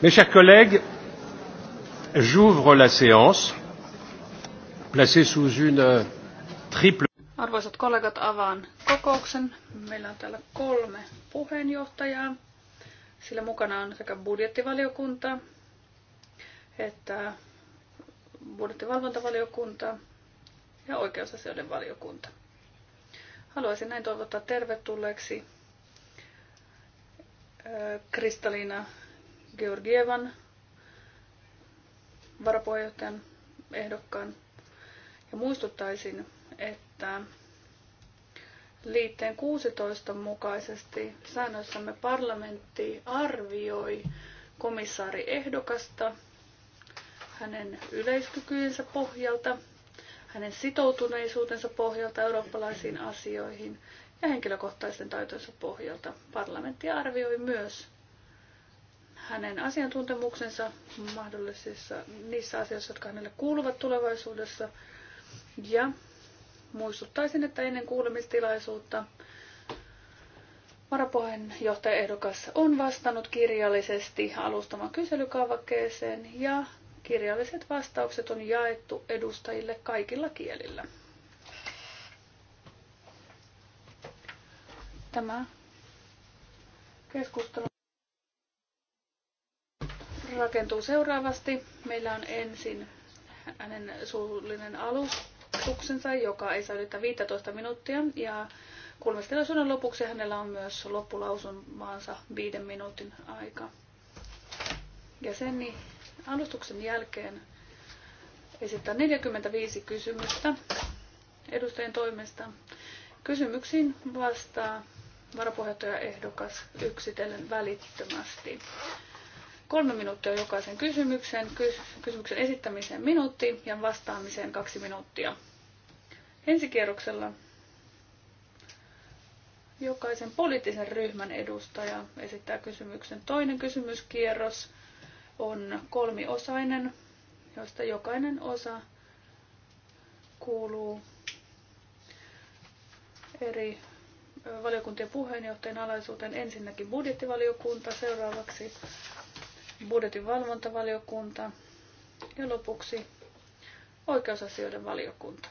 Mes chers collègues, j'ouvre la séance, placée sous une triple. Arvoisat kollegat, avaan kokouksen. Meillä on täällä kolme puheenjohtajaa. Sillä mukana on sekä budjettivaliokunta että budjettivalvontavaliokunta ja oikeusasioiden valiokunta. Haluaisin näin toivottaa tervetulleeksi äh, Kristalina Georgievan varapuheenjohtajan ehdokkaan. Ja muistuttaisin, että liitteen 16 mukaisesti säännössämme parlamentti arvioi komissaari ehdokasta hänen yleiskykyjensä pohjalta, hänen sitoutuneisuutensa pohjalta eurooppalaisiin asioihin ja henkilökohtaisten taitojensa pohjalta. Parlamentti arvioi myös hänen asiantuntemuksensa mahdollisissa niissä asioissa, jotka hänelle kuuluvat tulevaisuudessa. Ja muistuttaisin, että ennen kuulemistilaisuutta varapuheenjohtaja ehdokas on vastannut kirjallisesti alustamaan kyselykaavakkeeseen ja kirjalliset vastaukset on jaettu edustajille kaikilla kielillä. Tämä keskustelu rakentuu seuraavasti. Meillä on ensin hänen suullinen alustuksensa, joka ei saa ylittää 15 minuuttia. Ja kuulemistilaisuuden lopuksi hänellä on myös loppulausumaansa viiden minuutin aika. Ja sen alustuksen jälkeen esittää 45 kysymystä edustajien toimesta. Kysymyksiin vastaa varapuheenjohtaja ehdokas yksitellen välittömästi. Kolme minuuttia jokaisen kysymyksen, kysymyksen esittämiseen minuutti ja vastaamiseen kaksi minuuttia. kierroksella jokaisen poliittisen ryhmän edustaja esittää kysymyksen. Toinen kysymyskierros on kolmiosainen, josta jokainen osa kuuluu eri valiokuntien puheenjohtajan alaisuuteen. Ensinnäkin budjettivaliokunta, seuraavaksi budjetin valvontavaliokunta ja lopuksi oikeusasioiden valiokunta.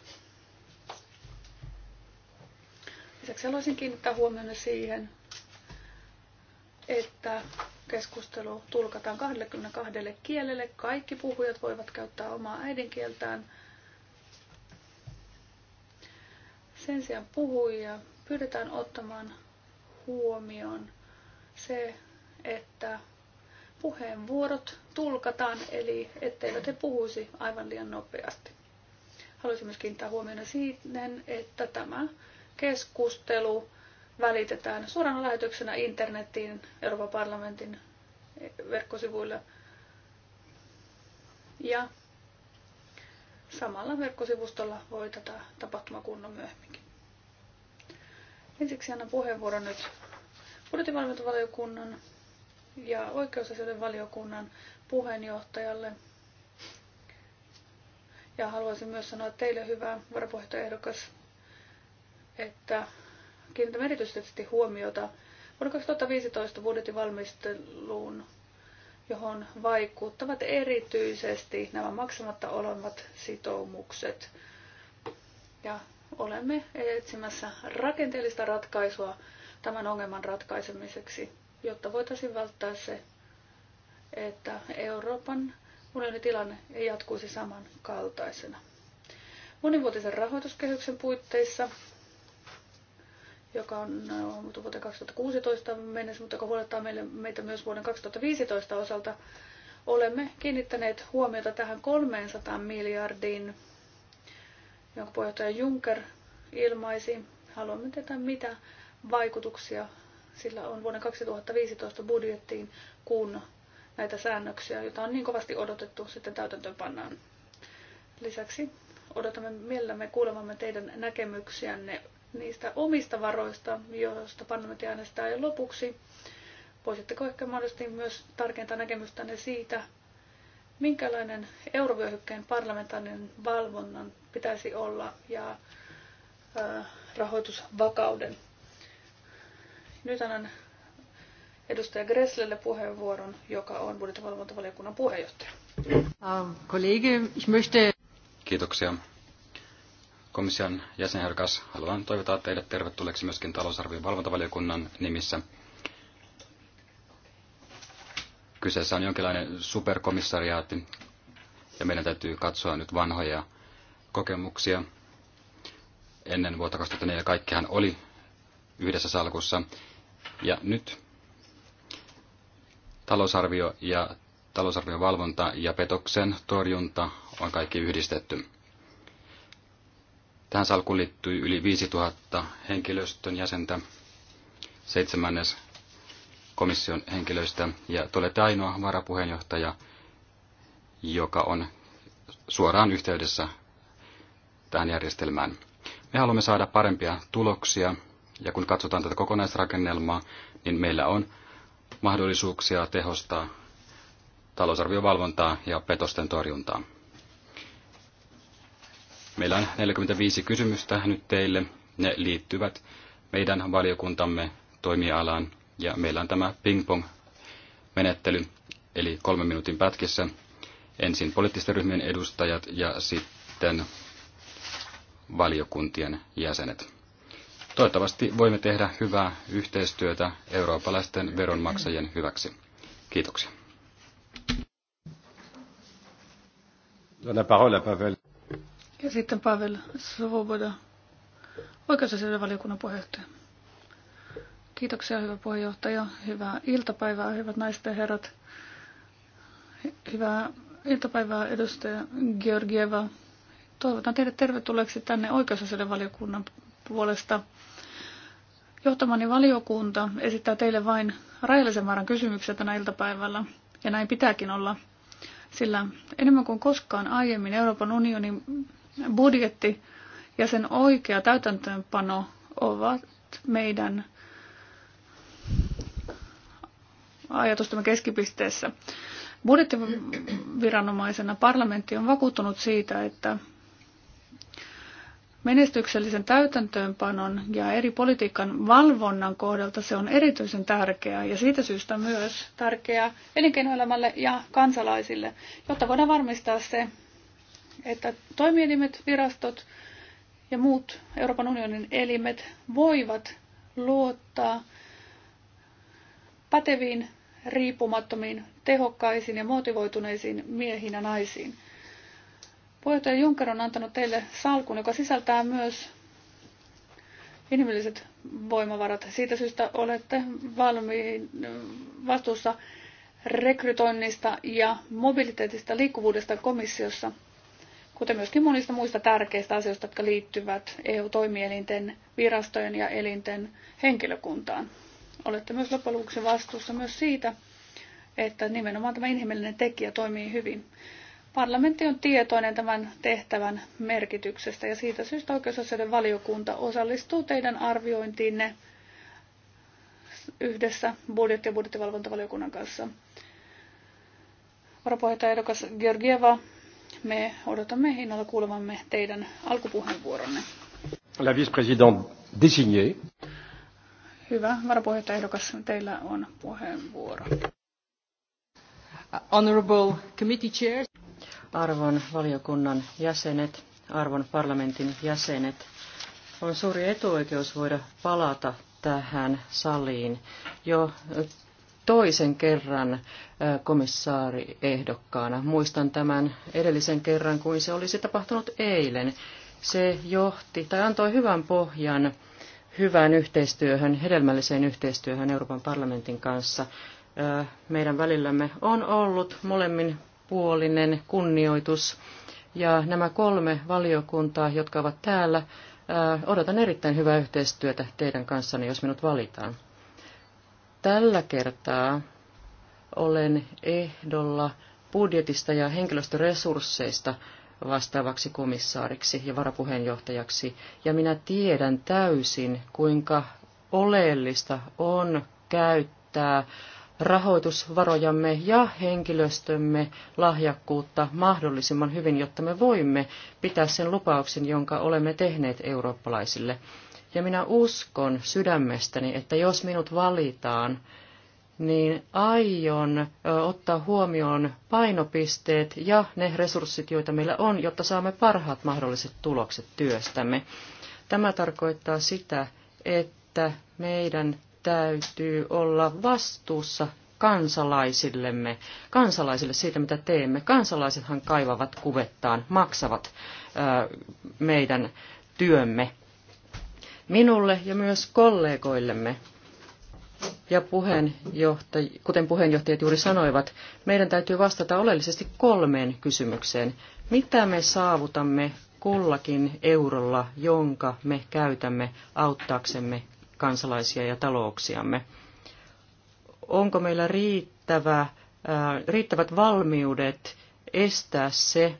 Lisäksi haluaisin kiinnittää huomioon siihen, että keskustelu tulkataan 22 kielelle. Kaikki puhujat voivat käyttää omaa äidinkieltään. Sen sijaan puhujia pyydetään ottamaan huomioon se, että puheenvuorot tulkataan, eli etteivät he puhuisi aivan liian nopeasti. Haluaisin myös kiinnittää huomiota siihen, että tämä keskustelu välitetään suorana lähetyksenä internetiin Euroopan parlamentin verkkosivuilla. Ja samalla verkkosivustolla voi tätä tapahtumakunnan kunnon myöhemminkin. Ensiksi annan puheenvuoron nyt budjettivalvontavaliokunnan ja oikeusasioiden valiokunnan puheenjohtajalle. Ja haluaisin myös sanoa teille, hyvä varapuheenjohtajaehdokas, että kiinnitämme erityisesti huomiota vuonna 2015 budjetin valmisteluun, johon vaikuttavat erityisesti nämä maksamatta olevat sitoumukset. Ja olemme etsimässä rakenteellista ratkaisua tämän ongelman ratkaisemiseksi jotta voitaisiin välttää se, että Euroopan unionin tilanne ei jatkuisi samankaltaisena. Monivuotisen rahoituskehyksen puitteissa, joka on muuttu vuoteen 2016 mennessä, mutta joka huolettaa meille, meitä myös vuoden 2015 osalta, olemme kiinnittäneet huomiota tähän 300 miljardiin, jonka puheenjohtaja Juncker ilmaisi. Haluamme tietää, mitä vaikutuksia sillä on vuoden 2015 budjettiin, kun näitä säännöksiä, joita on niin kovasti odotettu, sitten täytäntöön pannaan. Lisäksi odotamme mielellämme kuulemamme teidän näkemyksiänne niistä omista varoista, joista parlamentti äänestää. Ja lopuksi voisitteko ehkä mahdollisesti myös tarkentaa näkemystänne siitä, minkälainen eurovyöhykkeen parlamentaarinen valvonnan pitäisi olla ja rahoitusvakauden nyt annan edustaja Gresslelle puheenvuoron, joka on budjettivalvontavaliokunnan puheenjohtaja. Ähm, kollege, ich möchte... Kiitoksia. Komission jäsenherkas, haluan toivottaa teidät tervetulleeksi myöskin talousarvion valvontavaliokunnan nimissä. Kyseessä on jonkinlainen superkomissariaatti, ja meidän täytyy katsoa nyt vanhoja kokemuksia. Ennen vuotta 2004 kaikkihan oli yhdessä salkussa, ja nyt talousarvio ja talousarvion valvonta ja petoksen torjunta on kaikki yhdistetty. Tähän salkuun liittyy yli 5000 henkilöstön jäsentä, seitsemännes komission henkilöistä, ja te olette ainoa varapuheenjohtaja, joka on suoraan yhteydessä tähän järjestelmään. Me haluamme saada parempia tuloksia ja kun katsotaan tätä kokonaisrakennelmaa, niin meillä on mahdollisuuksia tehostaa talousarviovalvontaa ja petosten torjuntaa. Meillä on 45 kysymystä nyt teille. Ne liittyvät meidän valiokuntamme toimialaan ja meillä on tämä ping-pong-menettely, eli kolmen minuutin pätkissä. Ensin poliittisten ryhmien edustajat ja sitten valiokuntien jäsenet. Toivottavasti voimme tehdä hyvää yhteistyötä eurooppalaisten veronmaksajien hyväksi. Kiitoksia. La parole Pavel. Ja sitten Pavel Svoboda, oikeusasioiden valiokunnan puheenjohtaja. Kiitoksia, hyvä puheenjohtaja. Hyvää iltapäivää, hyvät naiset ja herrat. Hyvää iltapäivää, edustaja Georgieva. Toivotan teidät tervetulleeksi tänne oikeusasioiden valiokunnan puolesta. Johtamani valiokunta esittää teille vain rajallisen määrän kysymyksiä tänä iltapäivällä, ja näin pitääkin olla, sillä enemmän kuin koskaan aiemmin Euroopan unionin budjetti ja sen oikea täytäntöönpano ovat meidän ajatustamme keskipisteessä. Budjettiviranomaisena parlamentti on vakuuttunut siitä, että menestyksellisen täytäntöönpanon ja eri politiikan valvonnan kohdalta se on erityisen tärkeää ja siitä syystä myös tärkeää elinkeinoelämälle ja kansalaisille, jotta voidaan varmistaa se, että toimielimet, virastot ja muut Euroopan unionin elimet voivat luottaa päteviin, riippumattomiin, tehokkaisiin ja motivoituneisiin miehiin ja naisiin – Puheenjohtaja Juncker on antanut teille salkun, joka sisältää myös inhimilliset voimavarat. Siitä syystä olette valmiin vastuussa rekrytoinnista ja mobiliteetista liikkuvuudesta komissiossa, kuten myöskin monista muista tärkeistä asioista, jotka liittyvät EU-toimielinten, virastojen ja elinten henkilökuntaan. Olette myös loppujen lopuksi vastuussa myös siitä, että nimenomaan tämä inhimillinen tekijä toimii hyvin. Parlamentti on tietoinen tämän tehtävän merkityksestä ja siitä syystä oikeusasioiden valiokunta osallistuu teidän arviointiinne yhdessä budjetti- ja budjettivalvontavaliokunnan kanssa. Varapuheenjohtaja ehdokas Georgieva, me odotamme hinnalla kuulevamme teidän alkupuheenvuoronne. La vice Hyvä, varapuheenjohtaja ehdokas, teillä on puheenvuoro. Honorable committee chairs. Arvon valiokunnan jäsenet, arvon parlamentin jäsenet, on suuri etuoikeus voida palata tähän saliin jo toisen kerran ehdokkaana. Muistan tämän edellisen kerran, kuin se olisi tapahtunut eilen. Se johti tai antoi hyvän pohjan hyvään yhteistyöhön, hedelmälliseen yhteistyöhön Euroopan parlamentin kanssa. Meidän välillämme on ollut molemmin tasapuolinen kunnioitus. Ja nämä kolme valiokuntaa, jotka ovat täällä, äh, odotan erittäin hyvää yhteistyötä teidän kanssanne, jos minut valitaan. Tällä kertaa olen ehdolla budjetista ja henkilöstöresursseista vastaavaksi komissaariksi ja varapuheenjohtajaksi, ja minä tiedän täysin, kuinka oleellista on käyttää rahoitusvarojamme ja henkilöstömme lahjakkuutta mahdollisimman hyvin, jotta me voimme pitää sen lupauksen, jonka olemme tehneet eurooppalaisille. Ja minä uskon sydämestäni, että jos minut valitaan, niin aion ottaa huomioon painopisteet ja ne resurssit, joita meillä on, jotta saamme parhaat mahdolliset tulokset työstämme. Tämä tarkoittaa sitä, että meidän täytyy olla vastuussa kansalaisillemme, kansalaisille siitä, mitä teemme. Kansalaisethan kaivavat kuvettaan, maksavat ää, meidän työmme. Minulle ja myös kollegoillemme ja puheenjohtaj- kuten puheenjohtajat juuri sanoivat, meidän täytyy vastata oleellisesti kolmeen kysymykseen. Mitä me saavutamme kullakin eurolla, jonka me käytämme auttaaksemme kansalaisia ja talouksiamme. Onko meillä riittävä, äh, riittävät valmiudet estää se,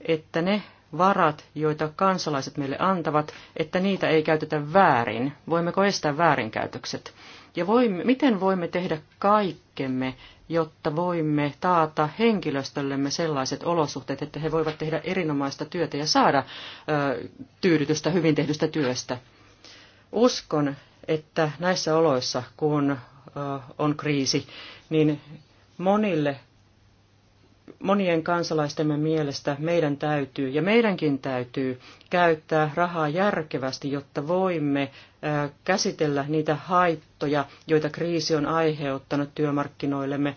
että ne varat, joita kansalaiset meille antavat, että niitä ei käytetä väärin? Voimmeko estää väärinkäytökset? Ja voimme, miten voimme tehdä kaikkemme, jotta voimme taata henkilöstöllemme sellaiset olosuhteet, että he voivat tehdä erinomaista työtä ja saada ö, tyydytystä hyvin tehdystä työstä? Uskon, että näissä oloissa, kun on kriisi, niin monille, monien kansalaistemme mielestä meidän täytyy ja meidänkin täytyy käyttää rahaa järkevästi, jotta voimme käsitellä niitä haittoja, joita kriisi on aiheuttanut työmarkkinoillemme,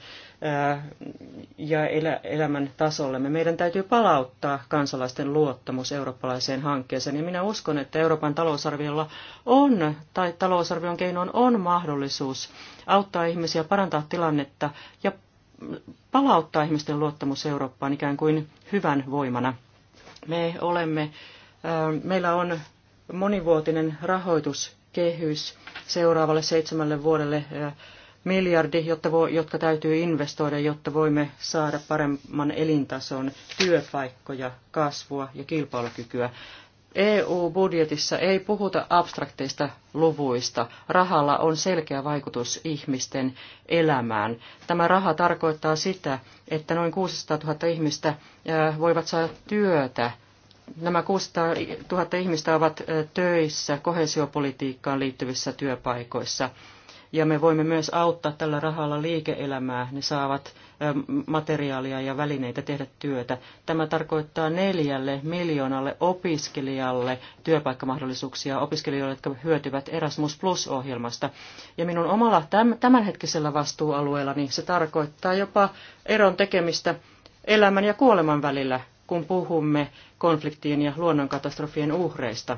ja elämän tasollemme. Meidän täytyy palauttaa kansalaisten luottamus eurooppalaiseen hankkeeseen. Ja minä uskon, että Euroopan talousarviolla on, tai talousarvion keinoon on mahdollisuus auttaa ihmisiä, parantaa tilannetta ja palauttaa ihmisten luottamus Eurooppaan ikään kuin hyvän voimana. Me olemme, meillä on monivuotinen rahoituskehys seuraavalle seitsemälle vuodelle miljardi, jotta vo, jotka täytyy investoida, jotta voimme saada paremman elintason, työpaikkoja, kasvua ja kilpailukykyä. EU-budjetissa ei puhuta abstrakteista luvuista. Rahalla on selkeä vaikutus ihmisten elämään. Tämä raha tarkoittaa sitä, että noin 600 000 ihmistä voivat saada työtä. Nämä 600 000 ihmistä ovat töissä kohesiopolitiikkaan liittyvissä työpaikoissa ja me voimme myös auttaa tällä rahalla liike-elämää. Ne saavat materiaalia ja välineitä tehdä työtä. Tämä tarkoittaa neljälle miljoonalle opiskelijalle työpaikkamahdollisuuksia opiskelijoille, jotka hyötyvät Erasmus Plus-ohjelmasta. Ja minun omalla tämänhetkisellä niin se tarkoittaa jopa eron tekemistä elämän ja kuoleman välillä, kun puhumme konfliktien ja luonnonkatastrofien uhreista.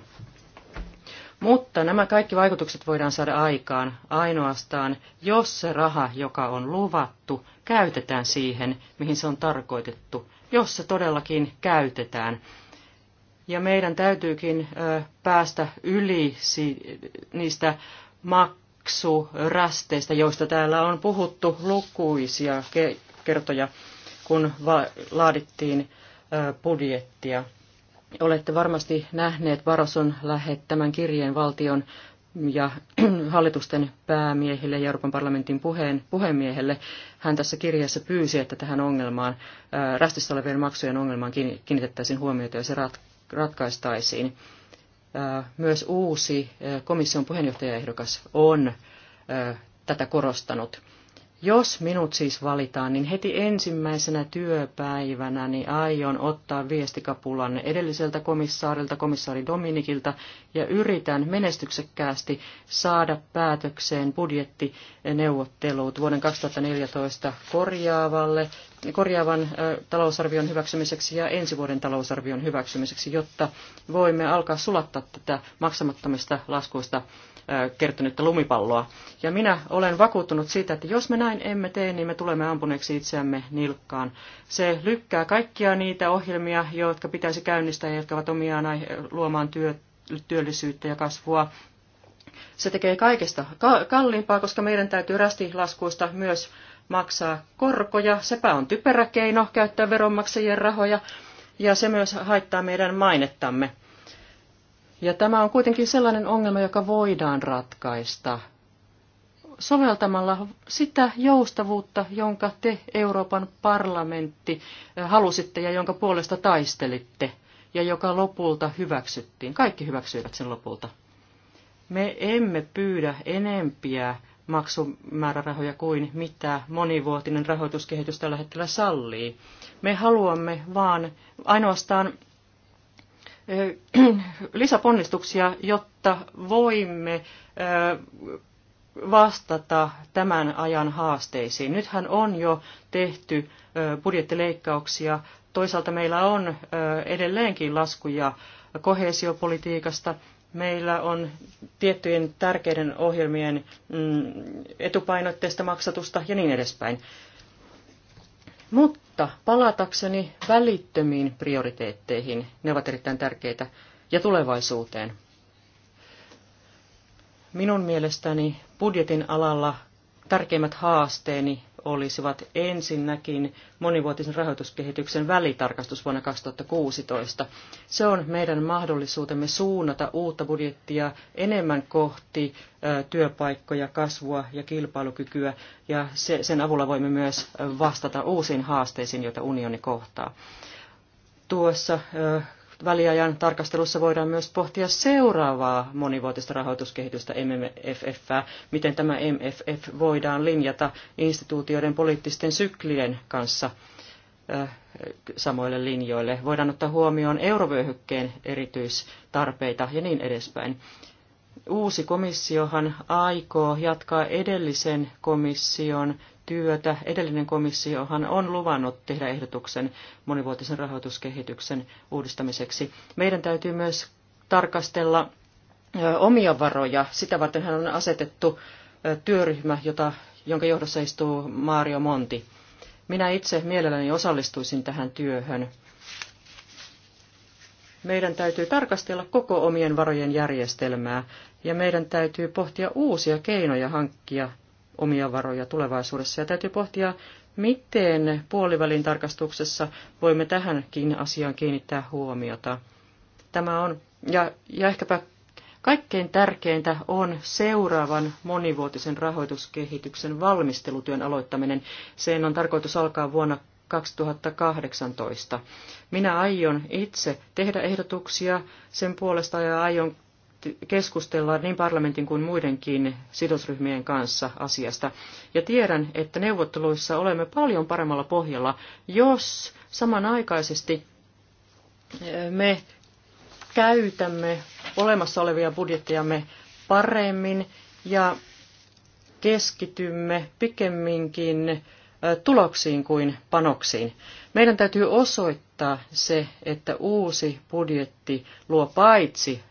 Mutta nämä kaikki vaikutukset voidaan saada aikaan ainoastaan, jos se raha, joka on luvattu, käytetään siihen, mihin se on tarkoitettu, jos se todellakin käytetään. Ja meidän täytyykin päästä yli niistä maksurasteista, joista täällä on puhuttu lukuisia kertoja, kun laadittiin budjettia. Olette varmasti nähneet Varoson lähettämän kirjeen valtion ja hallitusten päämiehille ja Euroopan parlamentin puheen, puhemiehelle. Hän tässä kirjassa pyysi, että tähän ongelmaan, rästissä olevien maksujen ongelmaan kiinnitettäisiin huomiota ja se rat, ratkaistaisiin. Myös uusi komission puheenjohtajaehdokas on tätä korostanut. Jos minut siis valitaan, niin heti ensimmäisenä työpäivänä niin aion ottaa viestikapulan edelliseltä komissaarilta, komissaari Dominikilta, ja yritän menestyksekkäästi saada päätökseen budjettineuvottelut vuoden 2014 korjaavalle korjaavan talousarvion hyväksymiseksi ja ensi vuoden talousarvion hyväksymiseksi, jotta voimme alkaa sulattaa tätä maksamattomista laskuista kertynyttä lumipalloa. Ja minä olen vakuuttunut siitä, että jos me näin emme tee, niin me tulemme ampuneeksi itseämme nilkkaan. Se lykkää kaikkia niitä ohjelmia, jotka pitäisi käynnistää ja jotka ovat omiaan luomaan työ, työllisyyttä ja kasvua se tekee kaikesta kalliimpaa, koska meidän täytyy rästilaskuista myös maksaa korkoja. Sepä on typerä keino käyttää veronmaksajien rahoja ja se myös haittaa meidän mainettamme. Ja tämä on kuitenkin sellainen ongelma, joka voidaan ratkaista soveltamalla sitä joustavuutta, jonka te Euroopan parlamentti eh, halusitte ja jonka puolesta taistelitte ja joka lopulta hyväksyttiin. Kaikki hyväksyivät sen lopulta. Me emme pyydä enempiä maksumäärärahoja kuin mitä monivuotinen rahoituskehitys tällä hetkellä sallii. Me haluamme vaan ainoastaan lisäponnistuksia, jotta voimme vastata tämän ajan haasteisiin. Nythän on jo tehty budjettileikkauksia. Toisaalta meillä on edelleenkin laskuja kohesiopolitiikasta Meillä on tiettyjen tärkeiden ohjelmien mm, etupainotteista maksatusta ja niin edespäin. Mutta palatakseni välittömiin prioriteetteihin, ne ovat erittäin tärkeitä, ja tulevaisuuteen. Minun mielestäni budjetin alalla tärkeimmät haasteeni olisivat ensinnäkin monivuotisen rahoituskehityksen välitarkastus vuonna 2016. Se on meidän mahdollisuutemme suunnata uutta budjettia enemmän kohti työpaikkoja, kasvua ja kilpailukykyä, ja sen avulla voimme myös vastata uusiin haasteisiin, joita unioni kohtaa. Tuossa väliajan tarkastelussa voidaan myös pohtia seuraavaa monivuotista rahoituskehitystä MFF, miten tämä MFF voidaan linjata instituutioiden poliittisten syklien kanssa samoille linjoille. Voidaan ottaa huomioon eurovyöhykkeen erityistarpeita ja niin edespäin. Uusi komissiohan aikoo jatkaa edellisen komission työtä. Edellinen komissiohan on luvannut tehdä ehdotuksen monivuotisen rahoituskehityksen uudistamiseksi. Meidän täytyy myös tarkastella omia varoja. Sitä varten hän on asetettu työryhmä, jota, jonka johdossa istuu Mario Monti. Minä itse mielelläni osallistuisin tähän työhön meidän täytyy tarkastella koko omien varojen järjestelmää ja meidän täytyy pohtia uusia keinoja hankkia omia varoja tulevaisuudessa. Ja täytyy pohtia, miten puolivälin tarkastuksessa voimme tähänkin asiaan kiinnittää huomiota. Tämä on, ja, ja ehkäpä kaikkein tärkeintä on seuraavan monivuotisen rahoituskehityksen valmistelutyön aloittaminen. Sen on tarkoitus alkaa vuonna 2018. Minä aion itse tehdä ehdotuksia sen puolesta ja aion keskustella niin parlamentin kuin muidenkin sidosryhmien kanssa asiasta. Ja tiedän, että neuvotteluissa olemme paljon paremmalla pohjalla, jos samanaikaisesti eh, me käytämme olemassa olevia budjettejamme paremmin ja keskitymme pikemminkin tuloksiin kuin panoksiin. Meidän täytyy osoittaa se, että uusi budjetti luo paitsi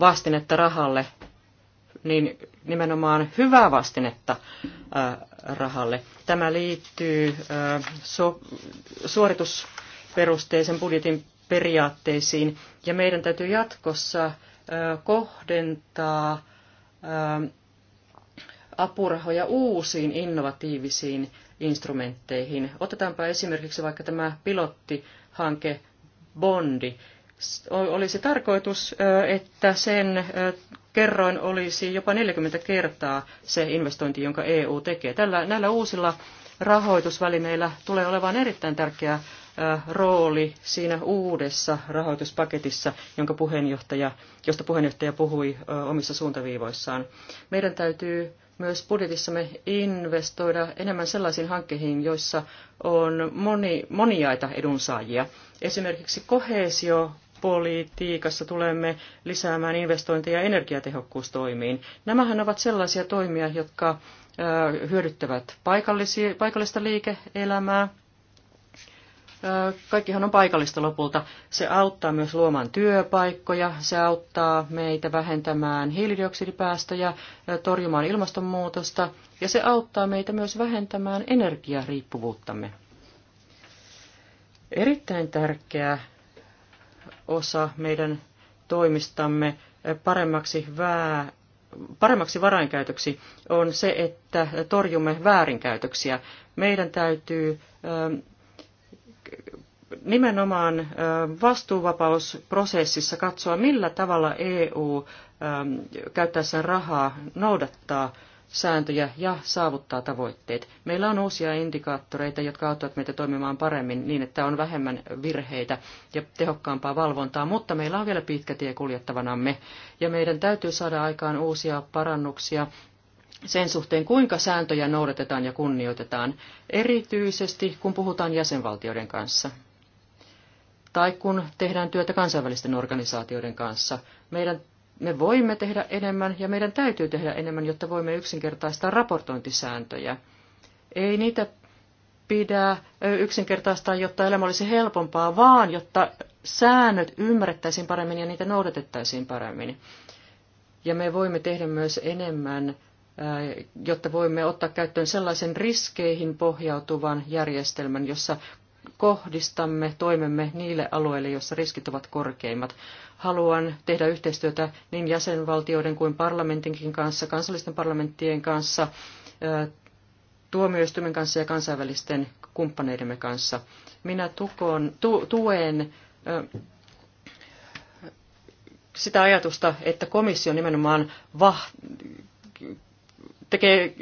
vastinetta rahalle, niin nimenomaan hyvää vastinetta rahalle. Tämä liittyy suoritusperusteisen budjetin periaatteisiin, ja meidän täytyy jatkossa kohdentaa apurahoja uusiin innovatiivisiin instrumentteihin. Otetaanpa esimerkiksi vaikka tämä pilottihanke Bondi. Olisi tarkoitus, että sen kerroin olisi jopa 40 kertaa se investointi, jonka EU tekee. Tällä, näillä uusilla rahoitusvälineillä tulee olemaan erittäin tärkeä rooli siinä uudessa rahoituspaketissa, jonka puheenjohtaja, josta puheenjohtaja puhui omissa suuntaviivoissaan. Meidän täytyy myös budjetissamme investoida enemmän sellaisiin hankkeihin, joissa on moni, moniaita edunsaajia. Esimerkiksi kohesio politiikassa tulemme lisäämään investointeja energiatehokkuustoimiin. Nämähän ovat sellaisia toimia, jotka hyödyttävät paikallista liike-elämää, Kaikkihan on paikallista lopulta. Se auttaa myös luomaan työpaikkoja, se auttaa meitä vähentämään hiilidioksidipäästöjä, torjumaan ilmastonmuutosta ja se auttaa meitä myös vähentämään energiariippuvuuttamme. Erittäin tärkeä osa meidän toimistamme paremmaksi vää, paremmaksi varainkäytöksi on se, että torjumme väärinkäytöksiä. Meidän täytyy nimenomaan vastuuvapausprosessissa katsoa, millä tavalla EU käyttäessään rahaa noudattaa sääntöjä ja saavuttaa tavoitteet. Meillä on uusia indikaattoreita, jotka auttavat meitä toimimaan paremmin niin, että on vähemmän virheitä ja tehokkaampaa valvontaa, mutta meillä on vielä pitkä tie kuljettavanamme ja meidän täytyy saada aikaan uusia parannuksia sen suhteen, kuinka sääntöjä noudatetaan ja kunnioitetaan, erityisesti kun puhutaan jäsenvaltioiden kanssa tai kun tehdään työtä kansainvälisten organisaatioiden kanssa. Meidän, me voimme tehdä enemmän ja meidän täytyy tehdä enemmän, jotta voimme yksinkertaistaa raportointisääntöjä. Ei niitä pidä yksinkertaistaa, jotta elämä olisi helpompaa, vaan jotta säännöt ymmärrettäisiin paremmin ja niitä noudatettaisiin paremmin. Ja me voimme tehdä myös enemmän jotta voimme ottaa käyttöön sellaisen riskeihin pohjautuvan järjestelmän, jossa kohdistamme toimemme niille alueille, joissa riskit ovat korkeimmat. Haluan tehdä yhteistyötä niin jäsenvaltioiden kuin parlamentinkin kanssa, kansallisten parlamenttien kanssa, tuomioistuimen kanssa ja kansainvälisten kumppaneidemme kanssa. Minä tukon, tu, tuen sitä ajatusta, että komissio nimenomaan vah, tekee,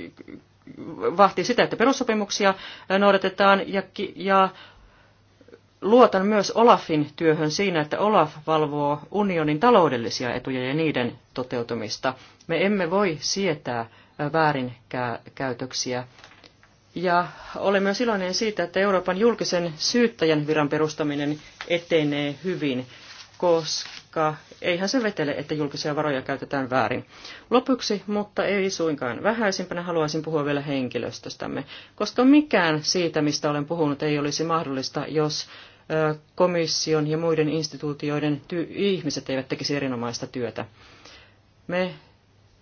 vahtii sitä, että perussopimuksia noudatetaan ja, ja luotan myös Olafin työhön siinä, että Olaf valvoo unionin taloudellisia etuja ja niiden toteutumista. Me emme voi sietää väärinkäytöksiä. Ja olen myös iloinen siitä, että Euroopan julkisen syyttäjän viran perustaminen etenee hyvin, koska koska eihän se vetele, että julkisia varoja käytetään väärin. Lopuksi, mutta ei suinkaan vähäisimpänä, haluaisin puhua vielä henkilöstöstämme, koska mikään siitä, mistä olen puhunut, ei olisi mahdollista, jos komission ja muiden instituutioiden ihmiset eivät tekisi erinomaista työtä. Me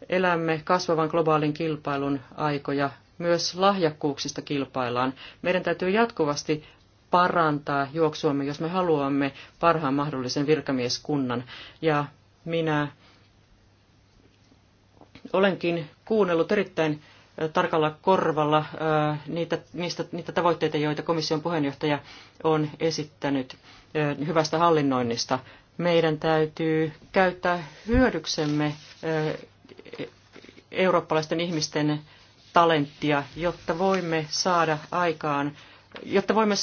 elämme kasvavan globaalin kilpailun aikoja, myös lahjakkuuksista kilpaillaan. Meidän täytyy jatkuvasti parantaa juoksuamme, jos me haluamme parhaan mahdollisen virkamieskunnan. Ja minä olenkin kuunnellut erittäin tarkalla korvalla niitä, niistä, niitä tavoitteita, joita komission puheenjohtaja on esittänyt hyvästä hallinnoinnista. Meidän täytyy käyttää hyödyksemme e, eurooppalaisten ihmisten talenttia, jotta voimme saada aikaan Jotta voimme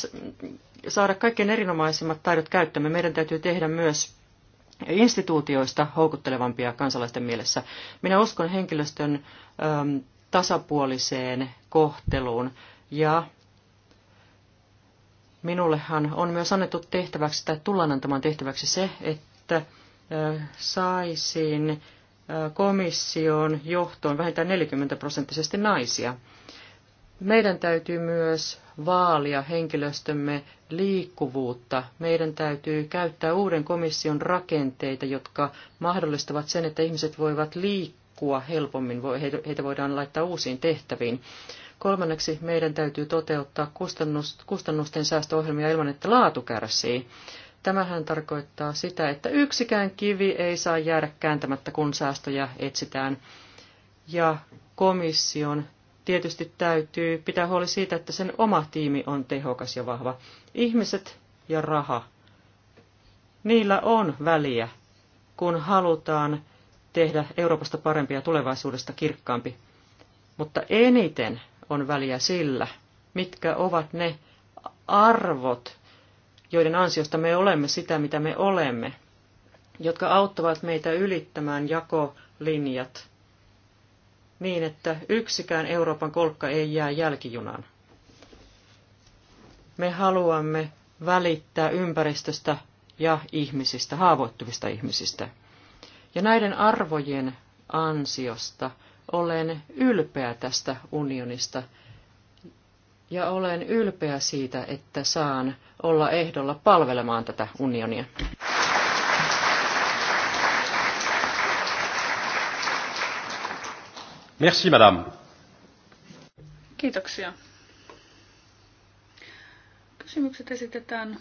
saada kaikkein erinomaisimmat taidot käyttöön, meidän täytyy tehdä myös instituutioista houkuttelevampia kansalaisten mielessä. Minä uskon henkilöstön äm, tasapuoliseen kohteluun ja minullehan on myös annettu tehtäväksi tai tullaan antamaan tehtäväksi se, että äh, saisin äh, komission johtoon vähintään 40 prosenttisesti naisia. Meidän täytyy myös vaalia henkilöstömme liikkuvuutta. Meidän täytyy käyttää uuden komission rakenteita, jotka mahdollistavat sen, että ihmiset voivat liikkua helpommin, heitä voidaan laittaa uusiin tehtäviin. Kolmanneksi meidän täytyy toteuttaa kustannusten säästöohjelmia ilman, että laatu kärsii. Tämähän tarkoittaa sitä, että yksikään kivi ei saa jäädä kääntämättä, kun säästöjä etsitään. Ja komission tietysti täytyy pitää huoli siitä, että sen oma tiimi on tehokas ja vahva. Ihmiset ja raha. Niillä on väliä, kun halutaan tehdä Euroopasta parempi ja tulevaisuudesta kirkkaampi. Mutta eniten on väliä sillä, mitkä ovat ne arvot, joiden ansiosta me olemme sitä, mitä me olemme, jotka auttavat meitä ylittämään jakolinjat niin, että yksikään Euroopan kolkka ei jää jälkijunaan. Me haluamme välittää ympäristöstä ja ihmisistä, haavoittuvista ihmisistä. Ja näiden arvojen ansiosta olen ylpeä tästä unionista ja olen ylpeä siitä, että saan olla ehdolla palvelemaan tätä unionia. Merci, madame. Kiitoksia. Kysymykset esitetään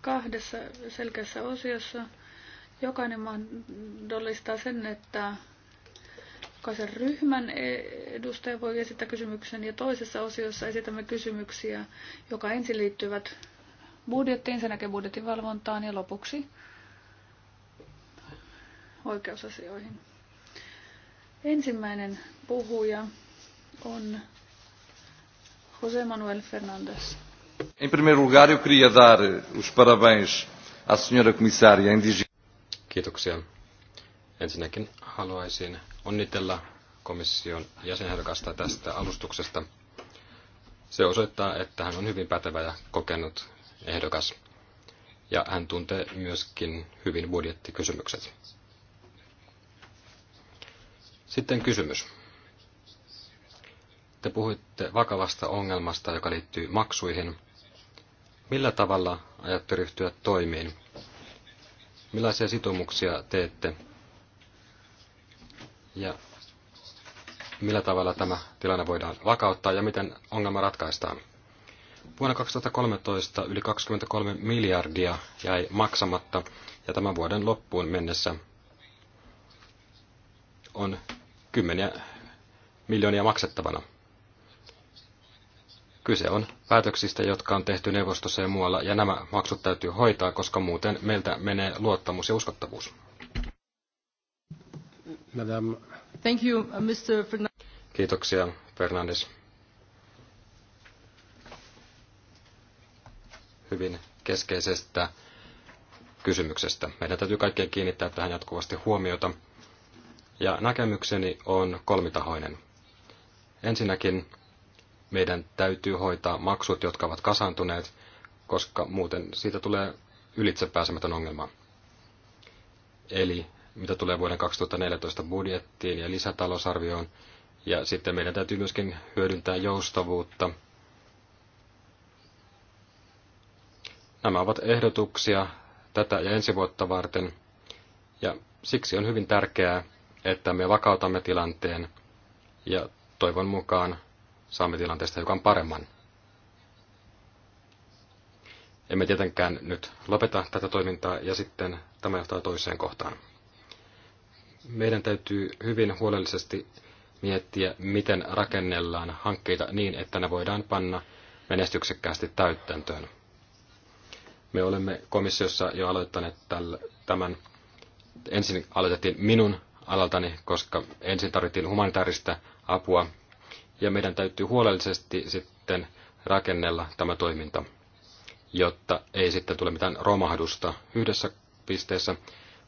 kahdessa selkeässä osiossa. Jokainen mahdollistaa sen, että jokaisen ryhmän edustaja voi esittää kysymyksen ja toisessa osiossa esitämme kysymyksiä, joka ensin liittyvät budjettiin, sen jälkeen budjetin valvontaan ja lopuksi oikeusasioihin. Ensimmäinen puhuja on José Manuel Fernández. Em primeiro lugar, eu queria dar eh, os parabéns à senhora comissária indígena. Kiitoksia. Ensinnäkin haluaisin onnitella komission jäsenherkasta tästä alustuksesta. Se osoittaa, että hän on hyvin pätevä ja kokenut ehdokas, ja hän tuntee myöskin hyvin budjettikysymykset. Sitten kysymys. Te puhuitte vakavasta ongelmasta, joka liittyy maksuihin. Millä tavalla ajatte ryhtyä toimiin? Millaisia sitoumuksia teette? Ja millä tavalla tämä tilanne voidaan vakauttaa ja miten ongelma ratkaistaan? Vuonna 2013 yli 23 miljardia jäi maksamatta ja tämän vuoden loppuun mennessä on kymmeniä miljoonia maksettavana. Kyse on päätöksistä, jotka on tehty neuvostossa ja muualla, ja nämä maksut täytyy hoitaa, koska muuten meiltä menee luottamus ja uskottavuus. Madame. Thank you, uh, Mr. Fernandez. Kiitoksia, Fernandes. Hyvin keskeisestä kysymyksestä. Meidän täytyy kaikkien kiinnittää tähän jatkuvasti huomiota. Ja näkemykseni on kolmitahoinen. Ensinnäkin meidän täytyy hoitaa maksut, jotka ovat kasantuneet, koska muuten siitä tulee ylitsepääsemätön ongelma. Eli mitä tulee vuoden 2014 budjettiin ja lisätalousarvioon, ja sitten meidän täytyy myöskin hyödyntää joustavuutta. Nämä ovat ehdotuksia tätä ja ensi vuotta varten, ja siksi on hyvin tärkeää, että me vakautamme tilanteen ja toivon mukaan saamme tilanteesta hiukan paremman. Emme tietenkään nyt lopeta tätä toimintaa ja sitten tämä johtaa toiseen kohtaan. Meidän täytyy hyvin huolellisesti miettiä, miten rakennellaan hankkeita niin, että ne voidaan panna menestyksekkäästi täyttäntöön. Me olemme komissiossa jo aloittaneet tämän. Ensin aloitettiin minun alaltani, koska ensin tarvittiin humanitaarista apua ja meidän täytyy huolellisesti sitten rakennella tämä toiminta, jotta ei sitten tule mitään romahdusta yhdessä pisteessä.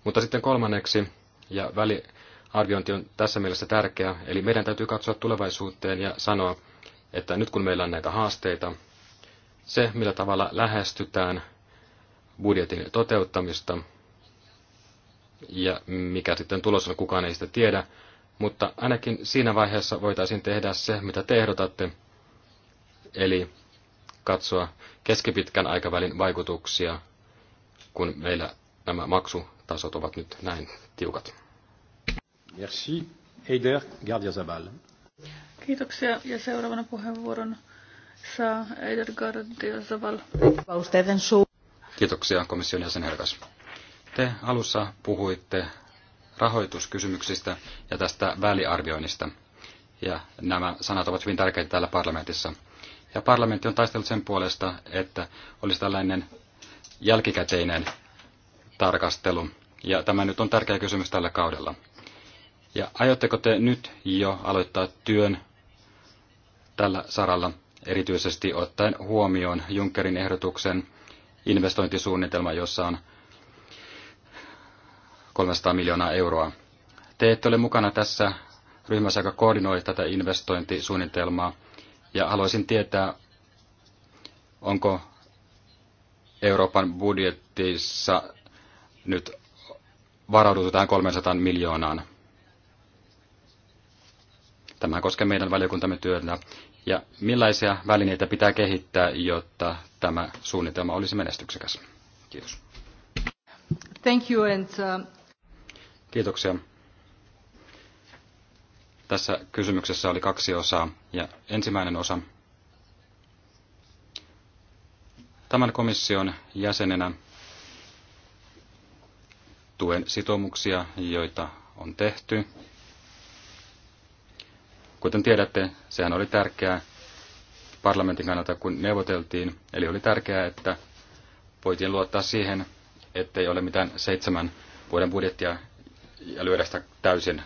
Mutta sitten kolmanneksi, ja väliarviointi on tässä mielessä tärkeä, eli meidän täytyy katsoa tulevaisuuteen ja sanoa, että nyt kun meillä on näitä haasteita, se millä tavalla lähestytään budjetin toteuttamista ja mikä sitten tulos on, kukaan ei sitä tiedä, mutta ainakin siinä vaiheessa voitaisiin tehdä se, mitä te ehdotatte, eli katsoa keskipitkän aikavälin vaikutuksia, kun meillä nämä maksutasot ovat nyt näin tiukat. Merci. Eider Zabal. Kiitoksia ja seuraavana puheenvuoron saa Eider Zabal. Kiitoksia komission jäsen Herkas. Te alussa puhuitte rahoituskysymyksistä ja tästä väliarvioinnista. Ja nämä sanat ovat hyvin tärkeitä täällä parlamentissa. Ja parlamentti on taistellut sen puolesta, että olisi tällainen jälkikäteinen tarkastelu. Ja tämä nyt on tärkeä kysymys tällä kaudella. Ja aiotteko te nyt jo aloittaa työn tällä saralla, erityisesti ottaen huomioon Junckerin ehdotuksen investointisuunnitelma, jossa on 300 miljoonaa euroa. Te ette ole mukana tässä ryhmässä, joka koordinoi tätä investointisuunnitelmaa, ja haluaisin tietää, onko Euroopan budjetissa nyt varauduttu tähän 300 miljoonaan. Tämä koskee meidän valiokuntamme työtä. Ja millaisia välineitä pitää kehittää, jotta tämä suunnitelma olisi menestyksekäs? Kiitos. Thank you and, uh... Kiitoksia. Tässä kysymyksessä oli kaksi osaa ja ensimmäinen osa. Tämän komission jäsenenä tuen sitoumuksia, joita on tehty. Kuten tiedätte, sehän oli tärkeää parlamentin kannalta, kun neuvoteltiin. Eli oli tärkeää, että voitiin luottaa siihen, ettei ole mitään seitsemän vuoden budjettia ja lyödä sitä täysin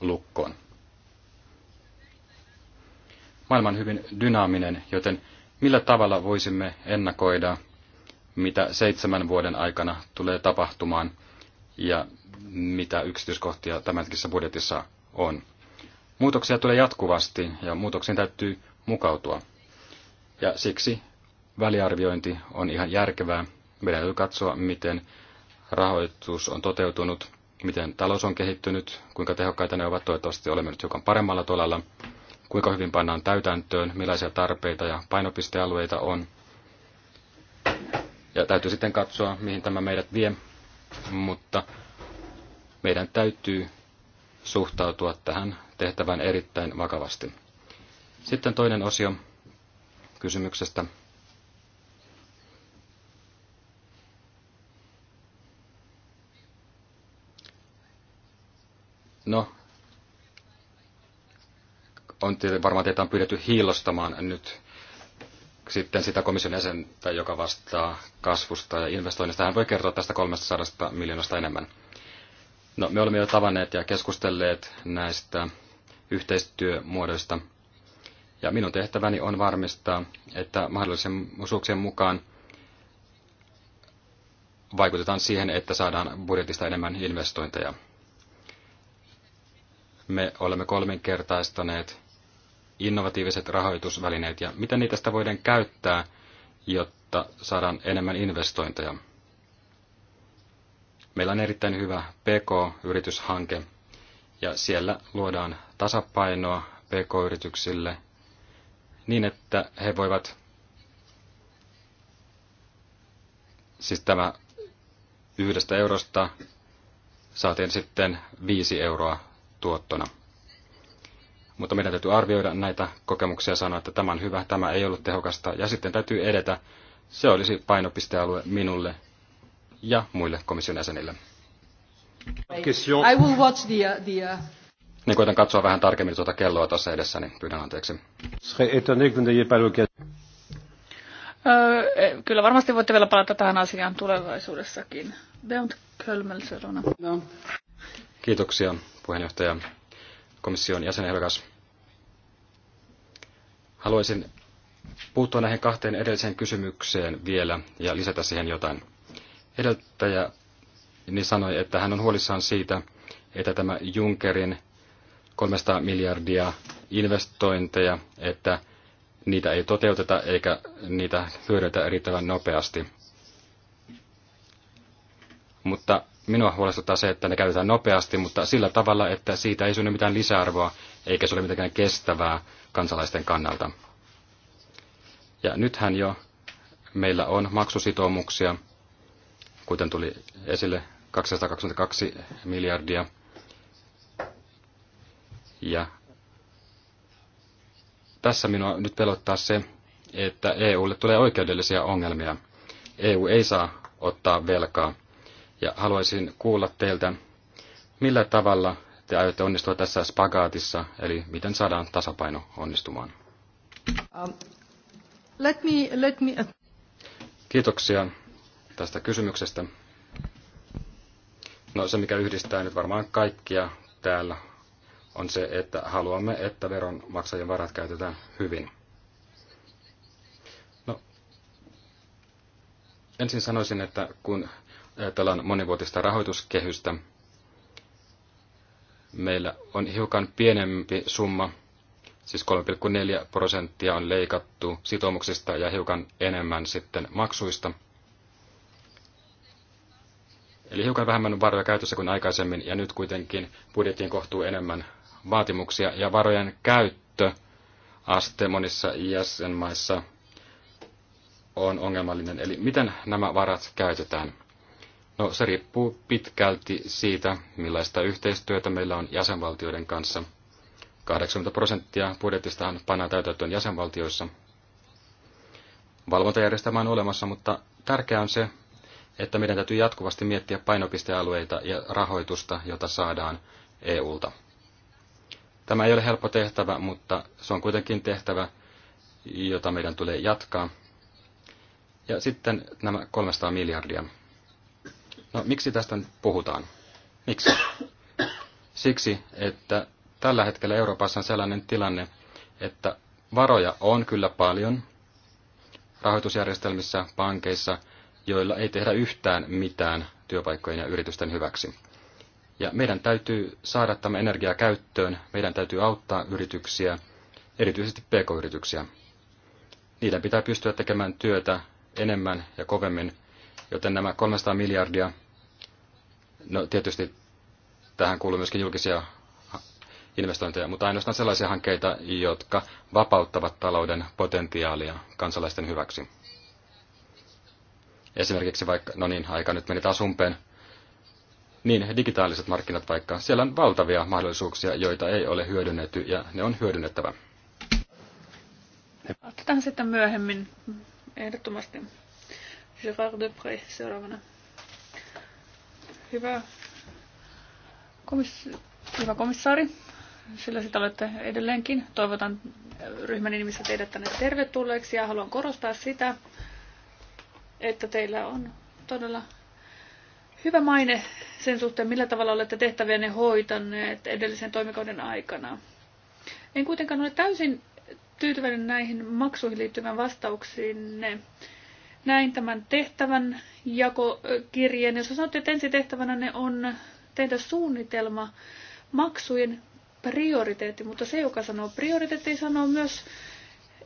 lukkoon. Maailma on hyvin dynaaminen, joten millä tavalla voisimme ennakoida, mitä seitsemän vuoden aikana tulee tapahtumaan ja mitä yksityiskohtia tämänhetkisessä budjetissa on. Muutoksia tulee jatkuvasti ja muutoksiin täytyy mukautua. Ja siksi väliarviointi on ihan järkevää. Meidän täytyy katsoa, miten rahoitus on toteutunut miten talous on kehittynyt, kuinka tehokkaita ne ovat. Toivottavasti olemme nyt hiukan paremmalla tolalla. Kuinka hyvin pannaan täytäntöön, millaisia tarpeita ja painopistealueita on. Ja täytyy sitten katsoa, mihin tämä meidät vie. Mutta meidän täytyy suhtautua tähän tehtävään erittäin vakavasti. Sitten toinen osio kysymyksestä. No, on te, varmaan teitä on pyydetty hiilostamaan nyt sitten sitä komission jäsentä, joka vastaa kasvusta ja investoinnista. Hän voi kertoa tästä 300 miljoonasta enemmän. No, me olemme jo tavanneet ja keskustelleet näistä yhteistyömuodoista. Ja minun tehtäväni on varmistaa, että mahdollisen osuuksien mukaan vaikutetaan siihen, että saadaan budjetista enemmän investointeja me olemme kolminkertaistaneet innovatiiviset rahoitusvälineet ja miten niitä sitä voidaan käyttää, jotta saadaan enemmän investointeja. Meillä on erittäin hyvä PK-yrityshanke ja siellä luodaan tasapainoa PK-yrityksille niin, että he voivat, siis tämä yhdestä eurosta saatiin sitten viisi euroa tuottona. Mutta meidän täytyy arvioida näitä kokemuksia ja sanoa, että tämä on hyvä, tämä ei ollut tehokasta, ja sitten täytyy edetä. Se olisi painopistealue minulle ja muille komission jäsenille. I will watch the, uh, the, uh, Niin koitan katsoa vähän tarkemmin tuota kelloa tuossa edessä, niin pyydän anteeksi. E, kyllä varmasti voitte vielä palata tähän asiaan tulevaisuudessakin. Bernd Kölmel, No. Kiitoksia puheenjohtaja komission jäsenehdokas. Haluaisin puuttua näihin kahteen edelliseen kysymykseen vielä ja lisätä siihen jotain. Edeltäjä niin sanoi, että hän on huolissaan siitä, että tämä Junckerin 300 miljardia investointeja, että niitä ei toteuteta eikä niitä hyödyntä riittävän nopeasti. Mutta minua huolestuttaa se, että ne käytetään nopeasti, mutta sillä tavalla, että siitä ei synny mitään lisäarvoa, eikä se ole mitenkään kestävää kansalaisten kannalta. Ja nythän jo meillä on maksusitoumuksia, kuten tuli esille 222 miljardia. Ja tässä minua nyt pelottaa se, että EUlle tulee oikeudellisia ongelmia. EU ei saa ottaa velkaa ja haluaisin kuulla teiltä, millä tavalla te aiotte onnistua tässä spagaatissa, eli miten saadaan tasapaino onnistumaan? Um, let me, let me... Uh, Kiitoksia tästä kysymyksestä. No se, mikä yhdistää nyt varmaan kaikkia täällä, on se, että haluamme, että veronmaksajien varat käytetään hyvin. No, ensin sanoisin, että kun ajatellaan monivuotista rahoituskehystä, meillä on hiukan pienempi summa, siis 3,4 prosenttia on leikattu sitoumuksista ja hiukan enemmän sitten maksuista. Eli hiukan vähemmän varoja käytössä kuin aikaisemmin, ja nyt kuitenkin budjettiin kohtuu enemmän vaatimuksia, ja varojen käyttö aste monissa jäsenmaissa on ongelmallinen. Eli miten nämä varat käytetään? No, se riippuu pitkälti siitä, millaista yhteistyötä meillä on jäsenvaltioiden kanssa. 80 prosenttia budjetistahan pannaan täytäntöön jäsenvaltioissa. Valvontajärjestelmä on olemassa, mutta tärkeää on se, että meidän täytyy jatkuvasti miettiä painopistealueita ja rahoitusta, jota saadaan EUlta. Tämä ei ole helppo tehtävä, mutta se on kuitenkin tehtävä, jota meidän tulee jatkaa. Ja sitten nämä 300 miljardia. No miksi tästä nyt puhutaan? Miksi? Siksi, että tällä hetkellä Euroopassa on sellainen tilanne, että varoja on kyllä paljon rahoitusjärjestelmissä, pankeissa, joilla ei tehdä yhtään mitään työpaikkojen ja yritysten hyväksi. Ja meidän täytyy saada tämä energia käyttöön, meidän täytyy auttaa yrityksiä, erityisesti pk-yrityksiä. Niiden pitää pystyä tekemään työtä enemmän ja kovemmin, joten nämä 300 miljardia, No tietysti tähän kuuluu myöskin julkisia investointeja, mutta ainoastaan sellaisia hankkeita, jotka vapauttavat talouden potentiaalia kansalaisten hyväksi. Esimerkiksi vaikka, no niin, aika nyt meni taas umpeen, niin digitaaliset markkinat vaikka. Siellä on valtavia mahdollisuuksia, joita ei ole hyödynnetty ja ne on hyödynnettävä. Otetaan sitten myöhemmin, ehdottomasti. Gérard Depré seuraavana hyvä, komis, hyvä komissaari, sillä sitä olette edelleenkin. Toivotan ryhmän nimissä teidät tänne tervetulleeksi ja haluan korostaa sitä, että teillä on todella hyvä maine sen suhteen, millä tavalla olette tehtäviänne hoitaneet edellisen toimikauden aikana. En kuitenkaan ole täysin tyytyväinen näihin maksuihin liittyvän vastauksiinne näin tämän tehtävän jakokirjeen, jossa sanottiin, että ensi tehtävänä ne on tehdä suunnitelma maksujen prioriteetti, mutta se, joka sanoo prioriteetti, sanoo myös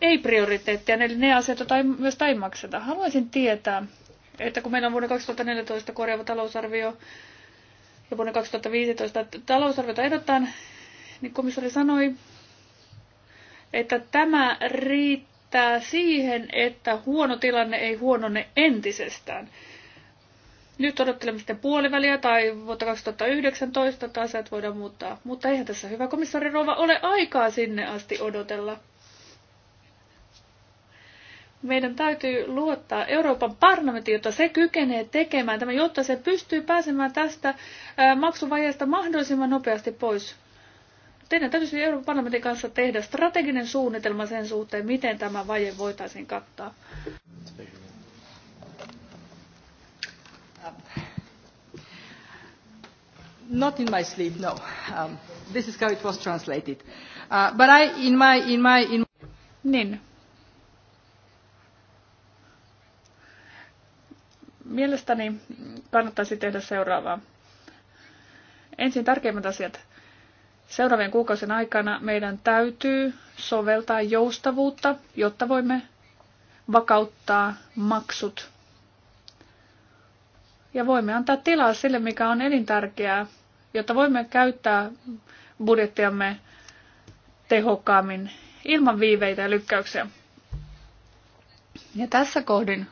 ei-prioriteettia, eli ne asiat, joita myös ei makseta. Haluaisin tietää, että kun meillä on vuonna 2014 korjaava talousarvio ja vuonna 2015 talousarviota edotetaan, niin komissaari sanoi, että tämä riittää riittää siihen, että huono tilanne ei huonone entisestään. Nyt odottelemme sitten puoliväliä tai vuotta 2019, että asiat voidaan muuttaa. Mutta eihän tässä hyvä komissaari Rova ole aikaa sinne asti odotella. Meidän täytyy luottaa Euroopan parlamentti, jotta se kykenee tekemään tämä, jotta se pystyy pääsemään tästä maksuvajeesta mahdollisimman nopeasti pois. Teidän täytyisi Euroopan parlamentin kanssa tehdä strateginen suunnitelma sen suhteen, miten tämä vaje voitaisiin kattaa. Um, not in my sleep, no. Um, this is how it was translated. Uh, but I, in my, in my, in... Niin. Mielestäni kannattaisi tehdä seuraavaa. Ensin tärkeimmät asiat Seuraavien kuukausien aikana meidän täytyy soveltaa joustavuutta, jotta voimme vakauttaa maksut. Ja voimme antaa tilaa sille, mikä on elintärkeää, jotta voimme käyttää budjettiamme tehokkaammin ilman viiveitä ja lykkäyksiä. Ja tässä kohdin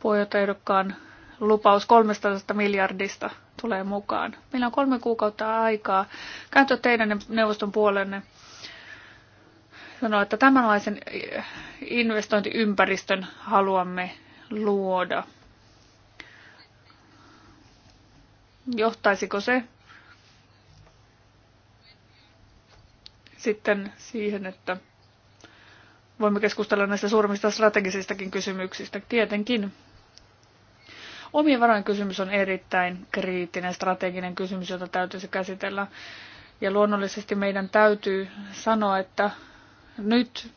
puheenjohtajan lupaus 300 miljardista tulee mukaan. Meillä on kolme kuukautta aikaa kääntyä teidän neuvoston puolenne sanoa, että tämänlaisen eh, investointiympäristön haluamme luoda. Johtaisiko se sitten siihen, että voimme keskustella näistä suurimmista strategisistakin kysymyksistä? Tietenkin. Omien varojen kysymys on erittäin kriittinen strateginen kysymys, jota täytyisi käsitellä. Ja luonnollisesti meidän täytyy sanoa, että nyt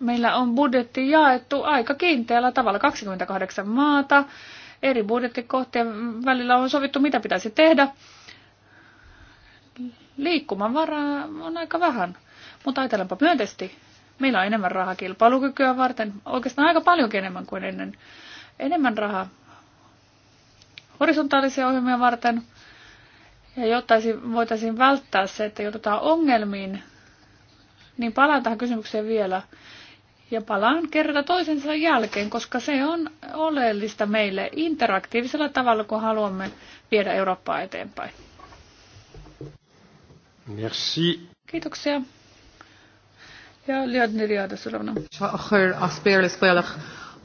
meillä on budjetti jaettu aika kiinteällä tavalla. 28 maata, eri budjettikohtien välillä on sovittu, mitä pitäisi tehdä. Liikkumavaraa on aika vähän, mutta ajatellaanpa myönteisesti. Meillä on enemmän rahaa kilpailukykyä varten, oikeastaan aika paljonkin enemmän kuin ennen enemmän rahaa horisontaalisia ohjelmia varten, ja jotta voitaisiin välttää se, että joudutaan ongelmiin, niin palaan tähän kysymykseen vielä. Ja palaan kerta toisensa jälkeen, koska se on oleellista meille interaktiivisella tavalla, kun haluamme viedä Eurooppaa eteenpäin. Merci. Kiitoksia. Ja Liad Niriada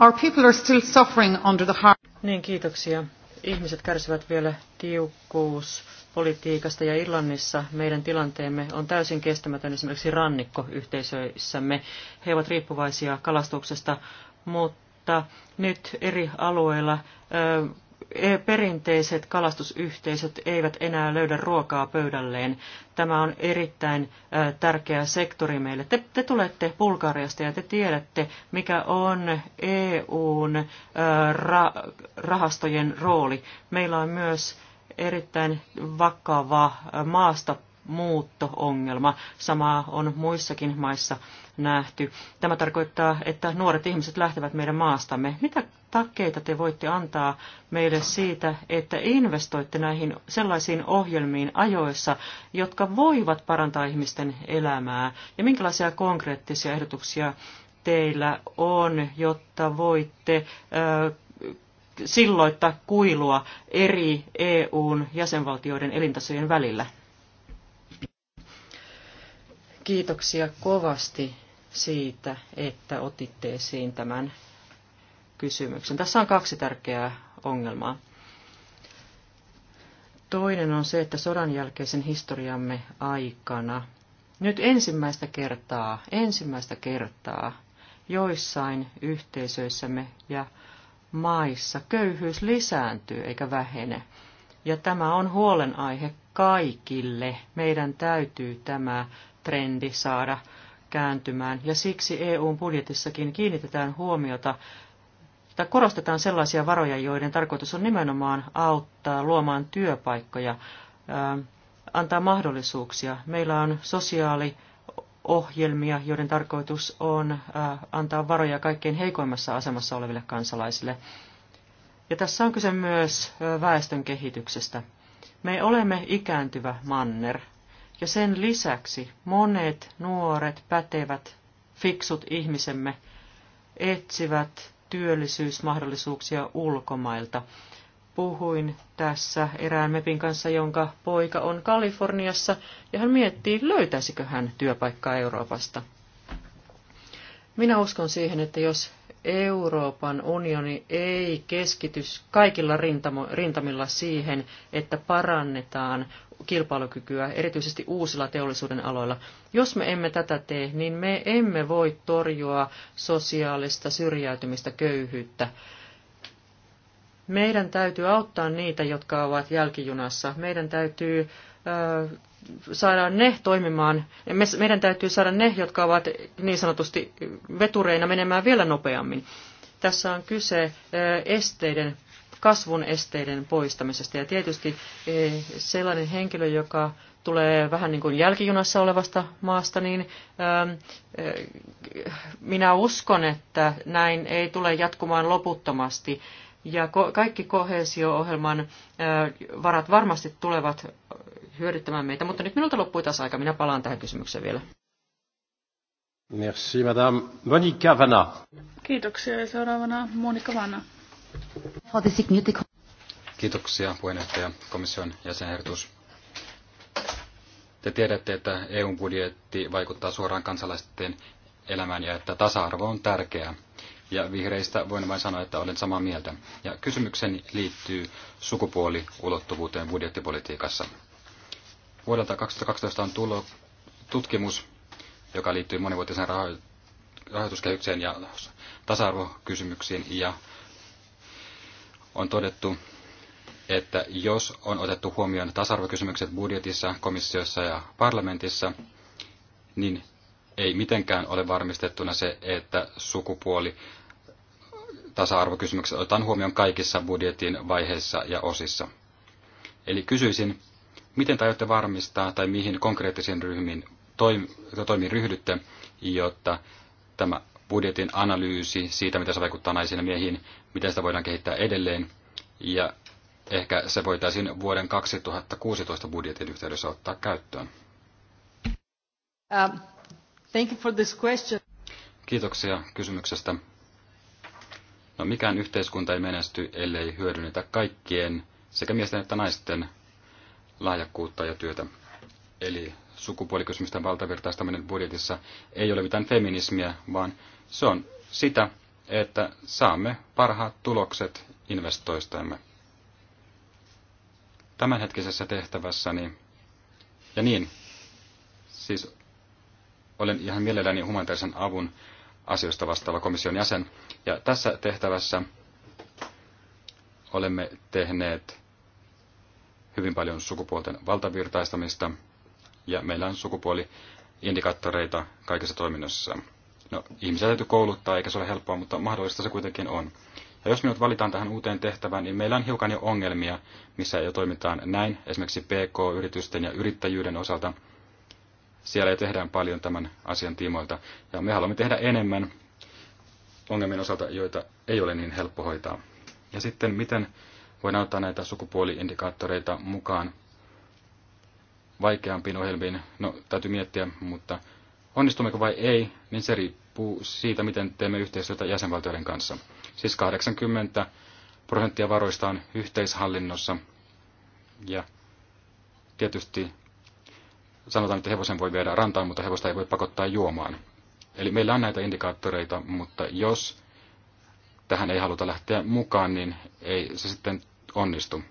Our people are still suffering under the hard... Niin, kiitoksia. Ihmiset kärsivät vielä tiukkuus politiikasta ja Irlannissa meidän tilanteemme on täysin kestämätön esimerkiksi rannikkoyhteisöissämme. He ovat riippuvaisia kalastuksesta, mutta nyt eri alueilla perinteiset kalastusyhteisöt eivät enää löydä ruokaa pöydälleen. Tämä on erittäin tärkeä sektori meille. Te, te tulette Bulgariasta ja te tiedätte, mikä on EUn ra, rahastojen rooli. Meillä on myös erittäin vakava maasta muutto-ongelma. Samaa on muissakin maissa nähty. Tämä tarkoittaa, että nuoret ihmiset lähtevät meidän maastamme. Mitä takkeita te voitte antaa meille siitä, että investoitte näihin sellaisiin ohjelmiin ajoissa, jotka voivat parantaa ihmisten elämää? Ja minkälaisia konkreettisia ehdotuksia teillä on, jotta voitte silloittaa kuilua eri EUn jäsenvaltioiden elintasojen välillä? Kiitoksia kovasti siitä, että otitte esiin tämän kysymyksen. Tässä on kaksi tärkeää ongelmaa. Toinen on se, että sodan jälkeisen historiamme aikana nyt ensimmäistä kertaa, ensimmäistä kertaa joissain yhteisöissämme ja maissa köyhyys lisääntyy eikä vähene. Ja tämä on huolenaihe kaikille. Meidän täytyy tämä trendi saada kääntymään, ja siksi EUn budjetissakin kiinnitetään huomiota tai korostetaan sellaisia varoja, joiden tarkoitus on nimenomaan auttaa luomaan työpaikkoja, antaa mahdollisuuksia. Meillä on sosiaali ohjelmia, joiden tarkoitus on antaa varoja kaikkein heikoimmassa asemassa oleville kansalaisille. Ja tässä on kyse myös väestön kehityksestä. Me olemme ikääntyvä manner, ja sen lisäksi monet nuoret, pätevät, fiksut ihmisemme etsivät työllisyysmahdollisuuksia ulkomailta. Puhuin tässä erään MEPin kanssa, jonka poika on Kaliforniassa, ja hän miettii, löytäisikö hän työpaikkaa Euroopasta. Minä uskon siihen, että jos Euroopan unioni ei keskity kaikilla rintamilla siihen, että parannetaan kilpailukykyä, erityisesti uusilla teollisuuden aloilla. Jos me emme tätä tee, niin me emme voi torjua sosiaalista syrjäytymistä, köyhyyttä. Meidän täytyy auttaa niitä, jotka ovat jälkijunassa. Meidän täytyy saadaan ne toimimaan, meidän täytyy saada ne, jotka ovat niin sanotusti vetureina menemään vielä nopeammin. Tässä on kyse esteiden, kasvun esteiden poistamisesta. Ja tietysti sellainen henkilö, joka tulee vähän niin kuin jälkijunassa olevasta maasta, niin minä uskon, että näin ei tule jatkumaan loputtomasti ja kaikki kohesio-ohjelman varat varmasti tulevat hyödyttämään meitä, mutta nyt minulta loppui taas aika. Minä palaan tähän kysymykseen vielä. Merci, madame. Monika Vanna. Kiitoksia ja seuraavana Monika Vanna. Kiitoksia puheenjohtaja komission jäsenehdotus. Te tiedätte, että EU-budjetti vaikuttaa suoraan kansalaisten elämään ja että tasa-arvo on tärkeää ja vihreistä voin vain sanoa, että olen samaa mieltä. Ja kysymykseni liittyy sukupuoliulottuvuuteen budjettipolitiikassa. Vuodelta 2012 on tullut tutkimus, joka liittyy monivuotiseen rahoituskehykseen ja tasa-arvokysymyksiin ja on todettu, että jos on otettu huomioon tasa-arvokysymykset budjetissa, komissiossa ja parlamentissa, niin ei mitenkään ole varmistettuna se, että sukupuoli tasa-arvokysymykset otetaan huomioon kaikissa budjetin vaiheissa ja osissa. Eli kysyisin, miten te aiotte varmistaa tai mihin konkreettisiin ryhmiin toim- toimiin ryhdytte, jotta tämä budjetin analyysi siitä, mitä se vaikuttaa naisiin ja miehiin, miten sitä voidaan kehittää edelleen, ja ehkä se voitaisiin vuoden 2016 budjetin yhteydessä ottaa käyttöön. Uh, thank you for this question. Kiitoksia kysymyksestä. No mikään yhteiskunta ei menesty, ellei hyödynnetä kaikkien sekä miesten että naisten lahjakkuutta ja työtä. Eli sukupuolikysymysten valtavirtaistaminen budjetissa ei ole mitään feminismiä, vaan se on sitä, että saamme parhaat tulokset investoistamme. Tämänhetkisessä tehtävässäni, ja niin, siis olen ihan mielelläni humanitaarisen avun asioista vastaava komission jäsen, ja tässä tehtävässä olemme tehneet hyvin paljon sukupuolten valtavirtaistamista ja meillä on sukupuoliindikaattoreita kaikessa toiminnassa. No, ihmisiä täytyy kouluttaa, eikä se ole helppoa, mutta mahdollista se kuitenkin on. Ja jos minut valitaan tähän uuteen tehtävään, niin meillä on hiukan jo ongelmia, missä jo toimitaan näin, esimerkiksi PK-yritysten ja yrittäjyyden osalta. Siellä ei tehdään paljon tämän asian tiimoilta, ja me haluamme tehdä enemmän, ongelmien osalta, joita ei ole niin helppo hoitaa. Ja sitten miten voi ottaa näitä sukupuoliindikaattoreita mukaan vaikeampiin ohjelmiin, no täytyy miettiä, mutta onnistummeko vai ei, niin se riippuu siitä, miten teemme yhteistyötä jäsenvaltioiden kanssa. Siis 80 prosenttia varoista on yhteishallinnossa ja tietysti sanotaan, että hevosen voi viedä rantaan, mutta hevosta ei voi pakottaa juomaan. Eli meillä on näitä indikaattoreita, mutta jos tähän ei haluta lähteä mukaan, niin ei se sitten onnistu.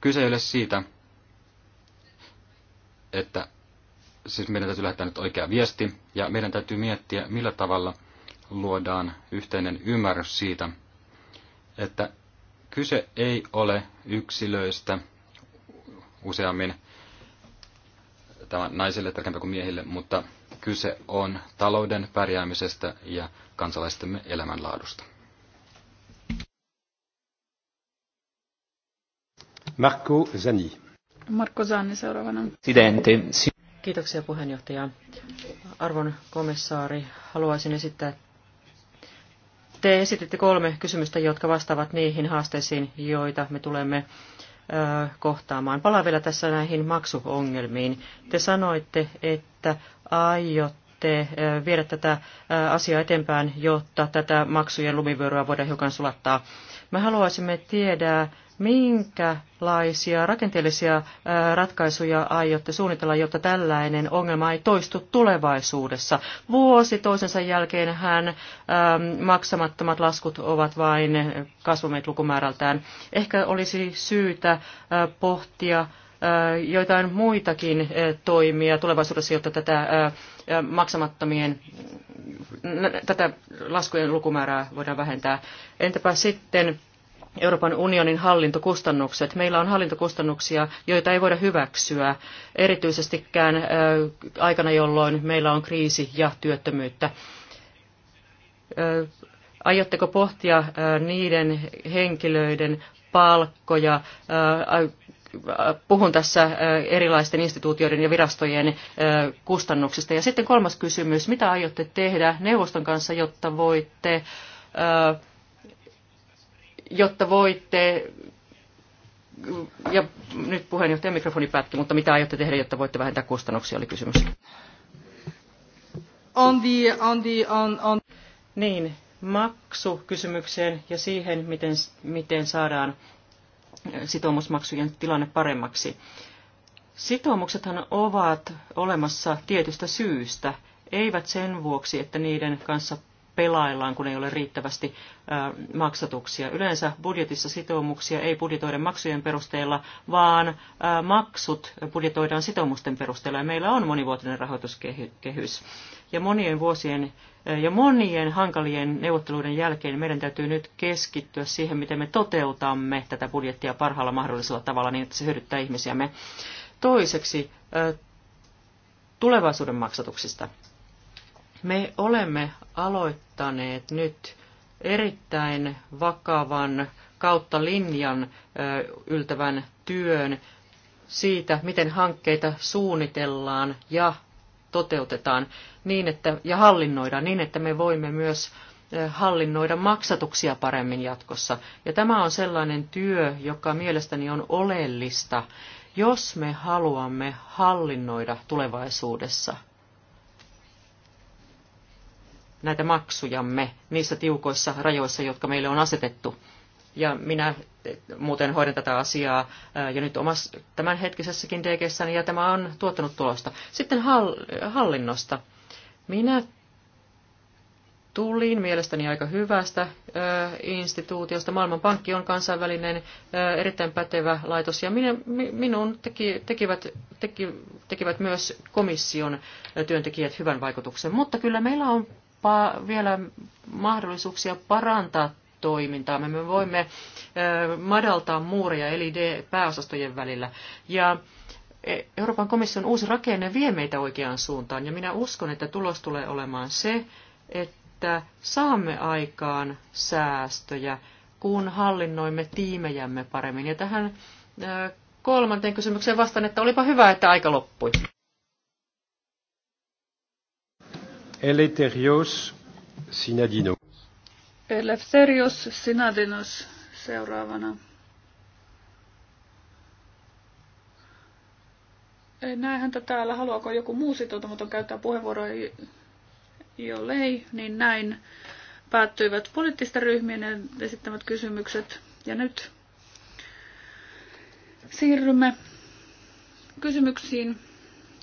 Kyse ei ole siitä, että siis meidän täytyy lähettää nyt oikea viesti, ja meidän täytyy miettiä, millä tavalla luodaan yhteinen ymmärrys siitä, että kyse ei ole yksilöistä useammin tämä naisille tärkeämpää kuin miehille, mutta kyse on talouden pärjäämisestä ja kansalaistemme elämänlaadusta. Marco Zani. Marco Zani, seuraavana. Sidente. Kiitoksia puheenjohtaja. Arvon komissaari, haluaisin esittää te esititte kolme kysymystä, jotka vastaavat niihin haasteisiin, joita me tulemme kohtaamaan. Palaan vielä tässä näihin maksuongelmiin. Te sanoitte, että aiotte viedä tätä asiaa eteenpäin, jotta tätä maksujen lumivyöryä voidaan hiukan sulattaa. Me haluaisimme tiedää, Minkälaisia rakenteellisia ratkaisuja aiotte suunnitella, jotta tällainen ongelma ei toistu tulevaisuudessa? Vuosi toisensa jälkeen hän maksamattomat laskut ovat vain kasvaneet lukumäärältään. Ehkä olisi syytä pohtia joitain muitakin toimia tulevaisuudessa, jotta tätä maksamattomien tätä laskujen lukumäärää voidaan vähentää. Entäpä sitten Euroopan unionin hallintokustannukset. Meillä on hallintokustannuksia, joita ei voida hyväksyä, erityisestikään aikana, jolloin meillä on kriisi ja työttömyyttä. Aiotteko pohtia niiden henkilöiden palkkoja? Puhun tässä erilaisten instituutioiden ja virastojen kustannuksista. Ja sitten kolmas kysymys. Mitä aiotte tehdä neuvoston kanssa, jotta voitte jotta voitte, ja nyt puheenjohtajan mikrofoni pätki, mutta mitä aiotte tehdä, jotta voitte vähentää kustannuksia, oli kysymys. On the, on the, on, on. Niin, maksukysymykseen ja siihen, miten, miten saadaan sitoumusmaksujen tilanne paremmaksi. Sitoumuksethan ovat olemassa tietystä syystä, eivät sen vuoksi, että niiden kanssa pelaillaan, kun ei ole riittävästi maksatuksia. Yleensä budjetissa sitoumuksia ei budjetoida maksujen perusteella, vaan maksut budjetoidaan sitoumusten perusteella. Ja meillä on monivuotinen rahoituskehys. Ja monien vuosien ja monien hankalien neuvotteluiden jälkeen meidän täytyy nyt keskittyä siihen, miten me toteutamme tätä budjettia parhaalla mahdollisella tavalla niin, että se hyödyttää ihmisiämme. Toiseksi tulevaisuuden maksatuksista. Me olemme aloittaneet nyt erittäin vakavan kautta linjan yltävän työn siitä, miten hankkeita suunnitellaan ja toteutetaan niin, että, ja hallinnoidaan niin, että me voimme myös hallinnoida maksatuksia paremmin jatkossa. Ja tämä on sellainen työ, joka mielestäni on oleellista, jos me haluamme hallinnoida tulevaisuudessa – näitä maksujamme niissä tiukoissa rajoissa, jotka meille on asetettu. Ja minä eh, muuten hoidan tätä asiaa eh, ja nyt omassa tämänhetkisessäkin dg ja tämä on tuottanut tulosta. Sitten eh, hallinnosta. Minä tulin mielestäni aika hyvästä ö, instituutiosta. Maailmanpankki on kansainvälinen ö, erittäin pätevä laitos ja minä, minun teki, tekivät, teki, tekivät myös komission työntekijät hyvän vaikutuksen. Mutta kyllä meillä on pa- vielä mahdollisuuksia parantaa toimintaa. Me voimme madaltaa muuria eli pääosastojen välillä. Ja e, Euroopan komission uusi rakenne vie meitä oikeaan suuntaan, ja minä uskon, että tulos tulee olemaan se, että saamme aikaan säästöjä, kun hallinnoimme tiimejämme paremmin. Ja tähän kolmanteen kysymykseen vastaan, että olipa hyvä, että aika loppui. Eleftherios Sinadinos. Eleftherios Sinadinos seuraavana. En näe häntä täällä. Haluaako joku muu sitoutumaton käyttää jo Jollei, niin näin päättyivät poliittisten ryhmien esittämät kysymykset. Ja nyt siirrymme kysymyksiin,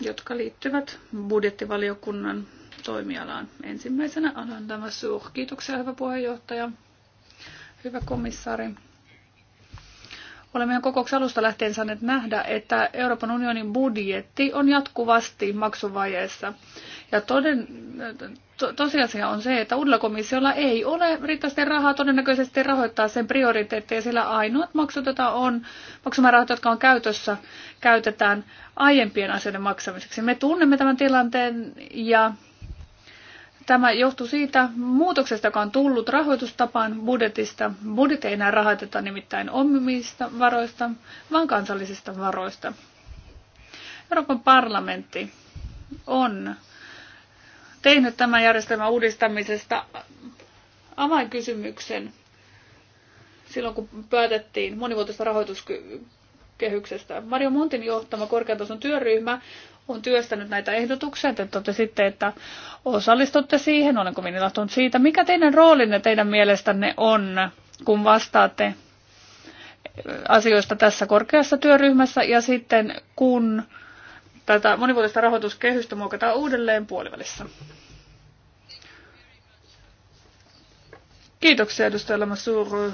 jotka liittyvät budjettivaliokunnan toimialaan. Ensimmäisenä annan Damassur. Kiitoksia, hyvä puheenjohtaja. Hyvä komissaari. Olemme jo kokouksen alusta lähtien saaneet nähdä, että Euroopan unionin budjetti on jatkuvasti maksuvajeessa. Ja toden, to, tosiasia on se, että uudella komissiolla ei ole riittävästi rahaa todennäköisesti rahoittaa sen prioriteetteja, sillä ainoat maksut, joita on, maksumäärät, jotka on käytössä, käytetään aiempien asioiden maksamiseksi. Me tunnemme tämän tilanteen ja Tämä johtuu siitä muutoksesta, joka on tullut rahoitustapaan budjetista. Budjet ei enää rahoiteta nimittäin omista varoista, vaan kansallisista varoista. Euroopan parlamentti on tehnyt tämän järjestelmän uudistamisesta avainkysymyksen silloin, kun päätettiin monivuotista rahoituskehyksestä. Mario Montin johtama korkeatason työryhmä on työstänyt näitä ehdotuksia. Te totesitte, että osallistutte siihen. olenko minä ilahtunut siitä. Mikä teidän roolinne teidän mielestänne on, kun vastaatte äh, asioista tässä korkeassa työryhmässä ja sitten kun tätä monivuotista rahoituskehystä muokataan uudelleen puolivälissä? Kiitoksia edustaja Lamassur.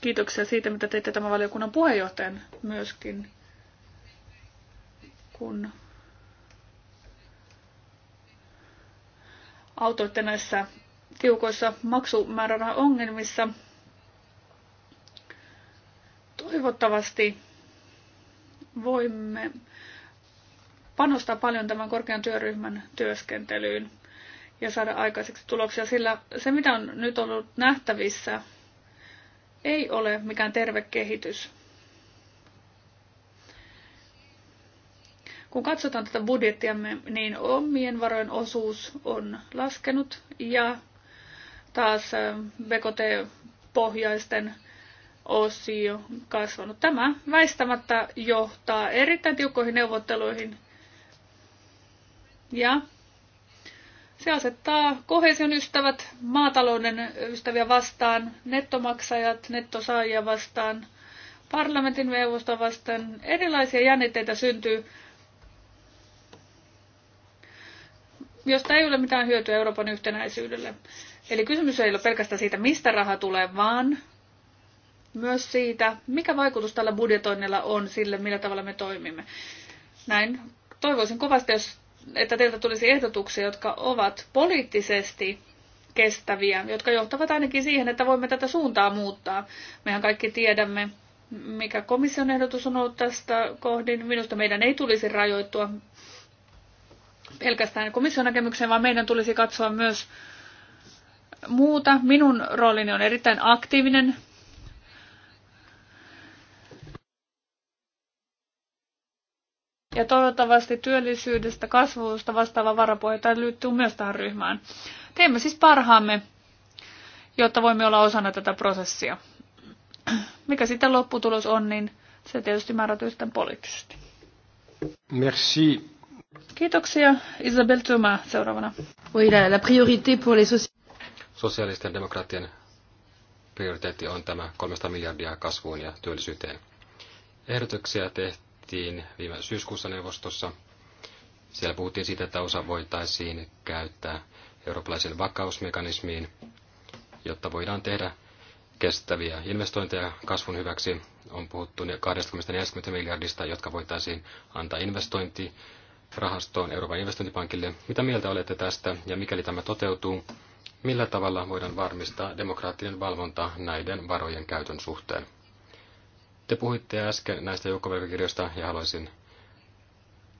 Kiitoksia siitä, mitä teitte tämän valiokunnan puheenjohtajan myöskin kun autoitte näissä tiukoissa ongelmissa Toivottavasti voimme panostaa paljon tämän korkean työryhmän työskentelyyn ja saada aikaiseksi tuloksia, sillä se mitä on nyt ollut nähtävissä ei ole mikään terve kehitys. Kun katsotaan tätä budjettiamme, niin omien varojen osuus on laskenut ja taas BKT-pohjaisten osio kasvanut. Tämä väistämättä johtaa erittäin tiukkoihin neuvotteluihin ja se asettaa kohesion ystävät, maatalouden ystäviä vastaan, nettomaksajat, nettosaajia vastaan, parlamentin neuvosta vastaan. Erilaisia jännitteitä syntyy josta ei ole mitään hyötyä Euroopan yhtenäisyydelle. Eli kysymys ei ole pelkästään siitä, mistä raha tulee, vaan myös siitä, mikä vaikutus tällä budjetoinnilla on sille, millä tavalla me toimimme. Näin toivoisin kovasti, jos, että teiltä tulisi ehdotuksia, jotka ovat poliittisesti kestäviä, jotka johtavat ainakin siihen, että voimme tätä suuntaa muuttaa. Mehän kaikki tiedämme, mikä komission ehdotus on ollut tästä kohdin. Minusta meidän ei tulisi rajoittua pelkästään komission näkemykseen, vaan meidän tulisi katsoa myös muuta. Minun roolini on erittäin aktiivinen. Ja toivottavasti työllisyydestä, kasvusta vastaava varapuheenjohtaja liittyy myös tähän ryhmään. Teemme siis parhaamme, jotta voimme olla osana tätä prosessia. Mikä sitten lopputulos on, niin se tietysti määräytyy sitten poliittisesti. Merci. Kiitoksia. Isabel Tuma seuraavana. Oui, la, la priorité pour les soci... Sosiaalisten demokraattien prioriteetti on tämä 300 miljardia kasvuun ja työllisyyteen. Ehdotuksia tehtiin viime syyskuussa neuvostossa. Siellä puhuttiin siitä, että osa voitaisiin käyttää eurooppalaisen vakausmekanismiin, jotta voidaan tehdä kestäviä investointeja kasvun hyväksi. On puhuttu 20-40 miljardista, jotka voitaisiin antaa investointi rahastoon Euroopan investointipankille. Mitä mieltä olette tästä ja mikäli tämä toteutuu, millä tavalla voidaan varmistaa demokraattinen valvonta näiden varojen käytön suhteen? Te puhuitte äsken näistä joukkovelkakirjoista ja haluaisin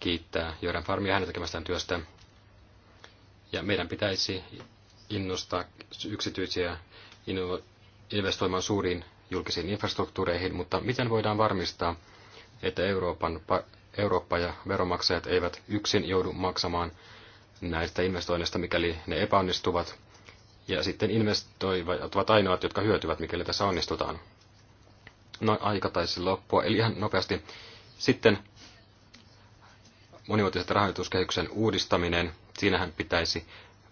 kiittää Jörän Farmia hänen tekemästään työstä. Ja meidän pitäisi innostaa yksityisiä investoimaan suuriin julkisiin infrastruktuureihin, mutta miten voidaan varmistaa, että Euroopan Eurooppa ja veronmaksajat eivät yksin joudu maksamaan näistä investoinneista, mikäli ne epäonnistuvat. Ja sitten investoivat ovat ainoat, jotka hyötyvät, mikäli tässä onnistutaan. No, aika taisi loppua, eli ihan nopeasti. Sitten monivuotisen rahoituskehyksen uudistaminen. Siinähän pitäisi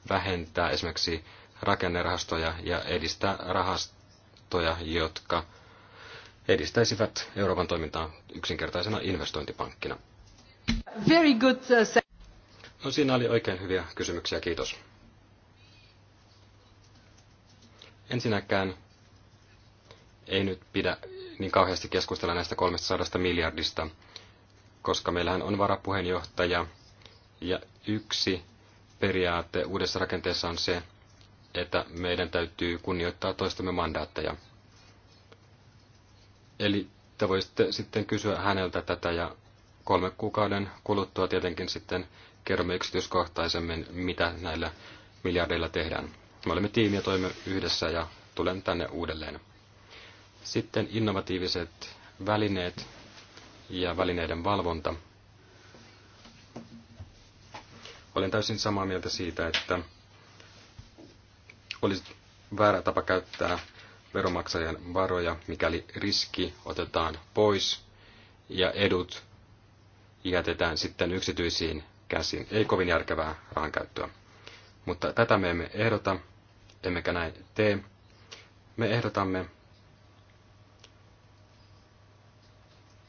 vähentää esimerkiksi rakennerahastoja ja edistää rahastoja, jotka edistäisivät Euroopan toimintaa yksinkertaisena investointipankkina. Very good, uh, no, siinä oli oikein hyviä kysymyksiä, kiitos. Ensinnäkään ei nyt pidä niin kauheasti keskustella näistä 300 miljardista, koska meillähän on varapuheenjohtaja ja yksi periaate uudessa rakenteessa on se, että meidän täytyy kunnioittaa toistamme mandaatteja – Eli te voisitte sitten kysyä häneltä tätä ja kolme kuukauden kuluttua tietenkin sitten kerromme yksityiskohtaisemmin, mitä näillä miljardeilla tehdään. Me olemme tiimi ja toimme yhdessä ja tulen tänne uudelleen. Sitten innovatiiviset välineet ja välineiden valvonta. Olen täysin samaa mieltä siitä, että olisi väärä tapa käyttää veromaksajan varoja, mikäli riski otetaan pois ja edut jätetään sitten yksityisiin käsiin. Ei kovin järkevää rahankäyttöä. Mutta tätä me emme ehdota, emmekä näin tee. Me ehdotamme,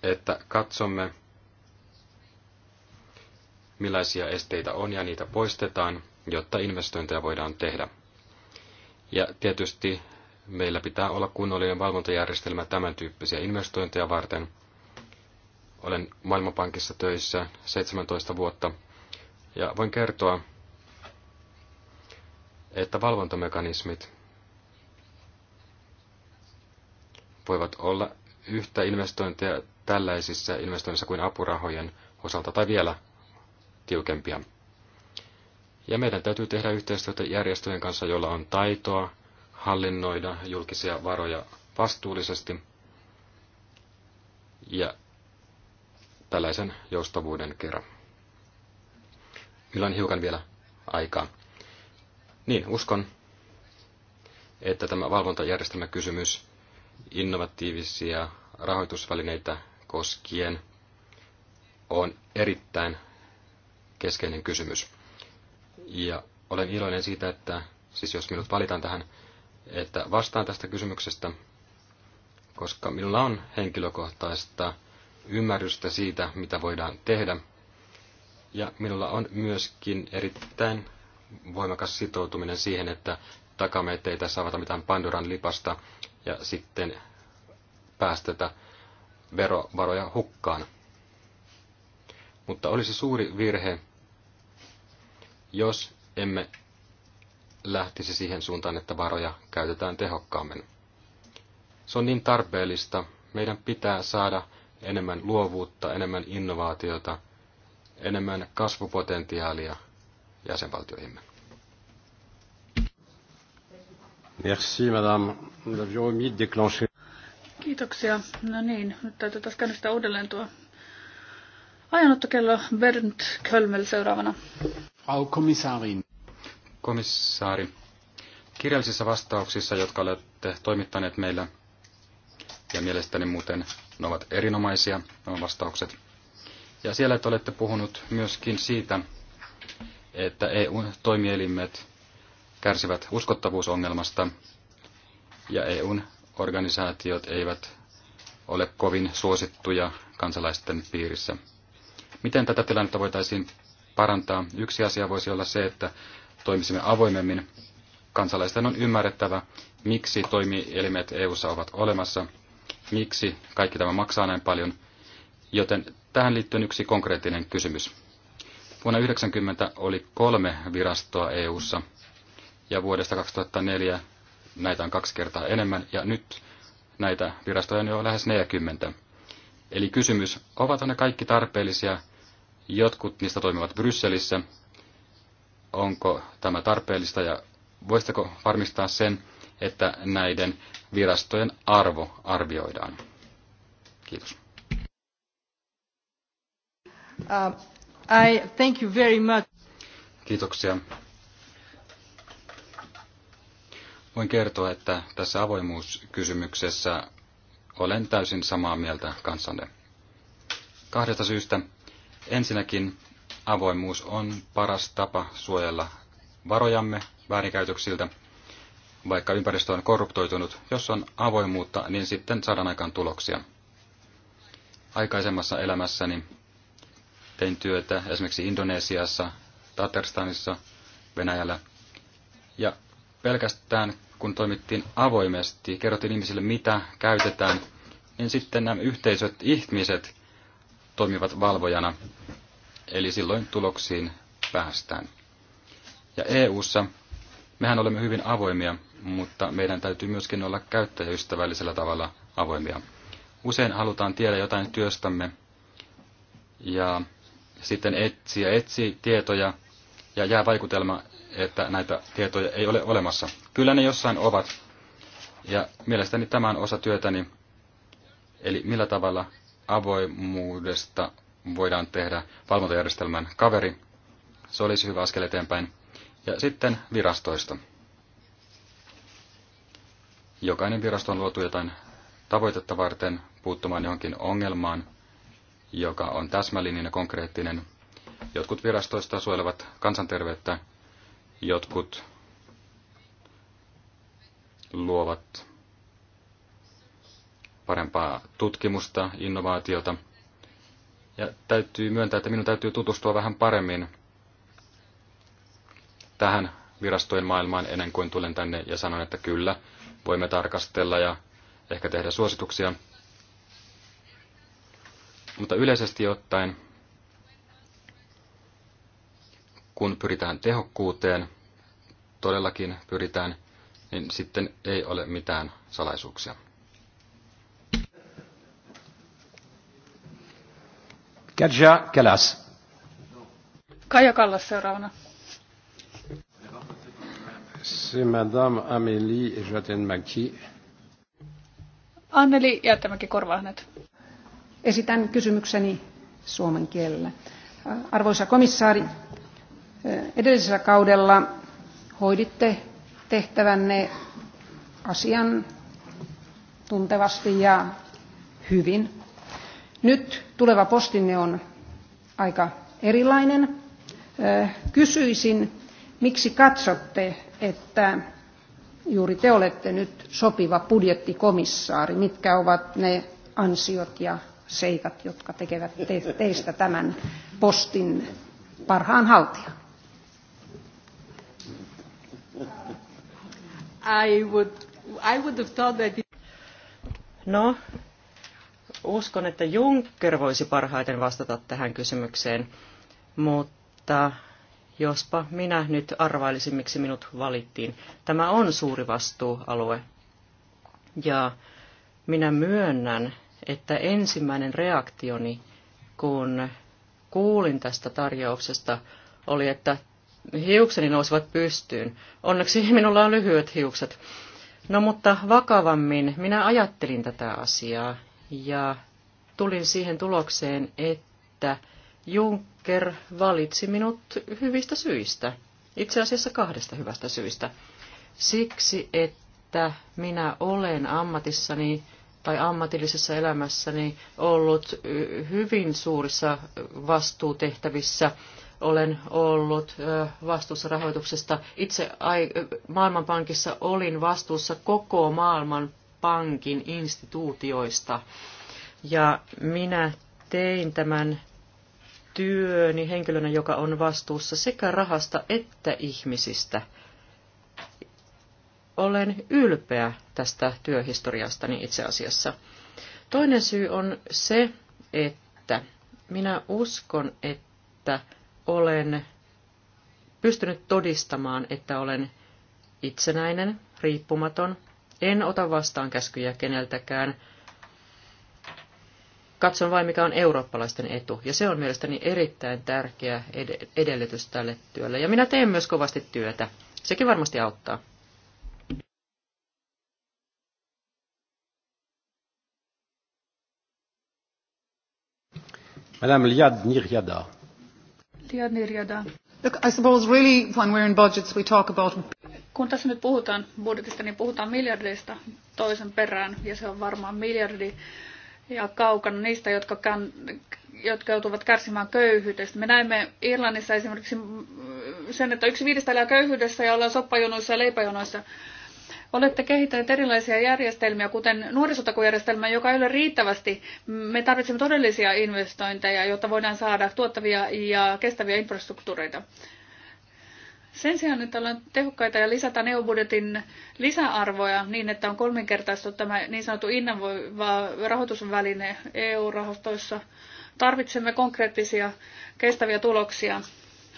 että katsomme, millaisia esteitä on ja niitä poistetaan, jotta investointeja voidaan tehdä. Ja tietysti meillä pitää olla kunnollinen valvontajärjestelmä tämän tyyppisiä investointeja varten. Olen Maailmanpankissa töissä 17 vuotta ja voin kertoa, että valvontamekanismit voivat olla yhtä investointeja tällaisissa investoinnissa kuin apurahojen osalta tai vielä tiukempia. Ja meidän täytyy tehdä yhteistyötä järjestöjen kanssa, joilla on taitoa hallinnoida julkisia varoja vastuullisesti ja tällaisen joustavuuden kerran. Meillä on hiukan vielä aikaa. Niin, uskon, että tämä valvontajärjestelmä kysymys innovatiivisia rahoitusvälineitä koskien on erittäin keskeinen kysymys. Ja olen iloinen siitä, että siis jos minut valitaan tähän että vastaan tästä kysymyksestä, koska minulla on henkilökohtaista ymmärrystä siitä, mitä voidaan tehdä. Ja minulla on myöskin erittäin voimakas sitoutuminen siihen, että takamme, ettei tässä avata mitään Pandoran lipasta ja sitten päästetä verovaroja hukkaan. Mutta olisi suuri virhe, jos emme lähtisi siihen suuntaan, että varoja käytetään tehokkaammin. Se on niin tarpeellista. Meidän pitää saada enemmän luovuutta, enemmän innovaatiota, enemmän kasvupotentiaalia jäsenvaltioihimme. Merci, madame. Kiitoksia. No niin, nyt täytyy taas käynnistää uudelleen tuo ajanottokello Bernd Kölmel seuraavana. Frau Kommissarin komissaari, kirjallisissa vastauksissa, jotka olette toimittaneet meillä, ja mielestäni muuten ne ovat erinomaisia, nämä vastaukset. Ja siellä te olette puhunut myöskin siitä, että EU-toimielimet kärsivät uskottavuusongelmasta ja eu organisaatiot eivät ole kovin suosittuja kansalaisten piirissä. Miten tätä tilannetta voitaisiin parantaa? Yksi asia voisi olla se, että toimisimme avoimemmin. Kansalaisten on ymmärrettävä, miksi toimielimet EU:ssa ovat olemassa, miksi kaikki tämä maksaa näin paljon. Joten tähän liittyy yksi konkreettinen kysymys. Vuonna 1990 oli kolme virastoa EU:ssa ja vuodesta 2004 näitä on kaksi kertaa enemmän ja nyt näitä virastoja on jo lähes 40. Eli kysymys, ovat ne kaikki tarpeellisia? Jotkut niistä toimivat Brysselissä, onko tämä tarpeellista ja voisitteko varmistaa sen, että näiden virastojen arvo arvioidaan? Kiitos. Uh, I thank you very much. Kiitoksia. Voin kertoa, että tässä avoimuuskysymyksessä olen täysin samaa mieltä kanssanne. Kahdesta syystä. Ensinnäkin avoimuus on paras tapa suojella varojamme väärinkäytöksiltä. Vaikka ympäristö on korruptoitunut, jos on avoimuutta, niin sitten saadaan aikaan tuloksia. Aikaisemmassa elämässäni tein työtä esimerkiksi Indonesiassa, Tatarstanissa, Venäjällä. Ja pelkästään kun toimittiin avoimesti, kerrottiin ihmisille mitä käytetään, niin sitten nämä yhteisöt, ihmiset toimivat valvojana Eli silloin tuloksiin päästään. Ja EU:ssa mehän olemme hyvin avoimia, mutta meidän täytyy myöskin olla käyttäjäystävällisellä tavalla avoimia. Usein halutaan tiedä jotain työstämme ja sitten etsiä etsiä tietoja ja jää vaikutelma, että näitä tietoja ei ole olemassa. Kyllä ne jossain ovat. Ja mielestäni tämä on osa työtäni, eli millä tavalla avoimuudesta voidaan tehdä valvontajärjestelmän kaveri. Se olisi hyvä askel eteenpäin. Ja sitten virastoista. Jokainen virasto on luotu jotain tavoitetta varten puuttumaan johonkin ongelmaan, joka on täsmällinen ja konkreettinen. Jotkut virastoista suojelevat kansanterveyttä, jotkut luovat parempaa tutkimusta, innovaatiota – ja täytyy myöntää, että minun täytyy tutustua vähän paremmin tähän virastojen maailmaan ennen kuin tulen tänne ja sanon, että kyllä, voimme tarkastella ja ehkä tehdä suosituksia. Mutta yleisesti ottaen, kun pyritään tehokkuuteen, todellakin pyritään, niin sitten ei ole mitään salaisuuksia. Kaja Kalas. Kaja Kallas seuraavana. C'est Madame Amélie Jatenmäki. Anneli Jättämäki Korvahnet. Esitän kysymykseni suomen kielellä. Arvoisa komissaari, edellisellä kaudella hoiditte tehtävänne asian tuntevasti ja hyvin nyt tuleva postinne on aika erilainen. Kysyisin, miksi katsotte, että juuri te olette nyt sopiva budjettikomissaari. Mitkä ovat ne ansiot ja seikat, jotka tekevät teistä tämän postin parhaan haltijan? I would, I would have thought that it... No, Uskon, että Juncker voisi parhaiten vastata tähän kysymykseen, mutta jospa minä nyt arvailisin, miksi minut valittiin. Tämä on suuri vastuualue. Ja minä myönnän, että ensimmäinen reaktioni, kun kuulin tästä tarjouksesta, oli, että hiukseni nousivat pystyyn. Onneksi minulla on lyhyet hiukset. No mutta vakavammin minä ajattelin tätä asiaa ja tulin siihen tulokseen, että Juncker valitsi minut hyvistä syistä, itse asiassa kahdesta hyvästä syistä, Siksi, että minä olen ammatissani tai ammatillisessa elämässäni ollut hyvin suurissa vastuutehtävissä. Olen ollut vastuussa rahoituksesta. Itse Maailmanpankissa olin vastuussa koko maailman pankin instituutioista. Ja minä tein tämän työni henkilönä, joka on vastuussa sekä rahasta että ihmisistä. Olen ylpeä tästä työhistoriastani itse asiassa. Toinen syy on se, että minä uskon, että olen pystynyt todistamaan, että olen itsenäinen, riippumaton en ota vastaan käskyjä keneltäkään. Katson vain, mikä on eurooppalaisten etu, ja se on mielestäni erittäin tärkeä edellytys tälle työlle. Ja minä teen myös kovasti työtä. Sekin varmasti auttaa. Madame Liad Nirjada. Liad Nirjada. Look, I suppose really when we're in budgets we talk about... Kun tässä nyt puhutaan budjetista, niin puhutaan miljardeista toisen perään, ja se on varmaan miljardi ja kaukana niistä, jotka, kään, jotka joutuvat kärsimään köyhyydestä. Me näemme Irlannissa esimerkiksi sen, että yksi viidestä elää köyhyydessä ja ollaan soppajonoissa ja leipäjonoissa. Olette kehittäneet erilaisia järjestelmiä, kuten nuorisotakujärjestelmä, joka ei ole riittävästi. Me tarvitsemme todellisia investointeja, jotta voidaan saada tuottavia ja kestäviä infrastruktuureita. Sen sijaan, että ollaan tehokkaita ja lisätään EU-budjetin lisäarvoja niin, että on kolminkertaistettu tämä niin sanottu innovoiva rahoitusväline EU-rahastoissa, tarvitsemme konkreettisia kestäviä tuloksia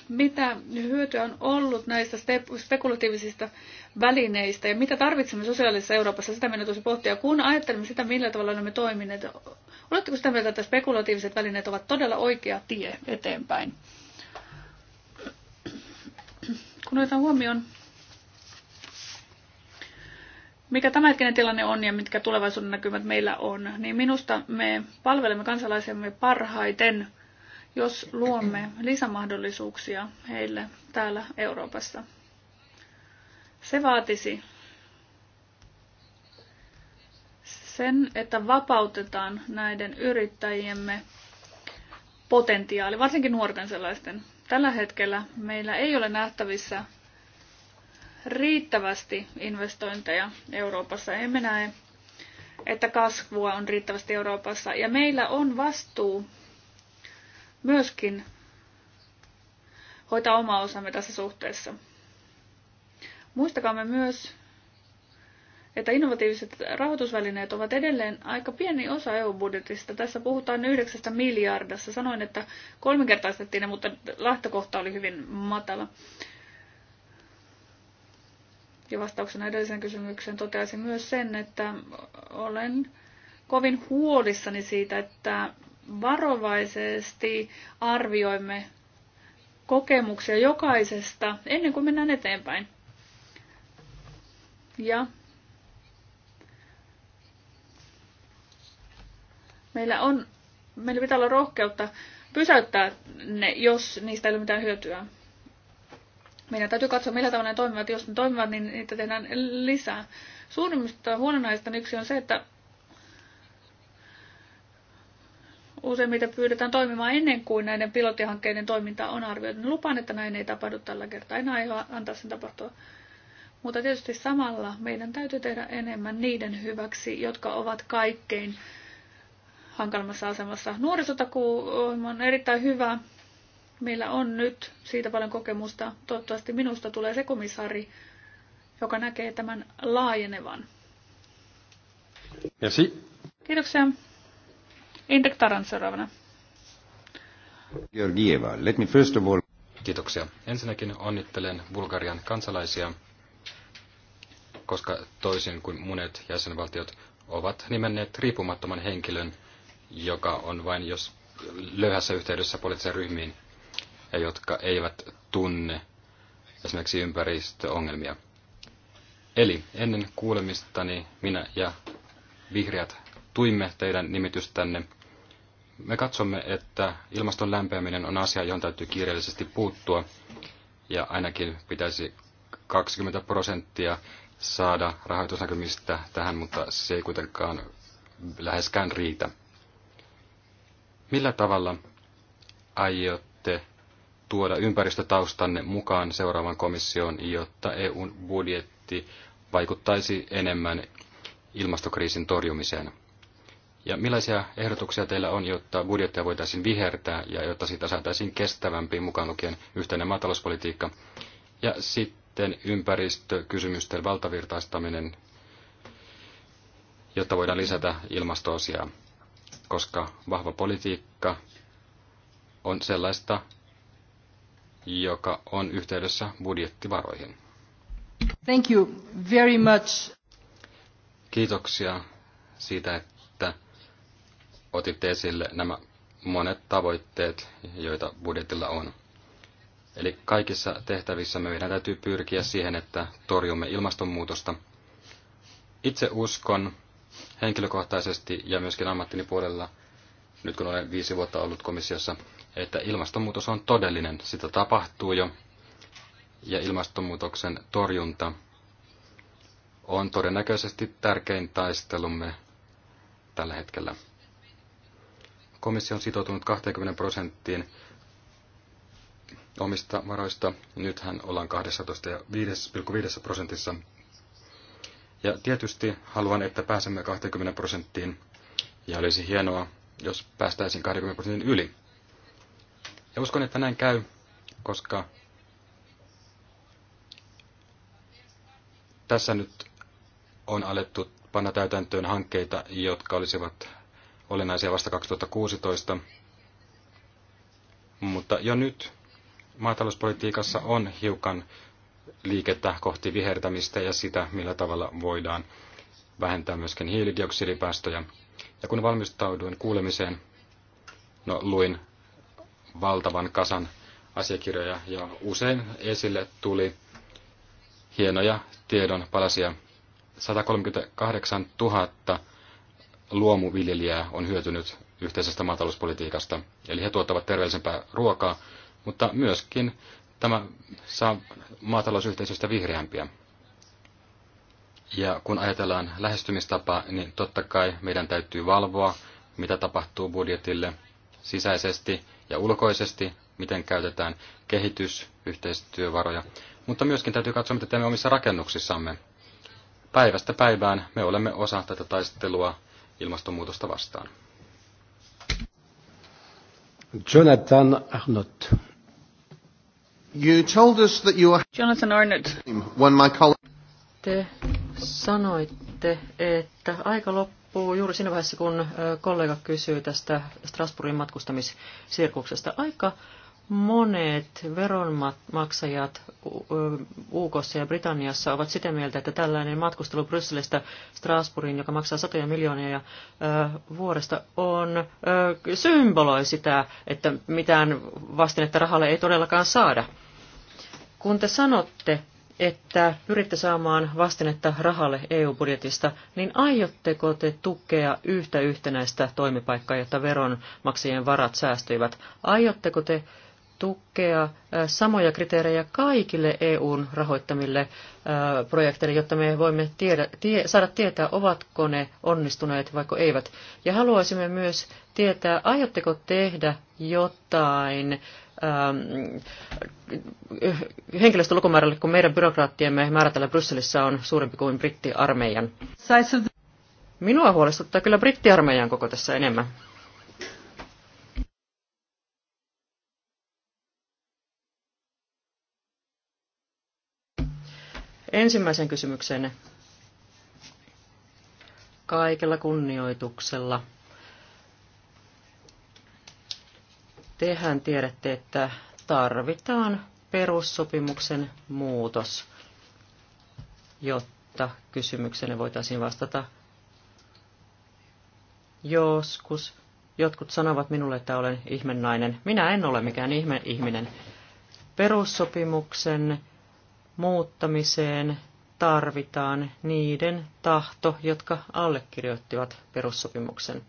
mitä hyötyä on ollut näistä spekulatiivisista välineistä ja mitä tarvitsemme sosiaalisessa Euroopassa, sitä meidän tulisi pohtia. Kun ajattelemme sitä, millä tavalla olemme toimineet, oletteko sitä mieltä, että spekulatiiviset välineet ovat todella oikea tie eteenpäin? Kun otetaan huomioon, mikä tämänhetkinen tilanne on ja mitkä tulevaisuuden näkymät meillä on, niin minusta me palvelemme kansalaisemme parhaiten – jos luomme lisämahdollisuuksia heille täällä Euroopassa. Se vaatisi sen, että vapautetaan näiden yrittäjiemme potentiaali, varsinkin nuorten sellaisten. Tällä hetkellä meillä ei ole nähtävissä riittävästi investointeja Euroopassa. Emme näe, että kasvua on riittävästi Euroopassa. Ja meillä on vastuu myöskin hoitaa oma osamme tässä suhteessa. Muistakaamme myös, että innovatiiviset rahoitusvälineet ovat edelleen aika pieni osa EU-budjetista. Tässä puhutaan 9 miljardissa. Sanoin, että kolminkertaistettiin ne, mutta lähtökohta oli hyvin matala. Ja vastauksena edelliseen kysymykseen toteaisin myös sen, että olen kovin huolissani siitä, että varovaisesti arvioimme kokemuksia jokaisesta ennen kuin mennään eteenpäin. Ja meillä on, meillä pitää olla rohkeutta pysäyttää ne, jos niistä ei ole mitään hyötyä. Meidän täytyy katsoa, millä tavalla ne toimivat. Jos ne toimivat, niin niitä tehdään lisää. Suurimmista huolenaiheista yksi on se, että useimmiten pyydetään toimimaan ennen kuin näiden pilottihankkeiden toiminta on arvioitu. Niin lupaan, että näin ei tapahdu tällä kertaa. En aio antaa sen tapahtua. Mutta tietysti samalla meidän täytyy tehdä enemmän niiden hyväksi, jotka ovat kaikkein hankalammassa asemassa. Nuorisotakuu on erittäin hyvä. Meillä on nyt siitä paljon kokemusta. Toivottavasti minusta tulee se komissaari, joka näkee tämän laajenevan. Merci. Kiitoksia. Indrek Taran seuraavana. Georgieva, let me first of all... Kiitoksia. Ensinnäkin onnittelen Bulgarian kansalaisia, koska toisin kuin monet jäsenvaltiot ovat nimenneet riippumattoman henkilön, joka on vain jos löyhässä yhteydessä poliittisiin ryhmiin ja jotka eivät tunne esimerkiksi ympäristöongelmia. Eli ennen kuulemistani minä ja vihreät tuimme teidän nimitystänne. Me katsomme, että ilmaston lämpeäminen on asia, johon täytyy kiireellisesti puuttua, ja ainakin pitäisi 20 prosenttia saada rahoitusnäkymistä tähän, mutta se ei kuitenkaan läheskään riitä. Millä tavalla aiotte tuoda ympäristötaustanne mukaan seuraavan komission, jotta EUn budjetti vaikuttaisi enemmän ilmastokriisin torjumiseen? Ja millaisia ehdotuksia teillä on, jotta budjettia voitaisiin vihertää ja jotta siitä saataisiin kestävämpi mukaan lukien yhteinen maatalouspolitiikka? Ja sitten ympäristökysymysten valtavirtaistaminen, jotta voidaan lisätä ilmastoosiaa, koska vahva politiikka on sellaista, joka on yhteydessä budjettivaroihin. Thank you very much. Kiitoksia siitä, että otitte esille nämä monet tavoitteet, joita budjetilla on. Eli kaikissa tehtävissä meidän täytyy pyrkiä siihen, että torjumme ilmastonmuutosta. Itse uskon henkilökohtaisesti ja myöskin ammattini puolella, nyt kun olen viisi vuotta ollut komissiossa, että ilmastonmuutos on todellinen. Sitä tapahtuu jo. Ja ilmastonmuutoksen torjunta on todennäköisesti tärkein taistelumme tällä hetkellä. Komissio on sitoutunut 20 prosenttiin omista varoista. Nythän ollaan 12,5 prosentissa. Ja tietysti haluan, että pääsemme 20 prosenttiin. Ja olisi hienoa, jos päästäisiin 20 prosentin yli. Ja uskon, että näin käy, koska tässä nyt on alettu panna täytäntöön hankkeita, jotka olisivat olennaisia vasta 2016, mutta jo nyt maatalouspolitiikassa on hiukan liikettä kohti vihertämistä ja sitä, millä tavalla voidaan vähentää myöskin hiilidioksidipäästöjä. Ja kun valmistauduin kuulemiseen, no, luin valtavan kasan asiakirjoja ja usein esille tuli hienoja tiedon palasia. 138 000 luomuviljelijää on hyötynyt yhteisestä maatalouspolitiikasta. Eli he tuottavat terveellisempää ruokaa, mutta myöskin tämä saa maatalousyhteisöstä vihreämpiä. Ja kun ajatellaan lähestymistapaa, niin totta kai meidän täytyy valvoa, mitä tapahtuu budjetille sisäisesti ja ulkoisesti, miten käytetään kehitysyhteistyövaroja, mutta myöskin täytyy katsoa, mitä teemme omissa rakennuksissamme. Päivästä päivään me olemme osa tätä taistelua ilmastonmuutosta vastaan. Jonathan Arnott. You told us that you are Jonathan Arnott. When my colleague... Te sanoitte, että aika loppuu juuri siinä vaiheessa, kun kollega kysyy tästä Strasbourgin matkustamissirkuksesta. Aika Monet veronmaksajat uk ja Britanniassa ovat sitä mieltä, että tällainen matkustelu Brysselistä Strasbourgin, joka maksaa satoja miljoonia ja, ö, vuodesta, on ö, symboloi sitä, että mitään vastinetta rahalle ei todellakaan saada. Kun te sanotte, että pyritte saamaan vastinetta rahalle EU-budjetista, niin aiotteko te tukea yhtä yhtenäistä toimipaikkaa, jotta veronmaksajien varat säästyivät? Aiotteko te tukea samoja kriteerejä kaikille EUn rahoittamille projekteille, jotta me voimme tiedä, tie, saada tietää, ovatko ne onnistuneet vai eivät. Ja haluaisimme myös tietää, aiotteko tehdä jotain ähm, henkilöstölukumäärälle, kun meidän byrokraattiemme määrä täällä Brysselissä on suurempi kuin brittiarmeijan. Minua huolestuttaa kyllä brittiarmeijan koko tässä enemmän. Ensimmäisen kysymyksen kaikella kunnioituksella. Tehän tiedätte, että tarvitaan perussopimuksen muutos, jotta kysymyksenne voitaisiin vastata. Joskus jotkut sanovat minulle, että olen ihmennainen. Minä en ole mikään ihme ihminen. Perussopimuksen muuttamiseen tarvitaan niiden tahto, jotka allekirjoittivat perussopimuksen.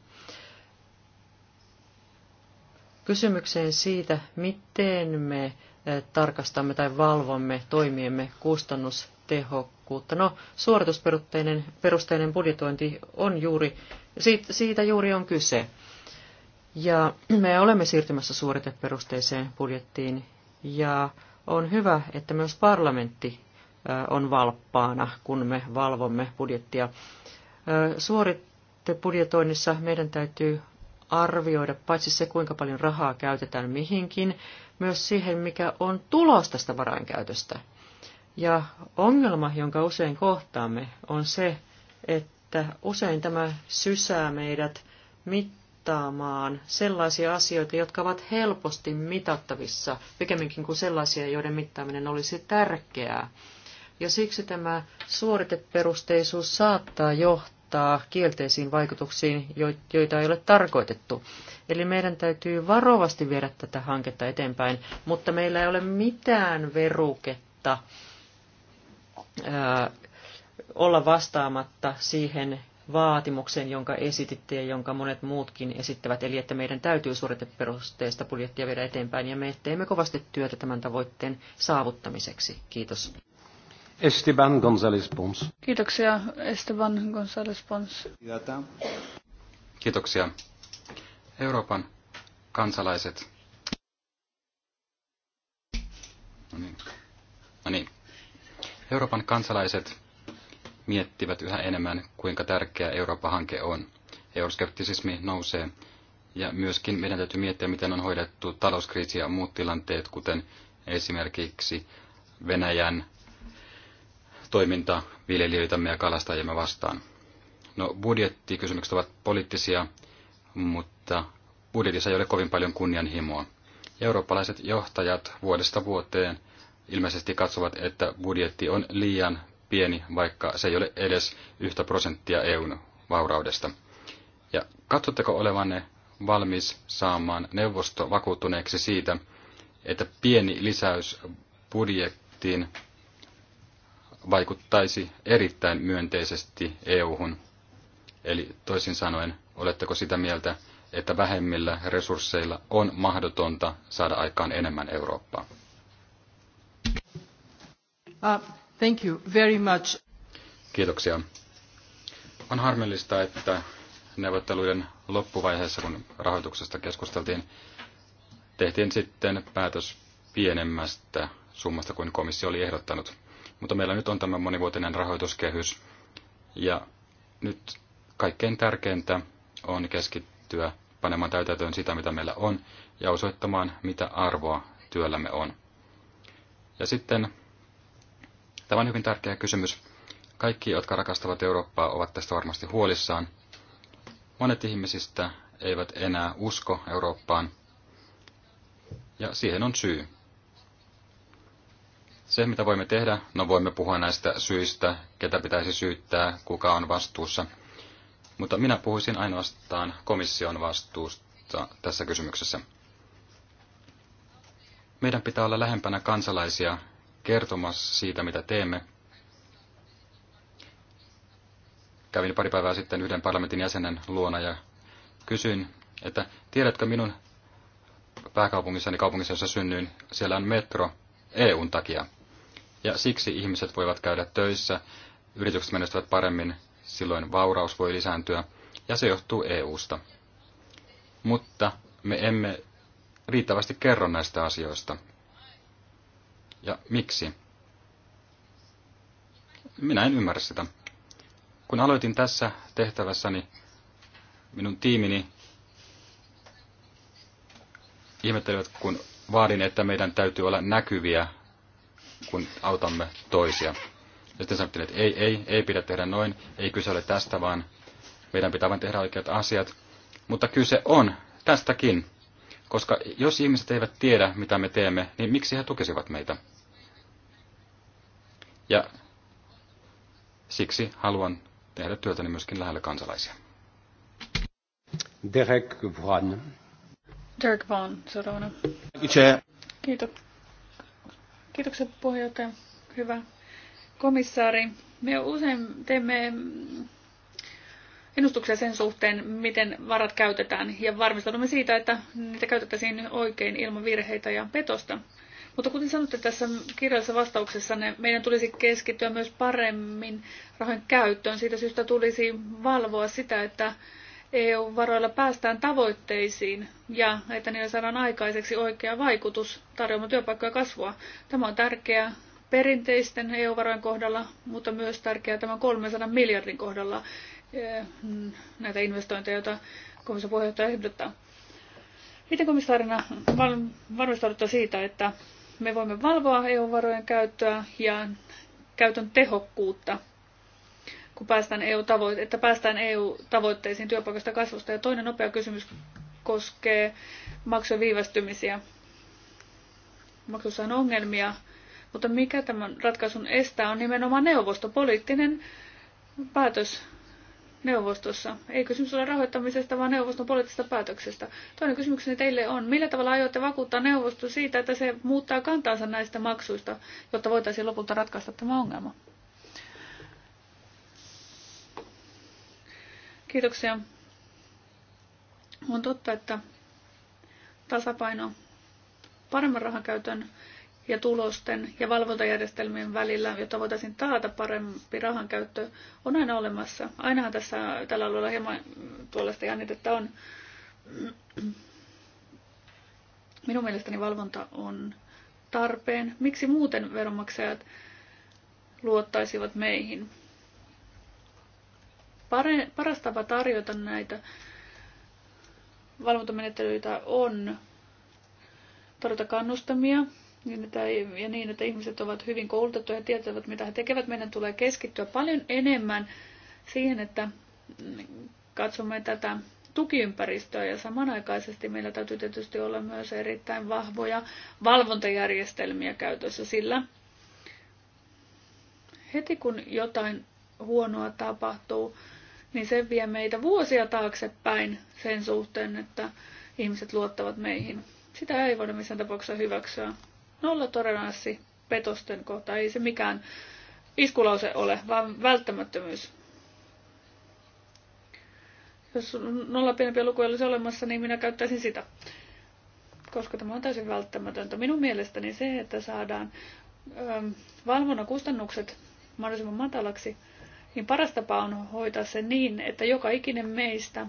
Kysymykseen siitä, miten me eh, tarkastamme tai valvomme toimiemme kustannustehokkuutta. No, suoritusperusteinen perusteinen budjetointi on juuri, siitä, siitä juuri on kyse. Ja me olemme siirtymässä suoriteperusteiseen budjettiin ja on hyvä, että myös parlamentti on valppaana, kun me valvomme budjettia. Suoritebudjetoinnissa meidän täytyy arvioida paitsi se, kuinka paljon rahaa käytetään mihinkin, myös siihen, mikä on tulos tästä varainkäytöstä. Ja ongelma, jonka usein kohtaamme, on se, että usein tämä sysää meidät mit mittaamaan sellaisia asioita, jotka ovat helposti mitattavissa, pikemminkin kuin sellaisia, joiden mittaaminen olisi tärkeää. Ja siksi tämä suoriteperusteisuus saattaa johtaa kielteisiin vaikutuksiin, joita ei ole tarkoitettu. Eli meidän täytyy varovasti viedä tätä hanketta eteenpäin, mutta meillä ei ole mitään veruketta olla vastaamatta siihen vaatimuksen, jonka esititte ja jonka monet muutkin esittävät, eli että meidän täytyy suoriteperusteista budjettia viedä eteenpäin, ja me teemme kovasti työtä tämän tavoitteen saavuttamiseksi. Kiitos. Esteban González Pons. Kiitoksia, Esteban González Pons. Kiitoksia. Euroopan kansalaiset. No niin. No niin. Euroopan kansalaiset miettivät yhä enemmän, kuinka tärkeä Euroopan hanke on. Euroskeptisismi nousee ja myöskin meidän täytyy miettiä, miten on hoidettu talouskriisi ja muut tilanteet, kuten esimerkiksi Venäjän toiminta viljelijöitämme ja kalastajiemme vastaan. No budjettikysymykset ovat poliittisia, mutta budjetissa ei ole kovin paljon kunnianhimoa. Eurooppalaiset johtajat vuodesta vuoteen ilmeisesti katsovat, että budjetti on liian pieni, vaikka se ei ole edes yhtä prosenttia EUn vauraudesta. Ja katsotteko olevanne valmis saamaan neuvosto vakuuttuneeksi siitä, että pieni lisäys budjettiin vaikuttaisi erittäin myönteisesti EUhun? Eli toisin sanoen, oletteko sitä mieltä, että vähemmillä resursseilla on mahdotonta saada aikaan enemmän Eurooppaa? Uh, Thank you very much. Kiitoksia. On harmillista, että neuvotteluiden loppuvaiheessa, kun rahoituksesta keskusteltiin, tehtiin sitten päätös pienemmästä summasta kuin komissio oli ehdottanut. Mutta meillä nyt on tämä monivuotinen rahoituskehys, ja nyt kaikkein tärkeintä on keskittyä panemaan täytäntöön sitä, mitä meillä on, ja osoittamaan, mitä arvoa työllämme on. Ja sitten Tämä on hyvin tärkeä kysymys. Kaikki, jotka rakastavat Eurooppaa, ovat tästä varmasti huolissaan. Monet ihmisistä eivät enää usko Eurooppaan, ja siihen on syy. Se, mitä voimme tehdä, no voimme puhua näistä syistä, ketä pitäisi syyttää, kuka on vastuussa. Mutta minä puhuisin ainoastaan komission vastuusta tässä kysymyksessä. Meidän pitää olla lähempänä kansalaisia kertomassa siitä, mitä teemme. Kävin pari päivää sitten yhden parlamentin jäsenen luona ja kysyin, että tiedätkö minun pääkaupungissani, kaupungissa, jossa synnyin, siellä on metro EUn takia. Ja siksi ihmiset voivat käydä töissä, yritykset menestyvät paremmin, silloin vauraus voi lisääntyä, ja se johtuu EUsta. Mutta me emme riittävästi kerro näistä asioista. Ja miksi? Minä en ymmärrä sitä. Kun aloitin tässä tehtävässäni, minun tiimini ihmettelivät, kun vaadin, että meidän täytyy olla näkyviä, kun autamme toisia. Ja sitten sanottiin, että ei, ei, ei pidä tehdä noin, ei kyse ole tästä, vaan meidän pitää vain tehdä oikeat asiat. Mutta kyse on tästäkin, koska jos ihmiset eivät tiedä, mitä me teemme, niin miksi he tukisivat meitä? Ja siksi haluan tehdä työtäni myöskin lähellä kansalaisia. Derek Vaughan. Derek Vaughan, seuraavana. Kiitos. Kiitokset puheenjohtaja. Hyvä komissaari. Me usein teemme ennustuksia sen suhteen, miten varat käytetään ja varmistaudumme siitä, että niitä käytettäisiin oikein ilman virheitä ja petosta. Mutta kuten sanotte tässä kirjallisessa vastauksessa, meidän tulisi keskittyä myös paremmin rahojen käyttöön. Siitä syystä tulisi valvoa sitä, että EU-varoilla päästään tavoitteisiin ja että niillä saadaan aikaiseksi oikea vaikutus tarjoamaan työpaikkoja kasvua. Tämä on tärkeää perinteisten EU-varojen kohdalla, mutta myös tärkeää tämän 300 miljardin kohdalla eh, näitä investointeja, joita komission puheenjohtaja ehdottaa. Miten komissaarina varmistaudutte siitä, että me voimme valvoa EU-varojen käyttöä ja käytön tehokkuutta, kun päästään eu että päästään EU-tavoitteisiin työpaikasta kasvusta. Ja toinen nopea kysymys koskee maksujen viivästymisiä. Maksussa on ongelmia, mutta mikä tämän ratkaisun estää on nimenomaan neuvostopoliittinen päätös neuvostossa. Ei kysymys ole rahoittamisesta, vaan neuvoston poliittisesta päätöksestä. Toinen kysymykseni teille on, millä tavalla aiotte vakuuttaa neuvosto siitä, että se muuttaa kantaansa näistä maksuista, jotta voitaisiin lopulta ratkaista tämä ongelma? Kiitoksia. On totta, että tasapaino paremman rahan käytön ja tulosten ja valvontajärjestelmien välillä, jotta voitaisiin taata parempi rahankäyttö, on aina olemassa. Ainahan tässä tällä alueella hieman tuollaista jännitettä on. Minun mielestäni valvonta on tarpeen. Miksi muuten veronmaksajat luottaisivat meihin? Pare, paras tapa tarjota näitä valvontamenettelyitä on tarjota kannustamia niin että, ja niin, että ihmiset ovat hyvin koulutettuja ja tietävät, mitä he tekevät. Meidän tulee keskittyä paljon enemmän siihen, että katsomme tätä tukiympäristöä ja samanaikaisesti meillä täytyy tietysti olla myös erittäin vahvoja valvontajärjestelmiä käytössä, sillä heti kun jotain huonoa tapahtuu, niin se vie meitä vuosia taaksepäin sen suhteen, että ihmiset luottavat meihin. Sitä ei voida missään tapauksessa hyväksyä. Nollatoleranssi petosten kohta ei se mikään iskulause ole, vaan välttämättömyys. Jos nolla pienempiä lukuja olisi olemassa, niin minä käyttäisin sitä. Koska tämä on täysin välttämätöntä. Minun mielestäni se, että saadaan ähm, valvonnan kustannukset mahdollisimman matalaksi, niin paras tapa on hoitaa se niin, että joka ikinen meistä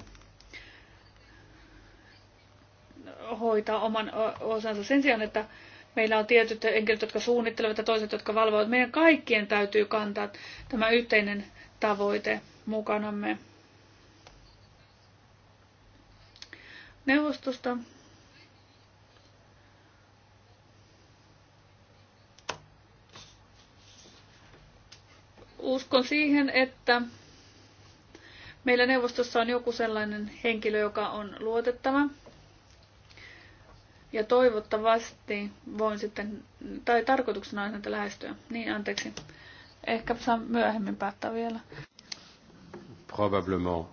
hoitaa oman osansa sen sijaan, että Meillä on tietyt henkilöt, jotka suunnittelevat ja toiset, jotka valvovat. Meidän kaikkien täytyy kantaa tämä yhteinen tavoite mukanamme. Neuvostosta uskon siihen, että meillä neuvostossa on joku sellainen henkilö, joka on luotettava. Ja toivottavasti voin sitten, tai tarkoituksena on näitä lähestyä. Niin, anteeksi. Ehkä saan myöhemmin päättää vielä. Probablement.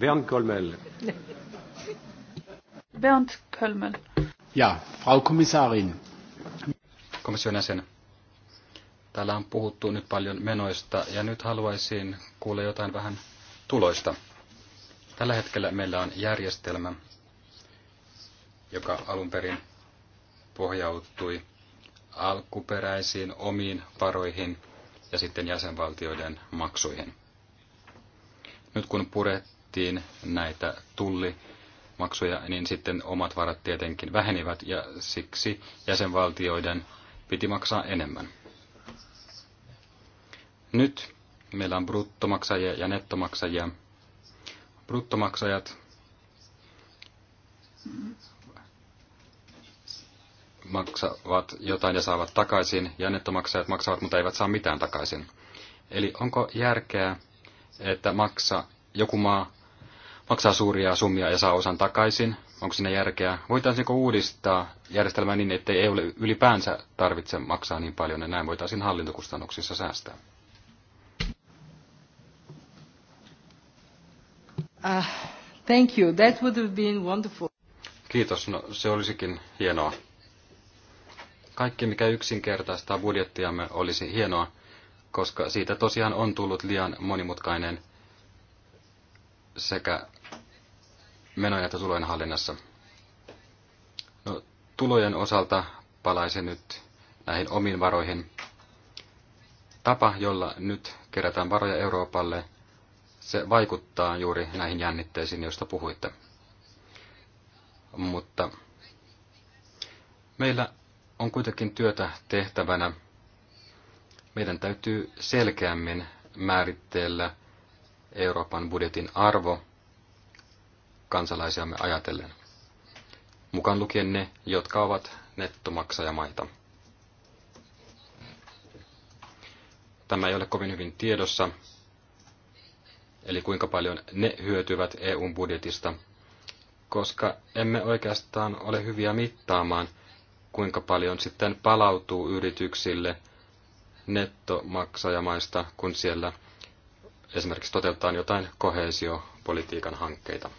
Bernd Kolmel. Bernd Kolmel. Ja, Frau Kommissarin. Komission jäsen. Täällä on puhuttu nyt paljon menoista ja nyt haluaisin kuulla jotain vähän tuloista. Tällä hetkellä meillä on järjestelmä, joka alun perin pohjautui alkuperäisiin omiin varoihin ja sitten jäsenvaltioiden maksuihin. Nyt kun purettiin näitä tullimaksuja, niin sitten omat varat tietenkin vähenivät ja siksi jäsenvaltioiden piti maksaa enemmän. Nyt meillä on bruttomaksajia ja nettomaksajia. Bruttomaksajat maksavat jotain ja saavat takaisin, ja nettomaksajat maksavat, mutta eivät saa mitään takaisin. Eli onko järkeä, että maksa, joku maa maksaa suuria summia ja saa osan takaisin? Onko siinä järkeä? Voitaisiinko uudistaa järjestelmää niin, että ei ole ylipäänsä tarvitse maksaa niin paljon, ja näin voitaisiin hallintokustannuksissa säästää? Uh, thank you. That would have been wonderful. Kiitos. No, se olisikin hienoa. Kaikki, mikä yksinkertaistaa budjettiamme, olisi hienoa, koska siitä tosiaan on tullut liian monimutkainen sekä menojen että tulojen hallinnassa. No, tulojen osalta palaisin nyt näihin omiin varoihin. Tapa, jolla nyt kerätään varoja Euroopalle, se vaikuttaa juuri näihin jännitteisiin, joista puhuitte. Mutta meillä on kuitenkin työtä tehtävänä. Meidän täytyy selkeämmin määritteellä Euroopan budjetin arvo kansalaisiamme ajatellen, mukaan lukien ne, jotka ovat nettomaksajamaita. Tämä ei ole kovin hyvin tiedossa, eli kuinka paljon ne hyötyvät EUn budjetista, koska emme oikeastaan ole hyviä mittaamaan – kuinka paljon sitten palautuu yrityksille nettomaksajamaista, kun siellä esimerkiksi toteutetaan jotain kohesiopolitiikan hankkeita.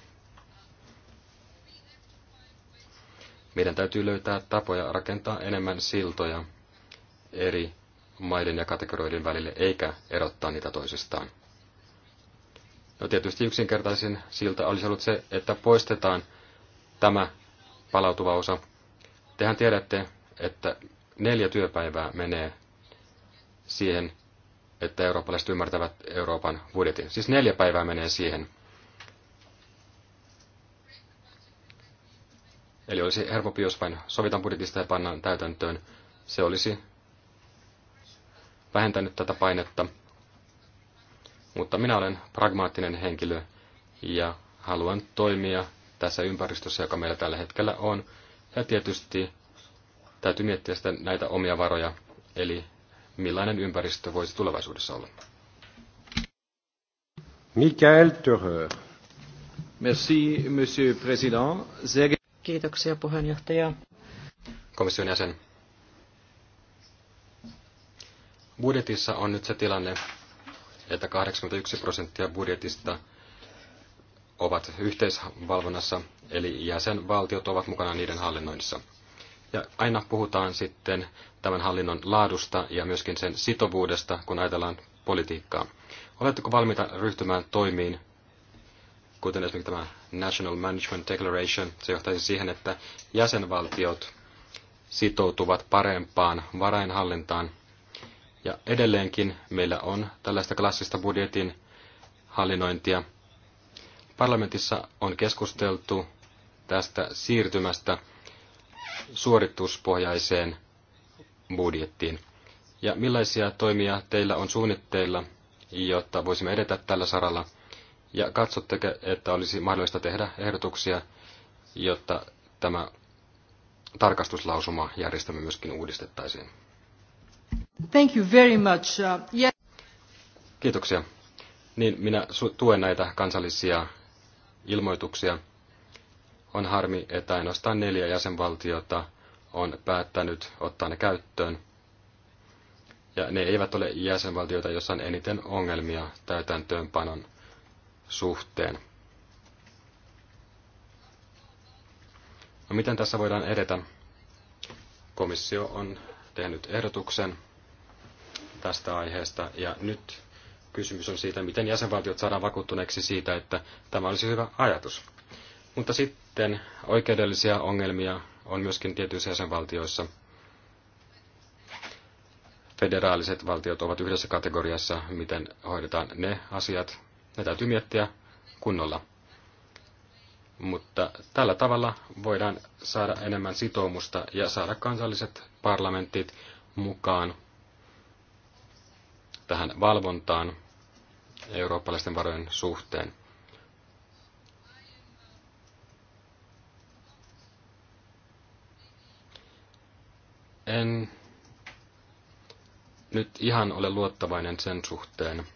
Meidän täytyy löytää tapoja rakentaa enemmän siltoja eri maiden ja kategorioiden välille, eikä erottaa niitä toisistaan. No tietysti yksinkertaisin silta olisi ollut se, että poistetaan tämä palautuva osa Tehän tiedätte, että neljä työpäivää menee siihen, että eurooppalaiset ymmärtävät Euroopan budjetin. Siis neljä päivää menee siihen. Eli olisi helpompi, jos vain sovitan budjetista ja pannaan täytäntöön. Se olisi vähentänyt tätä painetta. Mutta minä olen pragmaattinen henkilö ja haluan toimia tässä ympäristössä, joka meillä tällä hetkellä on, ja tietysti täytyy miettiä sitä näitä omia varoja, eli millainen ympäristö voisi tulevaisuudessa olla. Mikael Törer. Merci, monsieur président. Kiitoksia puheenjohtaja. Komission jäsen. Budjetissa on nyt se tilanne, että 81 prosenttia budjetista – ovat yhteisvalvonnassa, eli jäsenvaltiot ovat mukana niiden hallinnoinnissa. Ja aina puhutaan sitten tämän hallinnon laadusta ja myöskin sen sitovuudesta, kun ajatellaan politiikkaa. Oletteko valmiita ryhtymään toimiin, kuten esimerkiksi tämä National Management Declaration, se johtaisi siihen, että jäsenvaltiot sitoutuvat parempaan varainhallintaan. Ja edelleenkin meillä on tällaista klassista budjetin hallinnointia, Parlamentissa on keskusteltu tästä siirtymästä suorituspohjaiseen budjettiin. Ja millaisia toimia teillä on suunnitteilla, jotta voisimme edetä tällä saralla? Ja katsotteko, että olisi mahdollista tehdä ehdotuksia, jotta tämä tarkastuslausuma järjestämme myöskin uudistettaisiin? Thank you very much. Uh, yeah. Kiitoksia. Niin, minä tuen näitä kansallisia ilmoituksia. On harmi, että ainoastaan neljä jäsenvaltiota on päättänyt ottaa ne käyttöön. Ja ne eivät ole jäsenvaltioita, joissa on eniten ongelmia täytäntöönpanon suhteen. No miten tässä voidaan edetä? Komissio on tehnyt ehdotuksen tästä aiheesta ja nyt kysymys on siitä, miten jäsenvaltiot saadaan vakuuttuneeksi siitä, että tämä olisi hyvä ajatus. Mutta sitten oikeudellisia ongelmia on myöskin tietyissä jäsenvaltioissa. Federaaliset valtiot ovat yhdessä kategoriassa, miten hoidetaan ne asiat. Ne täytyy miettiä kunnolla. Mutta tällä tavalla voidaan saada enemmän sitoumusta ja saada kansalliset parlamentit mukaan tähän valvontaan eurooppalaisten varojen suhteen. En nyt ihan ole luottavainen sen suhteen,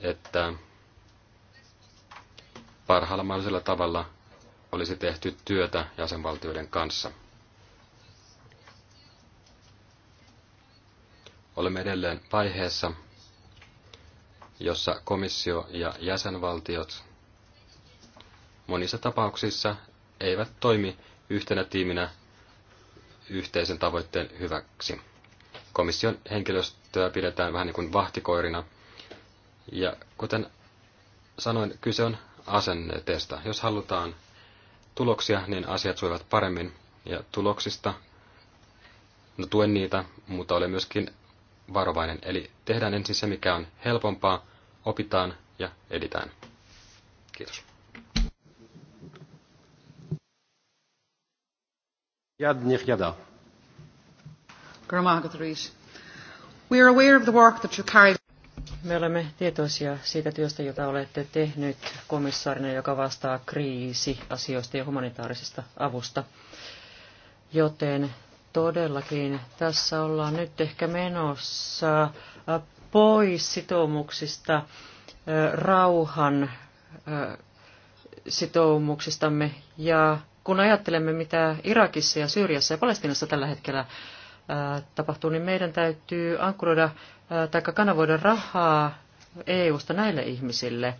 että parhaalla mahdollisella tavalla olisi tehty työtä jäsenvaltioiden kanssa. Olemme edelleen vaiheessa, jossa komissio ja jäsenvaltiot monissa tapauksissa eivät toimi yhtenä tiiminä yhteisen tavoitteen hyväksi. Komission henkilöstöä pidetään vähän niin kuin vahtikoirina. Ja kuten sanoin, kyse on asenteesta. Jos halutaan tuloksia, niin asiat suivat paremmin. Ja tuloksista, no tuen niitä, mutta olen myöskin varovainen. Eli tehdään ensin se, mikä on helpompaa, opitaan ja editään. Kiitos. Jadnir Jada. We are aware of the work that you carry. Me olemme tietoisia siitä työstä, jota olette tehnyt komissaarina, joka vastaa kriisiasioista ja humanitaarisesta avusta. Joten Todellakin. Tässä ollaan nyt ehkä menossa pois sitoumuksista, rauhan sitoumuksistamme. Ja kun ajattelemme, mitä Irakissa ja Syyriassa ja Palestinassa tällä hetkellä tapahtuu, niin meidän täytyy ankkuroida tai kanavoida rahaa EU-sta näille ihmisille.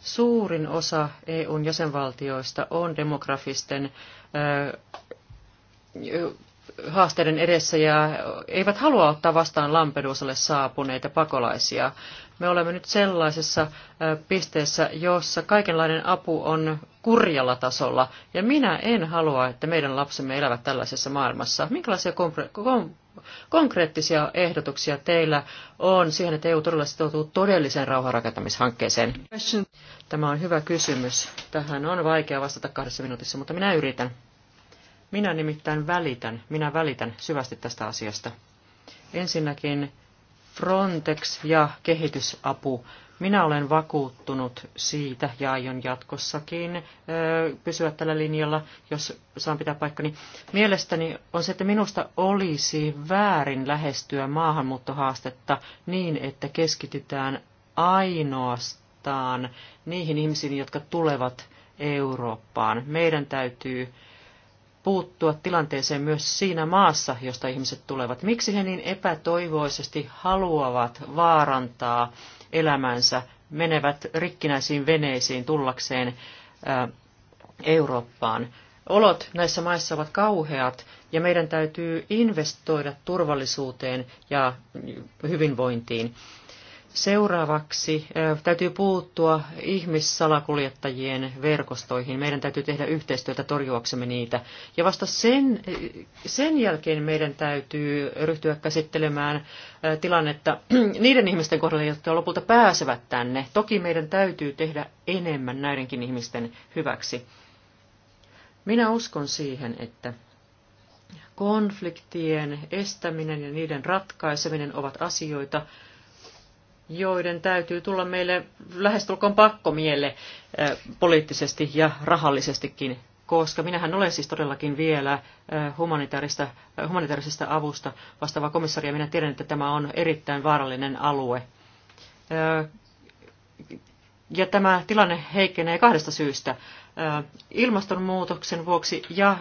Suurin osa EUn jäsenvaltioista on demografisten haasteiden edessä ja eivät halua ottaa vastaan Lampedusalle saapuneita pakolaisia. Me olemme nyt sellaisessa pisteessä, jossa kaikenlainen apu on kurjalla tasolla, ja minä en halua, että meidän lapsemme elävät tällaisessa maailmassa. Minkälaisia konkreettisia ehdotuksia teillä on siihen, että EU todella sitoutuu todelliseen rauhanrakentamishankkeeseen? Tämä on hyvä kysymys. Tähän on vaikea vastata kahdessa minuutissa, mutta minä yritän. Minä nimittäin välitän, minä välitän syvästi tästä asiasta. Ensinnäkin Frontex ja kehitysapu. Minä olen vakuuttunut siitä ja aion jatkossakin pysyä tällä linjalla, jos saan pitää paikkani. Mielestäni on se, että minusta olisi väärin lähestyä maahanmuuttohaastetta niin, että keskitytään ainoastaan niihin ihmisiin, jotka tulevat Eurooppaan. Meidän täytyy puuttua tilanteeseen myös siinä maassa, josta ihmiset tulevat. Miksi he niin epätoivoisesti haluavat vaarantaa elämänsä, menevät rikkinäisiin veneisiin tullakseen äh, Eurooppaan? Olot näissä maissa ovat kauheat ja meidän täytyy investoida turvallisuuteen ja hyvinvointiin. Seuraavaksi täytyy puuttua ihmissalakuljettajien verkostoihin. Meidän täytyy tehdä yhteistyötä torjuaksemme niitä. Ja vasta sen, sen jälkeen meidän täytyy ryhtyä käsittelemään tilannetta niiden ihmisten kohdalla, jotka lopulta pääsevät tänne. Toki meidän täytyy tehdä enemmän näidenkin ihmisten hyväksi. Minä uskon siihen, että konfliktien estäminen ja niiden ratkaiseminen ovat asioita, joiden täytyy tulla meille lähestulkoon pakkomielle eh, poliittisesti ja rahallisestikin, koska minähän olen siis todellakin vielä eh, humanitaarista, eh, humanitaarisesta avusta vastaava komissaria, ja minä tiedän, että tämä on erittäin vaarallinen alue ja tämä tilanne heikenee kahdesta syystä. Ilmastonmuutoksen vuoksi ja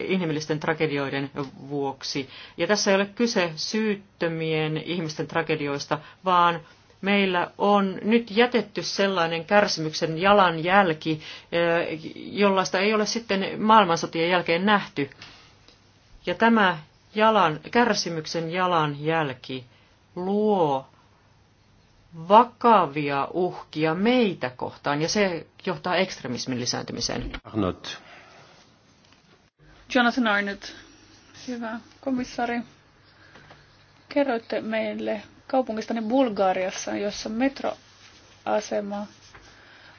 inhimillisten tragedioiden vuoksi. Ja tässä ei ole kyse syyttömien ihmisten tragedioista, vaan meillä on nyt jätetty sellainen kärsimyksen jalanjälki, jollaista ei ole sitten maailmansotien jälkeen nähty. Ja tämä jalan, kärsimyksen jalanjälki luo vakavia uhkia meitä kohtaan, ja se johtaa ekstremismin lisääntymiseen. Arnott. Jonathan Arnott, hyvä komissari. Kerroitte meille kaupungistanne niin Bulgariassa, jossa metroasema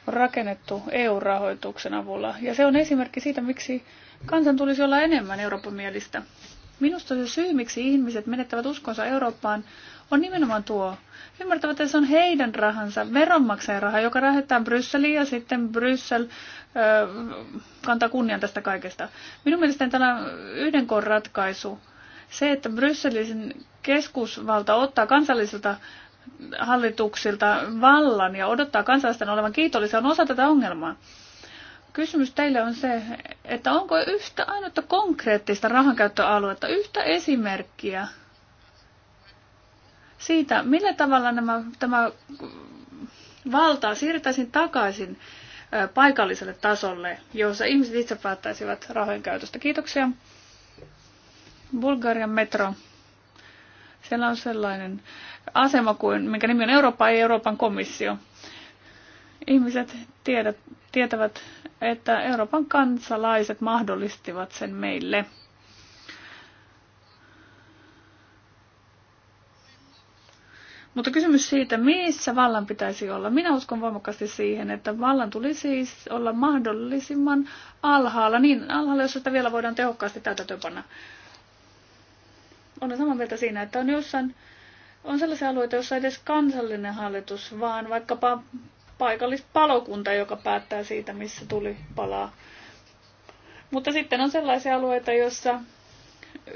on rakennettu EU-rahoituksen avulla. Ja se on esimerkki siitä, miksi kansan tulisi olla enemmän Euroopan mielistä. Minusta se syy, miksi ihmiset menettävät uskonsa Eurooppaan, on nimenomaan tuo. Ymmärtävät, että se on heidän rahansa, veronmaksajan raha, joka lähetetään Brysseliin ja sitten Bryssel ö, kantaa kunnian tästä kaikesta. Minun mielestäni tällä yhden koon ratkaisu, se, että Brysselin keskusvalta ottaa kansallisilta hallituksilta vallan ja odottaa kansalaisten olevan kiitollisia, on osa tätä ongelmaa kysymys teille on se, että onko yhtä ainutta konkreettista rahankäyttöaluetta, yhtä esimerkkiä, siitä, millä tavalla nämä, tämä valtaa siirtäisiin takaisin paikalliselle tasolle, jossa ihmiset itse päättäisivät rahojen käytöstä. Kiitoksia. Bulgarian metro. Siellä on sellainen asema, kuin, minkä nimi on Eurooppa ja Euroopan komissio. Ihmiset tiedät, tietävät, että Euroopan kansalaiset mahdollistivat sen meille. Mutta kysymys siitä, missä vallan pitäisi olla. Minä uskon voimakkaasti siihen, että vallan tulisi siis olla mahdollisimman alhaalla, niin alhaalla, jos sitä vielä voidaan tehokkaasti täytäntöönpanna. Olen samaa mieltä siinä, että on jossain on sellaisia alueita, joissa ei edes kansallinen hallitus, vaan vaikkapa paikallispalokunta, joka päättää siitä, missä tuli palaa. Mutta sitten on sellaisia alueita, joissa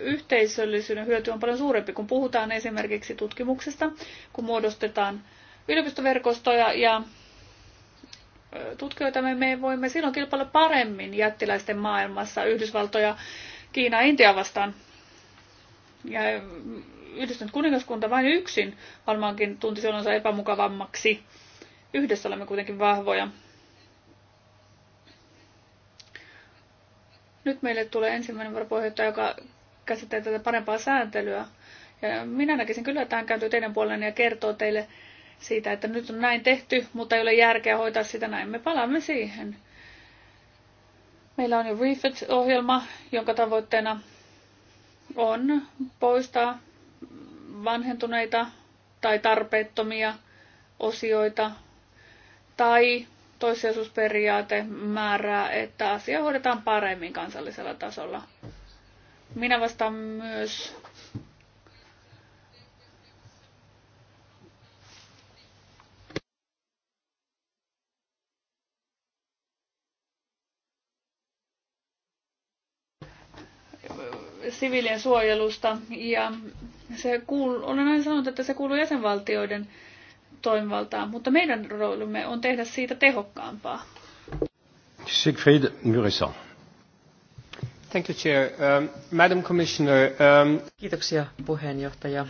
yhteisöllisyyden hyöty on paljon suurempi, kun puhutaan esimerkiksi tutkimuksesta, kun muodostetaan yliopistoverkostoja ja tutkijoita me voimme silloin kilpailla paremmin jättiläisten maailmassa Yhdysvaltoja, Kiinaa ja Intia vastaan. Ja yhdistynyt kuningaskunta vain yksin varmaankin tuntisi olonsa epämukavammaksi. Yhdessä olemme kuitenkin vahvoja. Nyt meille tulee ensimmäinen varapuheenjohtaja, joka käsittää tätä parempaa sääntelyä. Ja minä näkisin kyllä, että hän kääntyy teidän puolenne ja kertoo teille siitä, että nyt on näin tehty, mutta ei ole järkeä hoitaa sitä näin. Me palaamme siihen. Meillä on jo Refit-ohjelma, jonka tavoitteena on poistaa vanhentuneita tai tarpeettomia osioita tai toissijaisuusperiaate määrää, että asia hoidetaan paremmin kansallisella tasolla. Minä vastaan myös siviilien suojelusta. Ja se kuul, olen aina sanonut, että se kuuluu jäsenvaltioiden toimivaltaan, mutta meidän roolimme on tehdä siitä tehokkaampaa. Siegfried Myrisson. Thank you, um, um, Kiitoksia puheenjohtaja.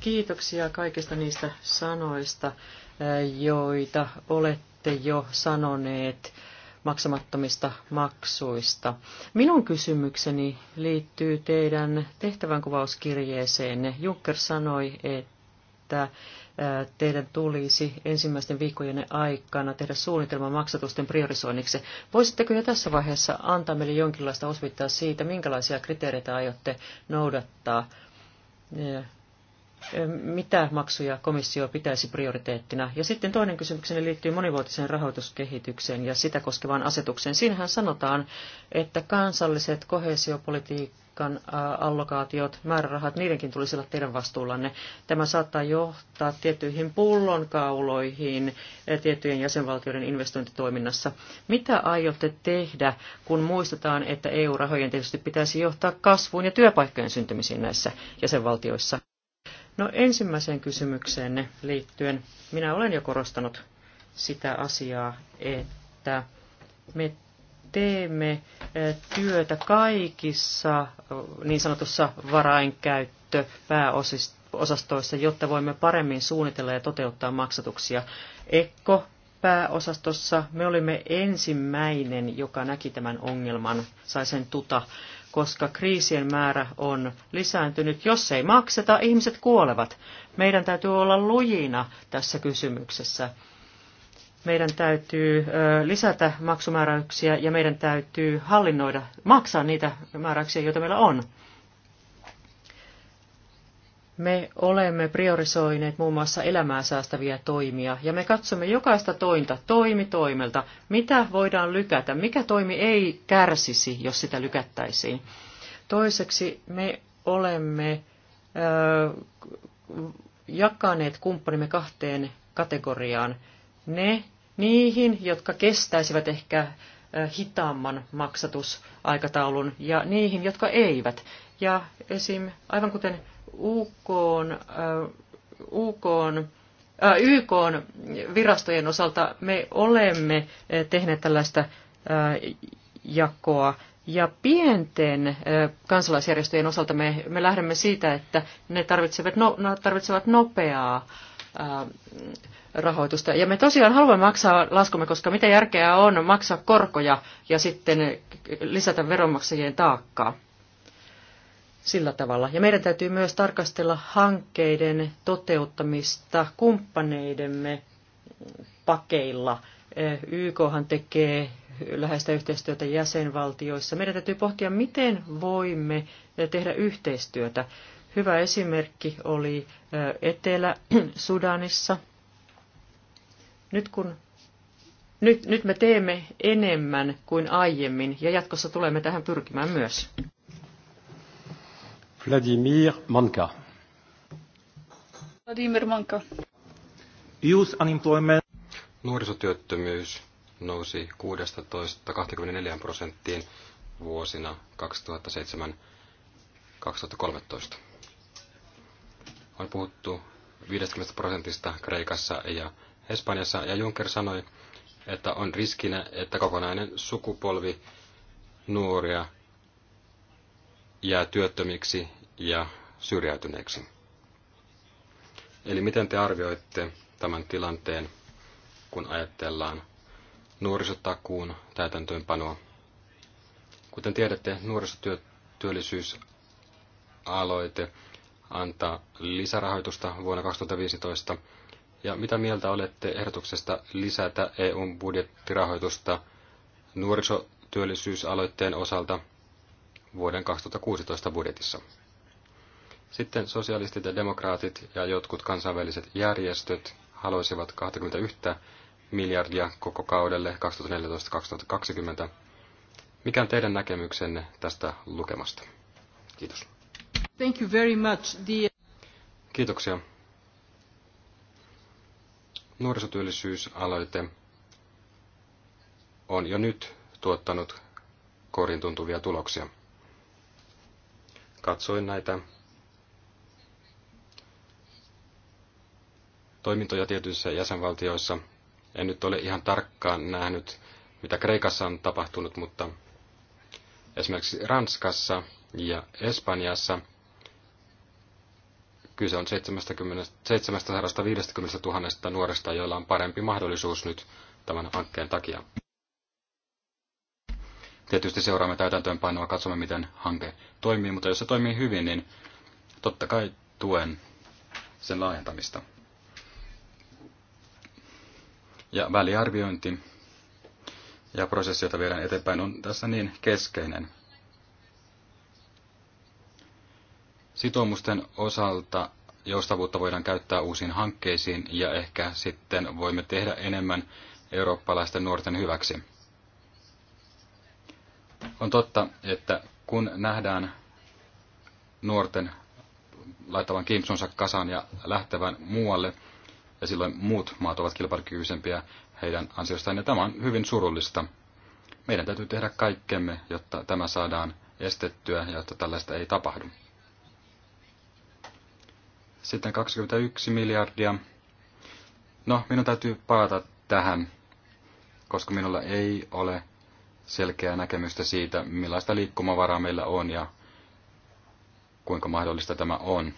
Kiitoksia kaikista niistä sanoista, eh, joita olette jo sanoneet maksamattomista maksuista. Minun kysymykseni liittyy teidän tehtävänkuvauskirjeeseenne. Juncker sanoi, että teidän tulisi ensimmäisten viikkojen aikana tehdä suunnitelma maksatusten priorisoinniksi. Voisitteko jo tässä vaiheessa antaa meille jonkinlaista osvittaa siitä, minkälaisia kriteereitä aiotte noudattaa? Mitä maksuja komissio pitäisi prioriteettina? Ja sitten toinen kysymykseni liittyy monivuotiseen rahoituskehitykseen ja sitä koskevaan asetukseen. Siinähän sanotaan, että kansalliset kohesiopolitiikka Afrikan allokaatiot, määrärahat, niidenkin tulisi olla teidän vastuullanne. Tämä saattaa johtaa tiettyihin pullonkauloihin tiettyjen jäsenvaltioiden investointitoiminnassa. Mitä aiotte tehdä, kun muistetaan, että EU-rahojen tietysti pitäisi johtaa kasvuun ja työpaikkojen syntymisiin näissä jäsenvaltioissa? No ensimmäiseen kysymykseenne liittyen minä olen jo korostanut sitä asiaa, että me teemme työtä kaikissa niin sanotussa pääosastoissa, jotta voimme paremmin suunnitella ja toteuttaa maksatuksia. Ekko pääosastossa me olimme ensimmäinen, joka näki tämän ongelman, sai sen tuta, koska kriisien määrä on lisääntynyt. Jos ei makseta, ihmiset kuolevat. Meidän täytyy olla lujina tässä kysymyksessä meidän täytyy lisätä maksumääräyksiä ja meidän täytyy hallinnoida, maksaa niitä määräyksiä, joita meillä on. Me olemme priorisoineet muun muassa elämää säästäviä toimia ja me katsomme jokaista tointa toimi toimelta, mitä voidaan lykätä, mikä toimi ei kärsisi, jos sitä lykättäisiin. Toiseksi me olemme ö, jakaneet kumppanimme kahteen kategoriaan. Ne, niihin, jotka kestäisivät ehkä hitaamman maksatusaikataulun ja niihin, jotka eivät. Ja esim. aivan kuten UK on, UK on YK on virastojen osalta me olemme tehneet tällaista jakoa. Ja pienten kansalaisjärjestöjen osalta me, me lähdemme siitä, että ne tarvitsevat, no, tarvitsevat nopeaa rahoitusta. Ja me tosiaan haluamme maksaa laskumme, koska mitä järkeä on maksaa korkoja ja sitten lisätä veronmaksajien taakkaa sillä tavalla. Ja meidän täytyy myös tarkastella hankkeiden toteuttamista kumppaneidemme pakeilla. YKhan tekee läheistä yhteistyötä jäsenvaltioissa. Meidän täytyy pohtia, miten voimme tehdä yhteistyötä. Hyvä esimerkki oli Etelä-Sudanissa – nyt kun nyt, nyt me teemme enemmän kuin aiemmin ja jatkossa tulemme tähän pyrkimään myös. Vladimir Manka. Vladimir Manka. Youth unemployment. Nuorisotyöttömyys nousi 16-24 prosenttiin vuosina 2007-2013. On puhuttu 50 prosentista Kreikassa ja Espanjassa ja Juncker sanoi, että on riskinä, että kokonainen sukupolvi nuoria jää työttömiksi ja syrjäytyneeksi. Eli miten te arvioitte tämän tilanteen, kun ajatellaan nuorisotakuun täytäntöönpanoa? Kuten tiedätte, nuorisotyöllisyysaloite antaa lisärahoitusta vuonna 2015 ja mitä mieltä olette ehdotuksesta lisätä EUn budjettirahoitusta nuorisotyöllisyysaloitteen osalta vuoden 2016 budjetissa? Sitten sosialistit ja demokraatit ja jotkut kansainväliset järjestöt haluaisivat 21 miljardia koko kaudelle 2014-2020. Mikä on teidän näkemyksenne tästä lukemasta? Kiitos. Thank you very much. dear. Kiitoksia. Nuorisotyöllisyysaloite on jo nyt tuottanut korin tuntuvia tuloksia. Katsoin näitä toimintoja tietyissä jäsenvaltioissa. En nyt ole ihan tarkkaan nähnyt, mitä Kreikassa on tapahtunut, mutta esimerkiksi Ranskassa ja Espanjassa – Kyse on 750 000 nuoresta, joilla on parempi mahdollisuus nyt tämän hankkeen takia. Tietysti seuraamme täytäntöönpanoa, katsomme miten hanke toimii, mutta jos se toimii hyvin, niin totta kai tuen sen laajentamista. Ja väliarviointi ja prosessi, jota viedään eteenpäin, on tässä niin keskeinen. Sitoumusten osalta joustavuutta voidaan käyttää uusiin hankkeisiin ja ehkä sitten voimme tehdä enemmän eurooppalaisten nuorten hyväksi. On totta, että kun nähdään nuorten laittavan kimpsunsa kasaan ja lähtevän muualle, ja silloin muut maat ovat kilpailukykyisempiä heidän ansiostaan, ja tämä on hyvin surullista. Meidän täytyy tehdä kaikkemme, jotta tämä saadaan estettyä ja jotta tällaista ei tapahdu. Sitten 21 miljardia. No, minun täytyy palata tähän, koska minulla ei ole selkeää näkemystä siitä, millaista liikkumavaraa meillä on ja kuinka mahdollista tämä on.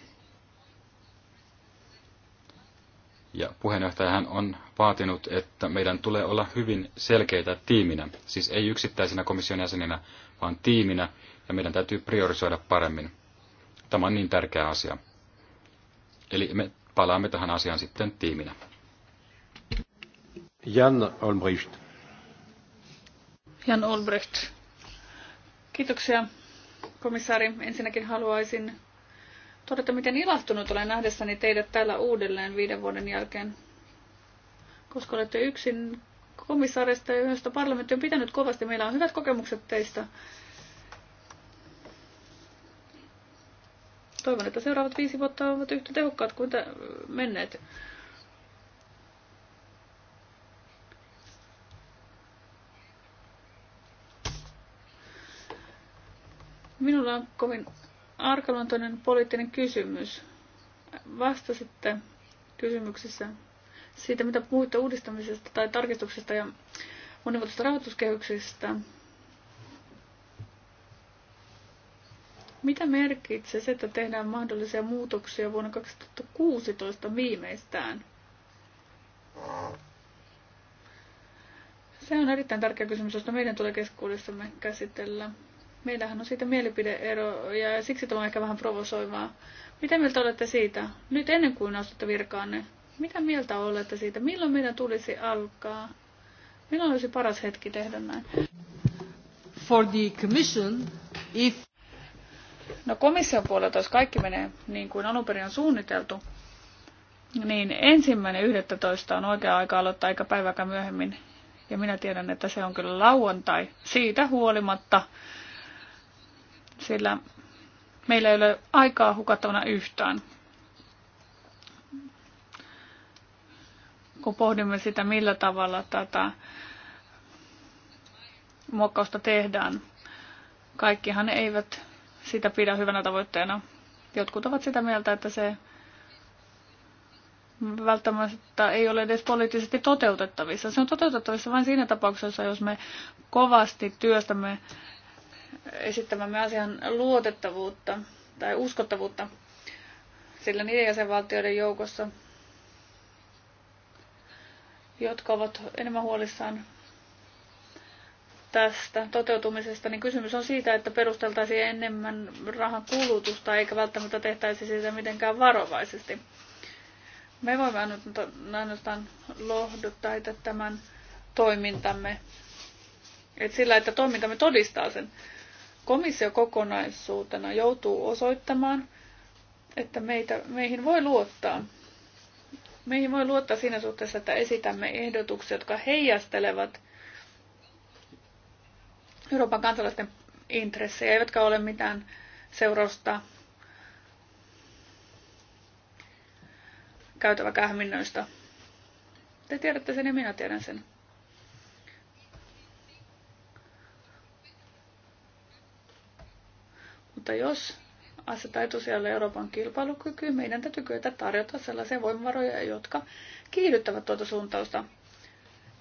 Ja puheenjohtajahan on vaatinut, että meidän tulee olla hyvin selkeitä tiiminä, siis ei yksittäisinä komission jäseninä, vaan tiiminä, ja meidän täytyy priorisoida paremmin. Tämä on niin tärkeä asia. Eli me palaamme tähän asiaan sitten tiiminä. Jan Olbricht. Jan Olbricht. Kiitoksia, komissaari. Ensinnäkin haluaisin todeta, miten ilahtunut olen nähdessäni teidät täällä uudelleen viiden vuoden jälkeen, koska olette yksin komissaarista, josta parlamentti on pitänyt kovasti. Meillä on hyvät kokemukset teistä Toivon, että seuraavat viisi vuotta ovat yhtä tehokkaat kuin menneet. Minulla on kovin arkaluontoinen poliittinen kysymys. Vastasitte kysymyksessä siitä, mitä puhuitte uudistamisesta tai tarkistuksesta ja monivuotisesta rahoituskehyksestä. Mitä merkitsee se, että tehdään mahdollisia muutoksia vuonna 2016 viimeistään? Se on erittäin tärkeä kysymys, josta meidän tulee keskuudessamme käsitellä. Meillähän on siitä mielipideero ja siksi tämä on ehkä vähän provosoivaa. Mitä mieltä olette siitä? Nyt ennen kuin astutte virkaanne, mitä mieltä olette siitä? Milloin meidän tulisi alkaa? Milloin olisi paras hetki tehdä näin? For the commission, if No komission puolelta, jos kaikki menee niin kuin alun perin on suunniteltu, niin ensimmäinen 11 on oikea aika aloittaa, eikä päiväkään myöhemmin. Ja minä tiedän, että se on kyllä lauantai. Siitä huolimatta, sillä meillä ei ole aikaa hukattavana yhtään. Kun pohdimme sitä, millä tavalla tätä muokkausta tehdään. Kaikkihan eivät sitä pidä hyvänä tavoitteena. Jotkut ovat sitä mieltä, että se välttämättä ei ole edes poliittisesti toteutettavissa. Se on toteutettavissa vain siinä tapauksessa, jos me kovasti työstämme esittämämme asian luotettavuutta tai uskottavuutta, sillä niiden jäsenvaltioiden joukossa, jotka ovat enemmän huolissaan tästä toteutumisesta, niin kysymys on siitä, että perusteltaisiin enemmän rahan kulutusta eikä välttämättä tehtäisi sitä mitenkään varovaisesti. Me voimme ainoastaan lohduttaa tämän toimintamme. Et sillä, että toimintamme todistaa sen. Komissio kokonaisuutena joutuu osoittamaan, että meitä, meihin voi luottaa. Meihin voi luottaa siinä suhteessa, että esitämme ehdotuksia, jotka heijastelevat Euroopan kansalaisten intressejä, eivätkä ole mitään seurausta käytäväkähminnöistä. Te tiedätte sen ja minä tiedän sen. Mutta jos asettaa etusijalle Euroopan kilpailukyky, meidän täytyy kyetä tarjota sellaisia voimavaroja, jotka kiihdyttävät tuota suuntausta.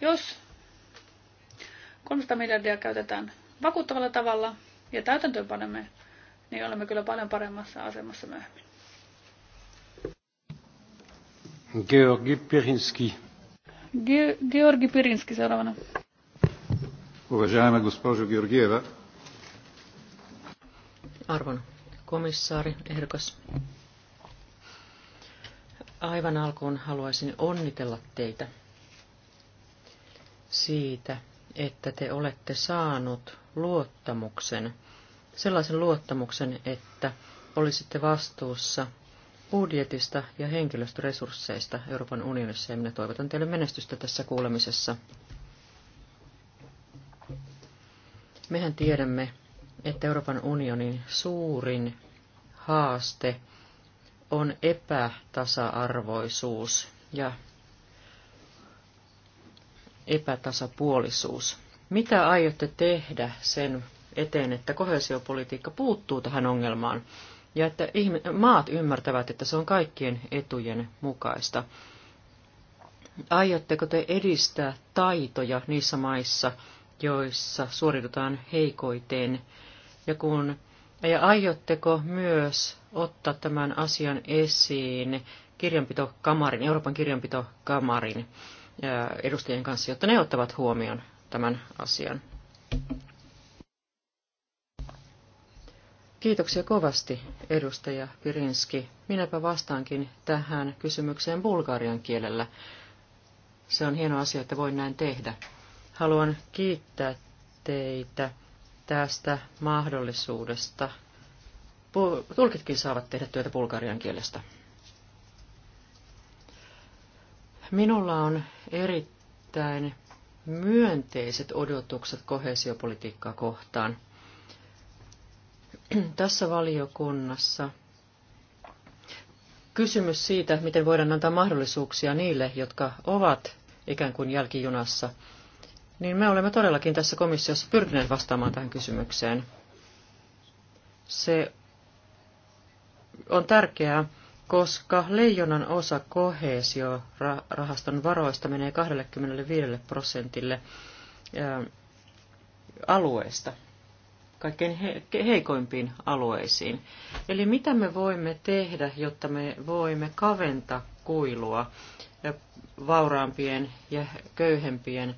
Jos 300 miljardia käytetään vakuuttavalla tavalla ja täytäntöönpanemme, niin olemme kyllä paljon paremmassa asemassa myöhemmin. Georgi Pirinski. Ge- Georgi Pirinski seuraavana. Уважаема госпожо Георгиева. Arvon komissaari, ehdokas. Aivan alkuun haluaisin onnitella teitä siitä, että te olette saanut luottamuksen, sellaisen luottamuksen, että olisitte vastuussa budjetista ja henkilöstöresursseista Euroopan unionissa, ja minä toivotan teille menestystä tässä kuulemisessa. Mehän tiedämme, että Euroopan unionin suurin haaste on epätasa-arvoisuus ja epätasapuolisuus. Mitä aiotte tehdä sen eteen, että kohesiopolitiikka puuttuu tähän ongelmaan ja että maat ymmärtävät, että se on kaikkien etujen mukaista? Aiotteko te edistää taitoja niissä maissa, joissa suoritetaan heikoiteen? Ja, kun, ja aiotteko myös ottaa tämän asian esiin kirjanpitokamarin, Euroopan kirjanpitokamarin edustajien kanssa, jotta ne ottavat huomioon tämän asian. Kiitoksia kovasti, edustaja Pirinski. Minäpä vastaankin tähän kysymykseen bulgarian kielellä. Se on hieno asia, että voin näin tehdä. Haluan kiittää teitä tästä mahdollisuudesta. Tulkitkin saavat tehdä työtä bulgarian kielestä. Minulla on erittäin myönteiset odotukset kohesiopolitiikkaa kohtaan. Tässä valiokunnassa kysymys siitä, miten voidaan antaa mahdollisuuksia niille, jotka ovat ikään kuin jälkijunassa, niin me olemme todellakin tässä komissiossa pyrkineet vastaamaan tähän kysymykseen. Se on tärkeää koska leijonan osa kohesiorahaston varoista menee 25 prosentille alueesta, kaikkein heikoimpiin alueisiin. Eli mitä me voimme tehdä, jotta me voimme kaventaa kuilua vauraampien ja köyhempien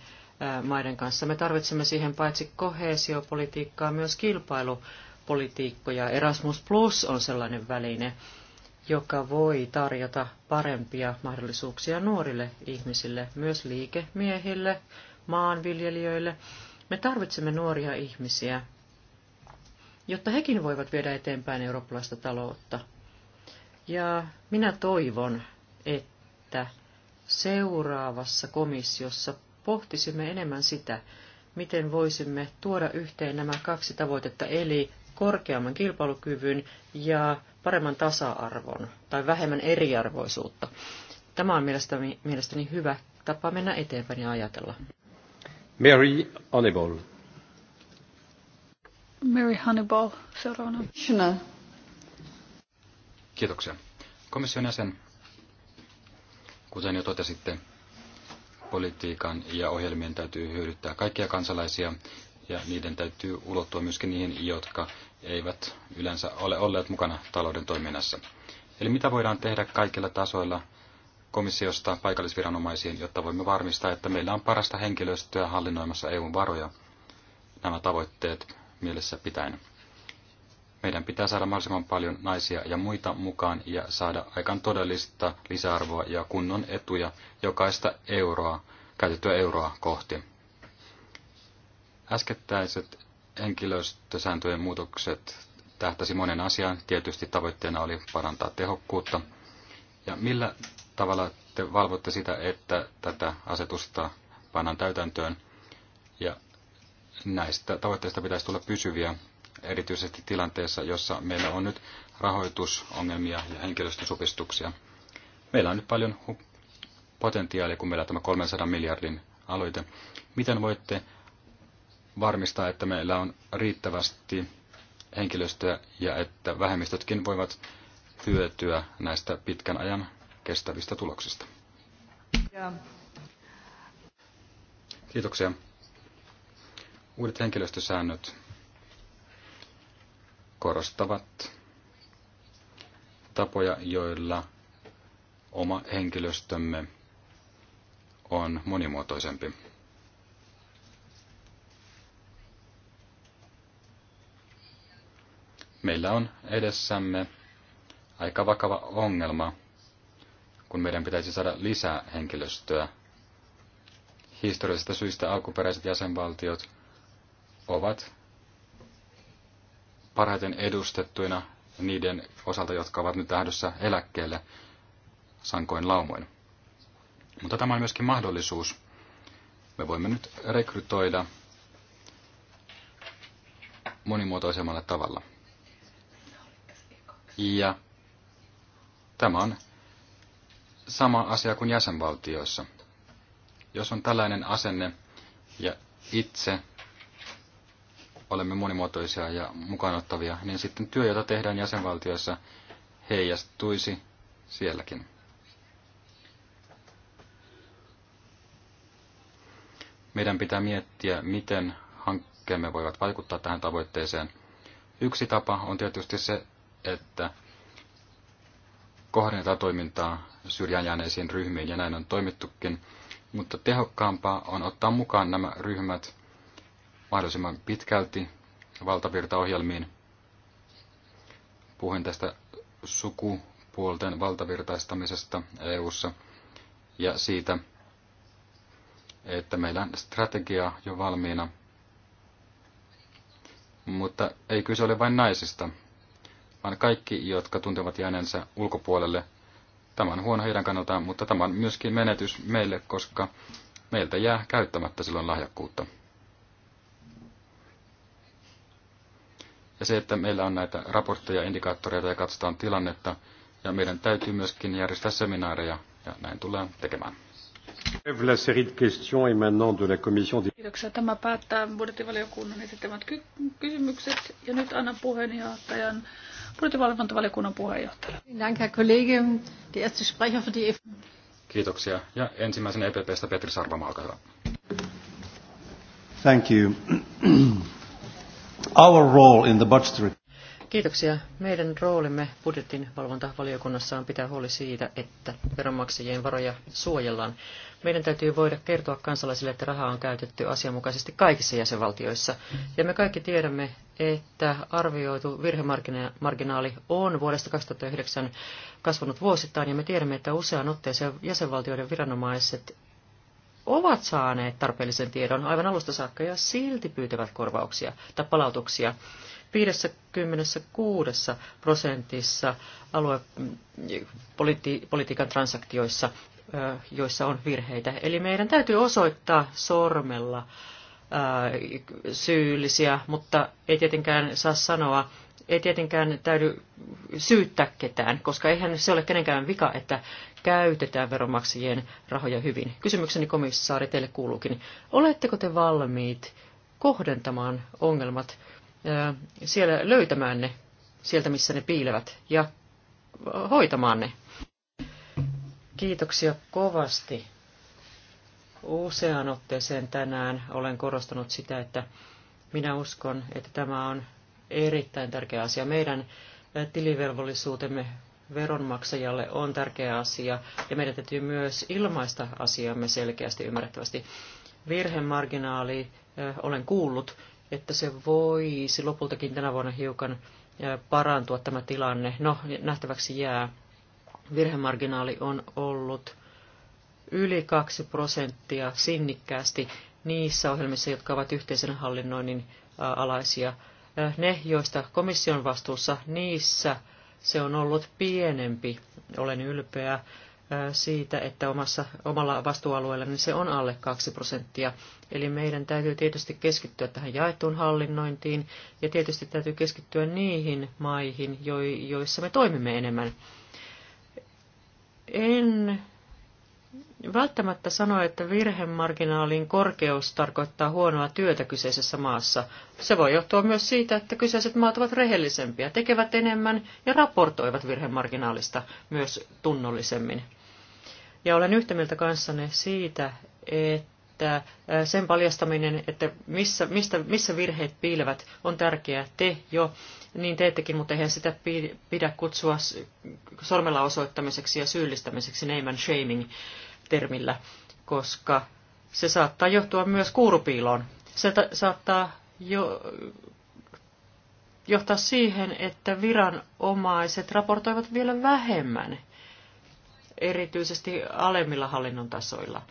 maiden kanssa. Me tarvitsemme siihen paitsi kohesiopolitiikkaa, myös kilpailupolitiikkoja. Erasmus Plus on sellainen väline, joka voi tarjota parempia mahdollisuuksia nuorille ihmisille, myös liikemiehille, maanviljelijöille. Me tarvitsemme nuoria ihmisiä, jotta hekin voivat viedä eteenpäin eurooppalaista taloutta. Ja minä toivon, että seuraavassa komissiossa pohtisimme enemmän sitä, miten voisimme tuoda yhteen nämä kaksi tavoitetta, eli korkeamman kilpailukyvyn ja paremman tasa-arvon tai vähemmän eriarvoisuutta. Tämä on mielestäni, mielestäni hyvä tapa mennä eteenpäin ja ajatella. Mary Honeyball. Mary Honeyball, seuraavana. Kiitoksia. Komission jäsen, kuten jo totesitte, politiikan ja ohjelmien täytyy hyödyttää kaikkia kansalaisia ja niiden täytyy ulottua myöskin niihin, jotka eivät yleensä ole olleet mukana talouden toiminnassa. Eli mitä voidaan tehdä kaikilla tasoilla komissiosta paikallisviranomaisiin, jotta voimme varmistaa, että meillä on parasta henkilöstöä hallinnoimassa EUn varoja nämä tavoitteet mielessä pitäen. Meidän pitää saada mahdollisimman paljon naisia ja muita mukaan ja saada aikaan todellista lisäarvoa ja kunnon etuja jokaista euroa, käytettyä euroa kohti. Äskettäiset henkilöstösääntöjen muutokset tähtäsi monen asiaan. Tietysti tavoitteena oli parantaa tehokkuutta. Ja millä tavalla te valvotte sitä, että tätä asetusta pannaan täytäntöön? Ja näistä tavoitteista pitäisi tulla pysyviä, erityisesti tilanteessa, jossa meillä on nyt rahoitusongelmia ja henkilöstön supistuksia. Meillä on nyt paljon potentiaalia, kun meillä on tämä 300 miljardin aloite. Miten voitte varmistaa, että meillä on riittävästi henkilöstöä ja että vähemmistötkin voivat hyötyä näistä pitkän ajan kestävistä tuloksista. Ja. Kiitoksia. Uudet henkilöstösäännöt korostavat tapoja, joilla oma henkilöstömme on monimuotoisempi. meillä on edessämme aika vakava ongelma, kun meidän pitäisi saada lisää henkilöstöä. Historiallisista syistä alkuperäiset jäsenvaltiot ovat parhaiten edustettuina niiden osalta, jotka ovat nyt lähdössä eläkkeelle sankoin laumoin. Mutta tämä on myöskin mahdollisuus. Me voimme nyt rekrytoida monimuotoisemmalla tavalla. Ja tämä on sama asia kuin jäsenvaltioissa. Jos on tällainen asenne ja itse olemme monimuotoisia ja mukaanottavia, niin sitten työ, jota tehdään jäsenvaltioissa, heijastuisi sielläkin. Meidän pitää miettiä, miten hankkeemme voivat vaikuttaa tähän tavoitteeseen. Yksi tapa on tietysti se, että kohdennetaan toimintaa syrjään jääneisiin ryhmiin, ja näin on toimittukin. Mutta tehokkaampaa on ottaa mukaan nämä ryhmät mahdollisimman pitkälti valtavirtaohjelmiin. Puhuin tästä sukupuolten valtavirtaistamisesta EU-ssa ja siitä, että meillä on strategia jo valmiina. Mutta ei kyse ole vain naisista, vaan kaikki, jotka tuntevat jäänensä ulkopuolelle. Tämä on huono heidän kannaltaan, mutta tämä on myöskin menetys meille, koska meiltä jää käyttämättä silloin lahjakkuutta. Ja se, että meillä on näitä raportteja, indikaattoreita ja katsotaan tilannetta, ja meidän täytyy myöskin järjestää seminaareja, ja näin tullaan tekemään. Kiitoksia. Tämä päättää budjettivaliokunnan esittämät ky- kysymykset. Ja nyt annan puheenjohtajan budjettivalvontavaliokunnan puheenjohtajalle. Kiitoksia. Ja ensimmäisen EPPstä Petri Sarvama, olkaa hyvä. Thank you. Our role in the budgetary... Kiitoksia. Meidän roolimme budjetin valvontavaliokunnassa on pitää huoli siitä, että veronmaksajien varoja suojellaan. Meidän täytyy voida kertoa kansalaisille, että rahaa on käytetty asianmukaisesti kaikissa jäsenvaltioissa. Ja me kaikki tiedämme, että arvioitu virhemarginaali on vuodesta 2009 kasvanut vuosittain, ja me tiedämme, että usean otteeseen jäsenvaltioiden viranomaiset ovat saaneet tarpeellisen tiedon aivan alusta saakka ja silti pyytävät korvauksia tai palautuksia. 56 prosentissa aluepolitiikan transaktioissa, joissa on virheitä. Eli meidän täytyy osoittaa sormella syyllisiä, mutta ei tietenkään saa sanoa, ei tietenkään täydy syyttää ketään, koska eihän se ole kenenkään vika, että käytetään veronmaksajien rahoja hyvin. Kysymykseni komissaari teille kuuluukin. Oletteko te valmiit kohdentamaan ongelmat siellä löytämään ne sieltä, missä ne piilevät ja hoitamaan ne. Kiitoksia kovasti. Usean otteeseen tänään olen korostanut sitä, että minä uskon, että tämä on erittäin tärkeä asia. Meidän tilivelvollisuutemme veronmaksajalle on tärkeä asia ja meidän täytyy myös ilmaista asiamme selkeästi ymmärrettävästi. Virhemarginaali, olen kuullut, että se voisi lopultakin tänä vuonna hiukan parantua tämä tilanne. No, nähtäväksi jää. Virhemarginaali on ollut yli 2 prosenttia sinnikkäästi niissä ohjelmissa, jotka ovat yhteisen hallinnoinnin alaisia. Ne, joista komission vastuussa, niissä se on ollut pienempi. Olen ylpeä siitä, että omassa, omalla vastuualueella niin se on alle 2 prosenttia. Eli meidän täytyy tietysti keskittyä tähän jaettuun hallinnointiin ja tietysti täytyy keskittyä niihin maihin, joissa me toimimme enemmän. En välttämättä sano, että virhemarginaalin korkeus tarkoittaa huonoa työtä kyseisessä maassa. Se voi johtua myös siitä, että kyseiset maat ovat rehellisempiä, tekevät enemmän ja raportoivat virhemarginaalista myös tunnollisemmin. Ja olen yhtä mieltä kanssanne siitä, että äh, sen paljastaminen, että missä, mistä, missä virheet piilevät, on tärkeää. Te jo niin teettekin, mutta eihän sitä pidä kutsua sormella osoittamiseksi ja syyllistämiseksi neiman shaming termillä, koska se saattaa johtua myös kuurupiiloon. Se saattaa jo johtaa siihen, että viranomaiset raportoivat vielä vähemmän erityisesti alemmilla hallinnon tasoilla.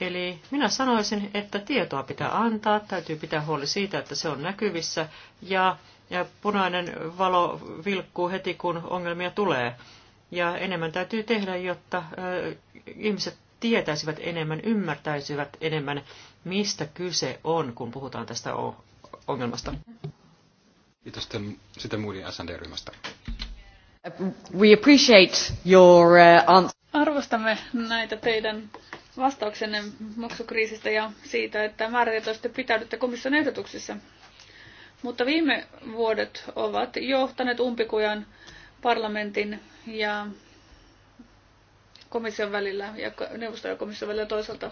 Eli minä sanoisin, että tietoa pitää antaa, täytyy pitää huoli siitä, että se on näkyvissä ja, ja punainen valo vilkkuu heti, kun ongelmia tulee. Ja enemmän täytyy tehdä, jotta ö, ihmiset tietäisivät enemmän, ymmärtäisivät enemmän, mistä kyse on, kun puhutaan tästä ongelmasta. Kiitos sitten muiden SND-ryhmästä. We appreciate your uh, answer. Arvostamme näitä teidän vastauksenne maksukriisistä ja siitä, että määrätietoisesti pitäydytte komission ehdotuksissa. Mutta viime vuodet ovat johtaneet umpikujan parlamentin ja komission välillä ja neuvoston ja komission välillä toisaalta.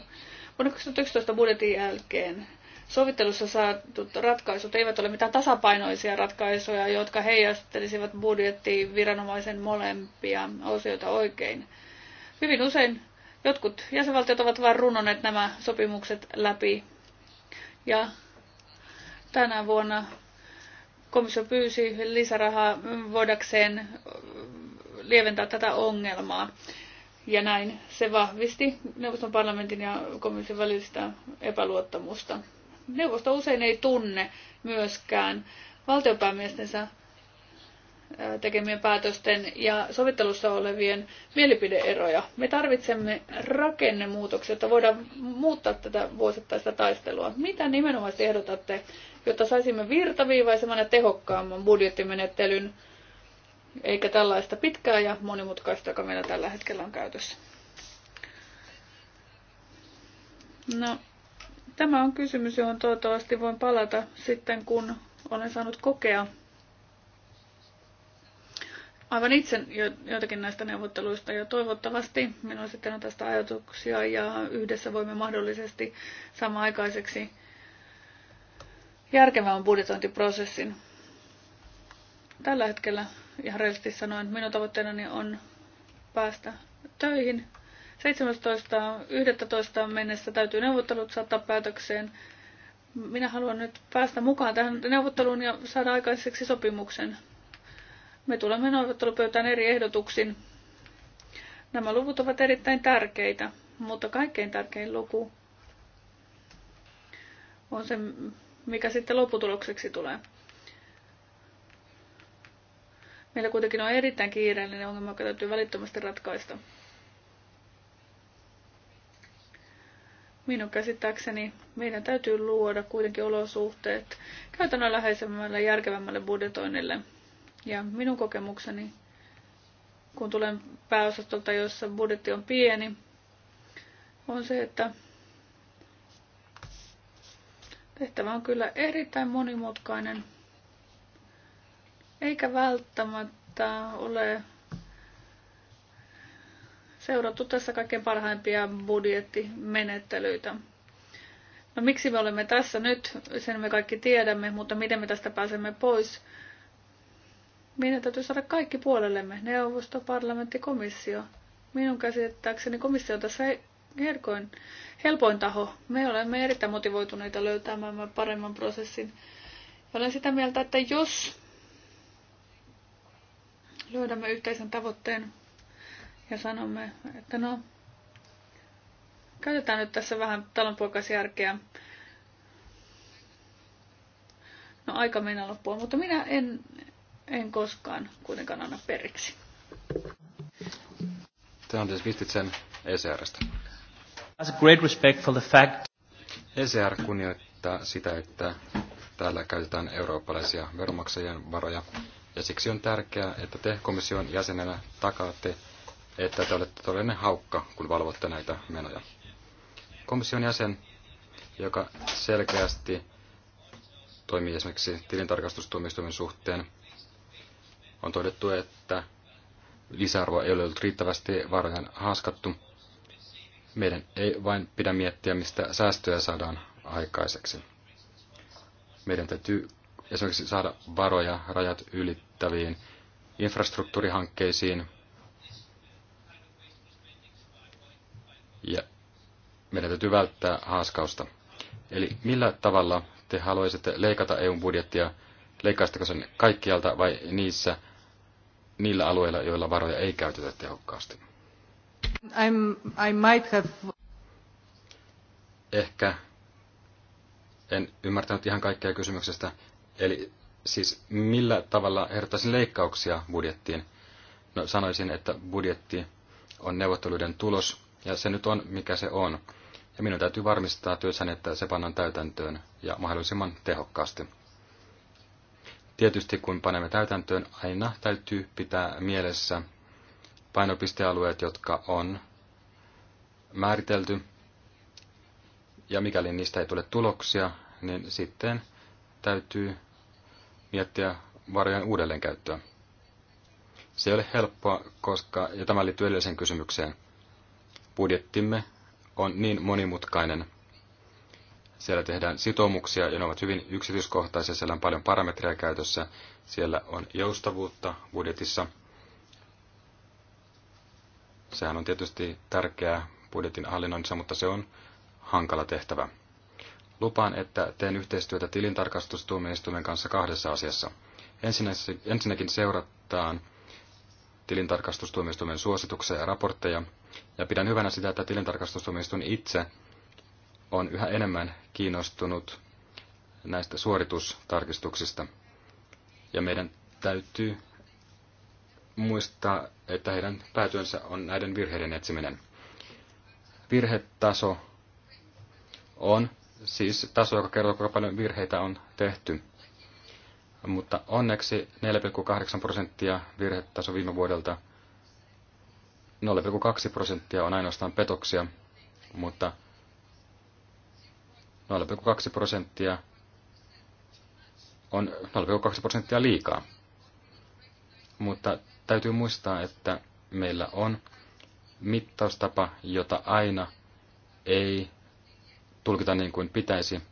Vuonna 2011 budjetin jälkeen sovittelussa saatut ratkaisut eivät ole mitään tasapainoisia ratkaisuja, jotka heijastelisivat budjettiin viranomaisen molempia osioita oikein. Hyvin usein jotkut jäsenvaltiot ovat vain runoneet nämä sopimukset läpi. Ja tänä vuonna komissio pyysi lisärahaa voidakseen lieventää tätä ongelmaa. Ja näin se vahvisti neuvoston parlamentin ja komission välistä epäluottamusta. Neuvosto usein ei tunne myöskään valtiopäämiestensä tekemien päätösten ja sovittelussa olevien mielipideeroja. Me tarvitsemme rakennemuutoksia, jotta voidaan muuttaa tätä vuosittaista taistelua. Mitä nimenomaisesti ehdotatte, jotta saisimme virtaviivaisemman ja tehokkaamman budjettimenettelyn, eikä tällaista pitkää ja monimutkaista, joka meillä tällä hetkellä on käytössä? No, tämä on kysymys, johon toivottavasti voin palata sitten, kun olen saanut kokea aivan itse joitakin näistä neuvotteluista ja toivottavasti minulla sitten on tästä ajatuksia ja yhdessä voimme mahdollisesti samaan aikaiseksi järkevän budjetointiprosessin. Tällä hetkellä ihan rehellisesti sanoen minun tavoitteenani on päästä töihin. 17.11. mennessä täytyy neuvottelut saattaa päätökseen. Minä haluan nyt päästä mukaan tähän neuvotteluun ja saada aikaiseksi sopimuksen me tulemme neuvottelupöytään eri ehdotuksin. Nämä luvut ovat erittäin tärkeitä, mutta kaikkein tärkein luku on se, mikä sitten lopputulokseksi tulee. Meillä kuitenkin on erittäin kiireellinen ongelma, joka täytyy välittömästi ratkaista. Minun käsittääkseni meidän täytyy luoda kuitenkin olosuhteet käytännönläheisemmälle ja järkevämmälle budjetoinnille – ja minun kokemukseni, kun tulen pääosastolta, jossa budjetti on pieni, on se, että tehtävä on kyllä erittäin monimutkainen, eikä välttämättä ole seurattu tässä kaikkein parhaimpia budjettimenettelyitä. No miksi me olemme tässä nyt, sen me kaikki tiedämme, mutta miten me tästä pääsemme pois, meidän täytyy saada kaikki puolellemme, neuvosto, parlamentti, komissio. Minun käsittääkseni komissio on tässä herkoin, helpoin taho. Me olemme erittäin motivoituneita löytämään paremman prosessin. Olen sitä mieltä, että jos löydämme yhteisen tavoitteen ja sanomme, että no, käytetään nyt tässä vähän talonpoikaisjärkeä. No aika meinaa loppua, mutta minä en en koskaan kuitenkaan anna periksi. Tämä on tietysti Vistitsen ECRstä. Has a great respect for the fact. ECR kunnioittaa sitä, että täällä käytetään eurooppalaisia veronmaksajien varoja, ja siksi on tärkeää, että te komission jäsenenä takaatte, että te olette todellinen haukka, kun valvotte näitä menoja. Komission jäsen, joka selkeästi toimii esimerkiksi tilintarkastustuomioistuimen suhteen, on todettu, että lisäarvoa ei ole ollut riittävästi, varoja haaskattu. Meidän ei vain pidä miettiä, mistä säästöjä saadaan aikaiseksi. Meidän täytyy esimerkiksi saada varoja rajat ylittäviin infrastruktuurihankkeisiin. Ja meidän täytyy välttää haaskausta. Eli millä tavalla te haluaisitte leikata EUn budjettia? Leikkaisitteko sen kaikkialta vai niissä niillä alueilla, joilla varoja ei käytetä tehokkaasti. I'm, I might have... Ehkä en ymmärtänyt ihan kaikkea kysymyksestä. Eli siis millä tavalla ehdottaisin leikkauksia budjettiin? No sanoisin, että budjetti on neuvotteluiden tulos, ja se nyt on, mikä se on. Ja minun täytyy varmistaa työssäni, että se pannaan täytäntöön ja mahdollisimman tehokkaasti. Tietysti kun panemme täytäntöön, aina täytyy pitää mielessä painopistealueet, jotka on määritelty. Ja mikäli niistä ei tule tuloksia, niin sitten täytyy miettiä varojen uudelleenkäyttöä. Se ei ole helppoa, koska, ja tämä liittyy edelliseen kysymykseen, budjettimme on niin monimutkainen, siellä tehdään sitoumuksia ja ne ovat hyvin yksityiskohtaisia. Siellä on paljon parametreja käytössä. Siellä on joustavuutta budjetissa. Sehän on tietysti tärkeää budjetin hallinnoinnissa, mutta se on hankala tehtävä. Lupaan, että teen yhteistyötä tilintarkastustuomioistuimen kanssa kahdessa asiassa. Ensinnäkin seurataan tilintarkastustuomioistuimen suosituksia ja raportteja, ja pidän hyvänä sitä, että tilintarkastustuomioistuin itse on yhä enemmän kiinnostunut näistä suoritustarkistuksista. Ja meidän täytyy muistaa, että heidän päätyönsä on näiden virheiden etsiminen. Virhetaso on siis taso, joka kertoo, kuinka paljon virheitä on tehty. Mutta onneksi 4,8 prosenttia virhetaso viime vuodelta, 0,2 prosenttia on ainoastaan petoksia, mutta 0,2 prosenttia on 0,2 prosenttia liikaa. Mutta täytyy muistaa, että meillä on mittaustapa, jota aina ei tulkita niin kuin pitäisi.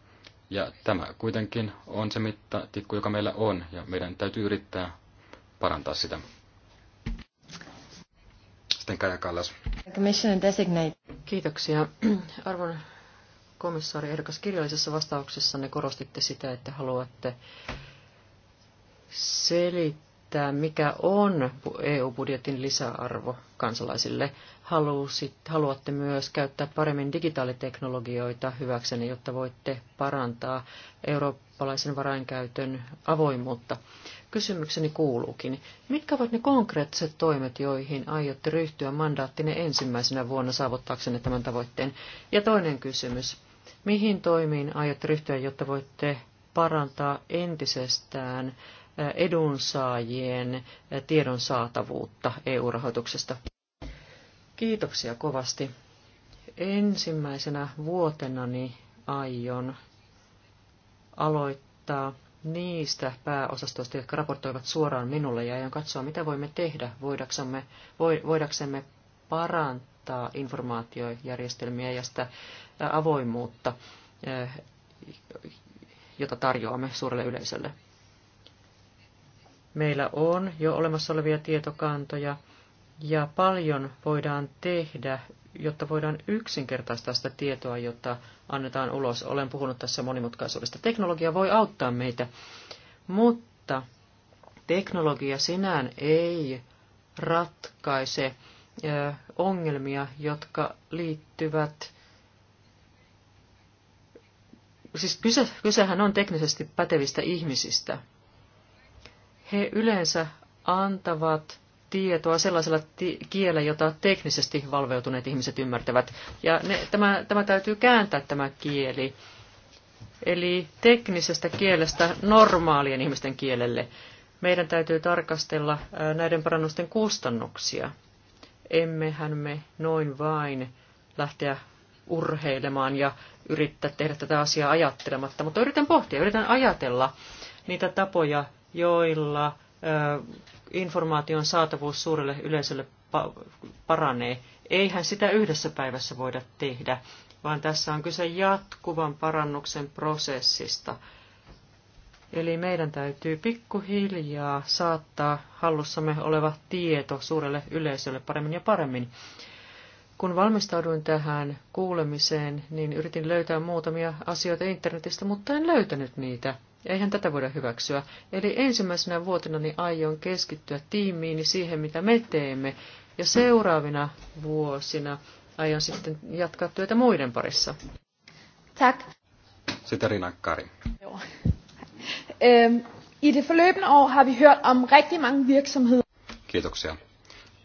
Ja tämä kuitenkin on se mittatikku, joka meillä on, ja meidän täytyy yrittää parantaa sitä. Sitten Kaja Kallas. Kiitoksia. Arvon komissaari Erkas, kirjallisessa vastauksessanne korostitte sitä, että haluatte selittää, mikä on EU-budjetin lisäarvo kansalaisille. Halusit, haluatte myös käyttää paremmin digitaaliteknologioita hyväkseni, jotta voitte parantaa eurooppalaisen varainkäytön avoimuutta. Kysymykseni kuuluukin, mitkä ovat ne konkreettiset toimet, joihin aiotte ryhtyä mandaattinen ensimmäisenä vuonna saavuttaaksenne tämän tavoitteen? Ja toinen kysymys, Mihin toimiin aiot ryhtyä, jotta voitte parantaa entisestään edunsaajien tiedon saatavuutta EU-rahoituksesta? Kiitoksia kovasti. Ensimmäisenä vuotenani aion aloittaa niistä pääosastoista, jotka raportoivat suoraan minulle ja aion katsoa, mitä voimme tehdä, voidaksemme, voidaksemme parantaa informaatiojärjestelmiä ja sitä avoimuutta, jota tarjoamme suurelle yleisölle. Meillä on jo olemassa olevia tietokantoja ja paljon voidaan tehdä, jotta voidaan yksinkertaistaa sitä tietoa, jota annetaan ulos. Olen puhunut tässä monimutkaisuudesta. Teknologia voi auttaa meitä, mutta teknologia sinään ei ratkaise ongelmia, jotka liittyvät siis kyse, kysehän on teknisesti pätevistä ihmisistä. He yleensä antavat tietoa sellaisella ti- kielellä, jota teknisesti valveutuneet ihmiset ymmärtävät. Ja ne, tämä, tämä täytyy kääntää tämä kieli. Eli teknisestä kielestä normaalien ihmisten kielelle. Meidän täytyy tarkastella näiden parannusten kustannuksia. Emmehän me noin vain lähteä urheilemaan ja yrittää tehdä tätä asiaa ajattelematta, mutta yritän pohtia, yritän ajatella niitä tapoja, joilla informaation saatavuus suurelle yleisölle paranee. Eihän sitä yhdessä päivässä voida tehdä, vaan tässä on kyse jatkuvan parannuksen prosessista. Eli meidän täytyy pikkuhiljaa saattaa hallussamme oleva tieto suurelle yleisölle paremmin ja paremmin. Kun valmistauduin tähän kuulemiseen, niin yritin löytää muutamia asioita internetistä, mutta en löytänyt niitä. Eihän tätä voida hyväksyä. Eli ensimmäisenä vuotena niin aion keskittyä tiimiin siihen, mitä me teemme, ja seuraavina vuosina aion sitten jatkaa työtä muiden parissa. Tack. Sitten Rina Kari. Joo. I det förlöpna år har vi om rigtig mange virksomheder. Kiitoksia.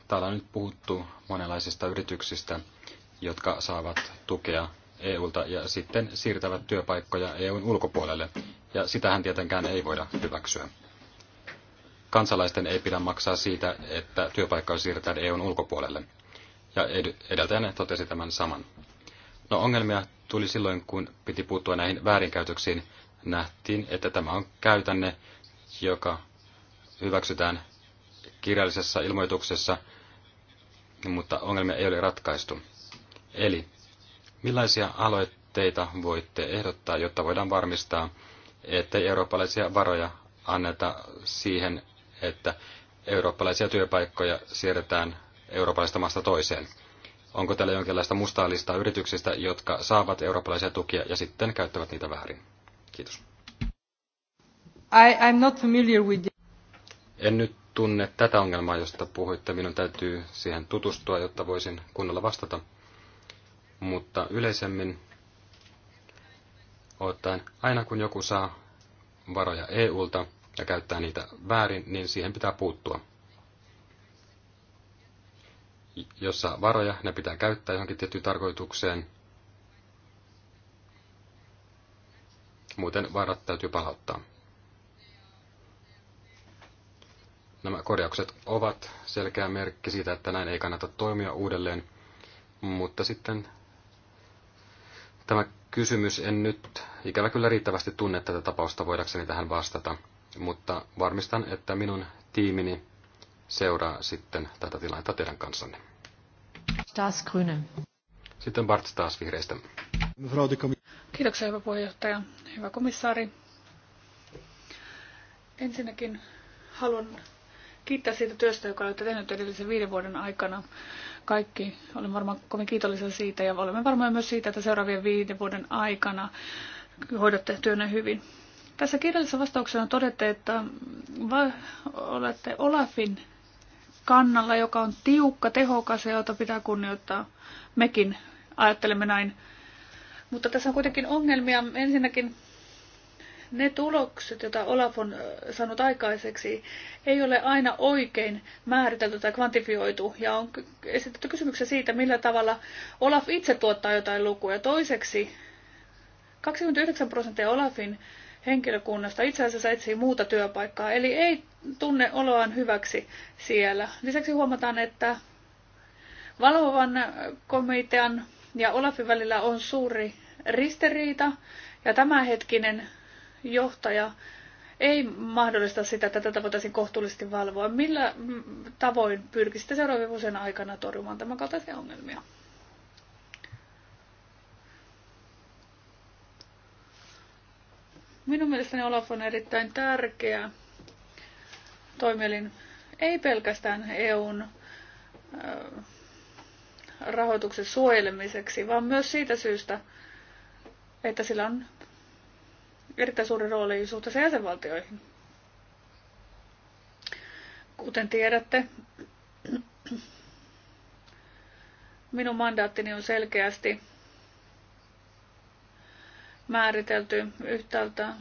Täällä on nyt puhuttu monenlaisista yrityksistä, jotka saavat tukea EUlta ja sitten siirtävät työpaikkoja EUn ulkopuolelle, ja sitähän tietenkään ei voida hyväksyä. Kansalaisten ei pidä maksaa siitä, että työpaikkoja siirretään EUn ulkopuolelle. Ja edeltäjänne totesi tämän saman. No ongelmia tuli silloin, kun piti puuttua näihin väärinkäytöksiin. Nähtiin, että tämä on käytänne, joka hyväksytään kirjallisessa ilmoituksessa, mutta ongelmia ei ole ratkaistu. Eli millaisia aloitteita voitte ehdottaa, jotta voidaan varmistaa, että eurooppalaisia varoja anneta siihen, että eurooppalaisia työpaikkoja siirretään eurooppalaisesta maasta toiseen? Onko täällä jonkinlaista mustaa listaa yrityksistä, jotka saavat eurooppalaisia tukia ja sitten käyttävät niitä väärin? Kiitos. I, I'm not familiar with the... En nyt tunne tätä ongelmaa, josta puhuitte. Minun täytyy siihen tutustua, jotta voisin kunnolla vastata. Mutta yleisemmin ottaen, aina kun joku saa varoja EUlta ja käyttää niitä väärin, niin siihen pitää puuttua. Jos saa varoja, ne pitää käyttää johonkin tiettyyn tarkoitukseen. Muuten varat täytyy palauttaa. Nämä korjaukset ovat selkeä merkki siitä, että näin ei kannata toimia uudelleen, mutta sitten tämä kysymys, en nyt ikävä kyllä riittävästi tunne tätä tapausta voidakseni tähän vastata, mutta varmistan, että minun tiimini seuraa sitten tätä tilannetta teidän kanssanne. Stas Grüne. Sitten Bart taas vihreistä. Kiitoksia, hyvä puheenjohtaja, hyvä komissaari. Ensinnäkin haluan kiittää siitä työstä, joka olette tehnyt edellisen viiden vuoden aikana. Kaikki olen varmaan kovin kiitollisia siitä ja olemme varmaan myös siitä, että seuraavien viiden vuoden aikana hoidatte työnne hyvin. Tässä kirjallisessa vastauksessa on todette, että olette Olafin kannalla, joka on tiukka, tehokas ja jota pitää kunnioittaa. Mekin ajattelemme näin. Mutta tässä on kuitenkin ongelmia. Ensinnäkin ne tulokset, joita Olaf on saanut aikaiseksi, ei ole aina oikein määritelty tai kvantifioitu. Ja on esitetty kysymyksiä siitä, millä tavalla Olaf itse tuottaa jotain lukuja. Toiseksi 29 prosenttia Olafin henkilökunnasta itse asiassa etsii muuta työpaikkaa, eli ei tunne oloaan hyväksi siellä. Lisäksi huomataan, että valvovan komitean ja Olafin välillä on suuri ristiriita ja tämänhetkinen johtaja ei mahdollista sitä, että tätä voitaisiin kohtuullisesti valvoa. Millä tavoin pyrkisitte seuraavien vuosien aikana torjumaan tämän kaltaisia ongelmia? Minun mielestäni Olaf on erittäin tärkeä toimielin, ei pelkästään EUn äh, rahoituksen suojelemiseksi, vaan myös siitä syystä, että sillä on erittäin suuri rooli suhteessa jäsenvaltioihin. Kuten tiedätte, minun mandaattini on selkeästi määritelty yhtäältä.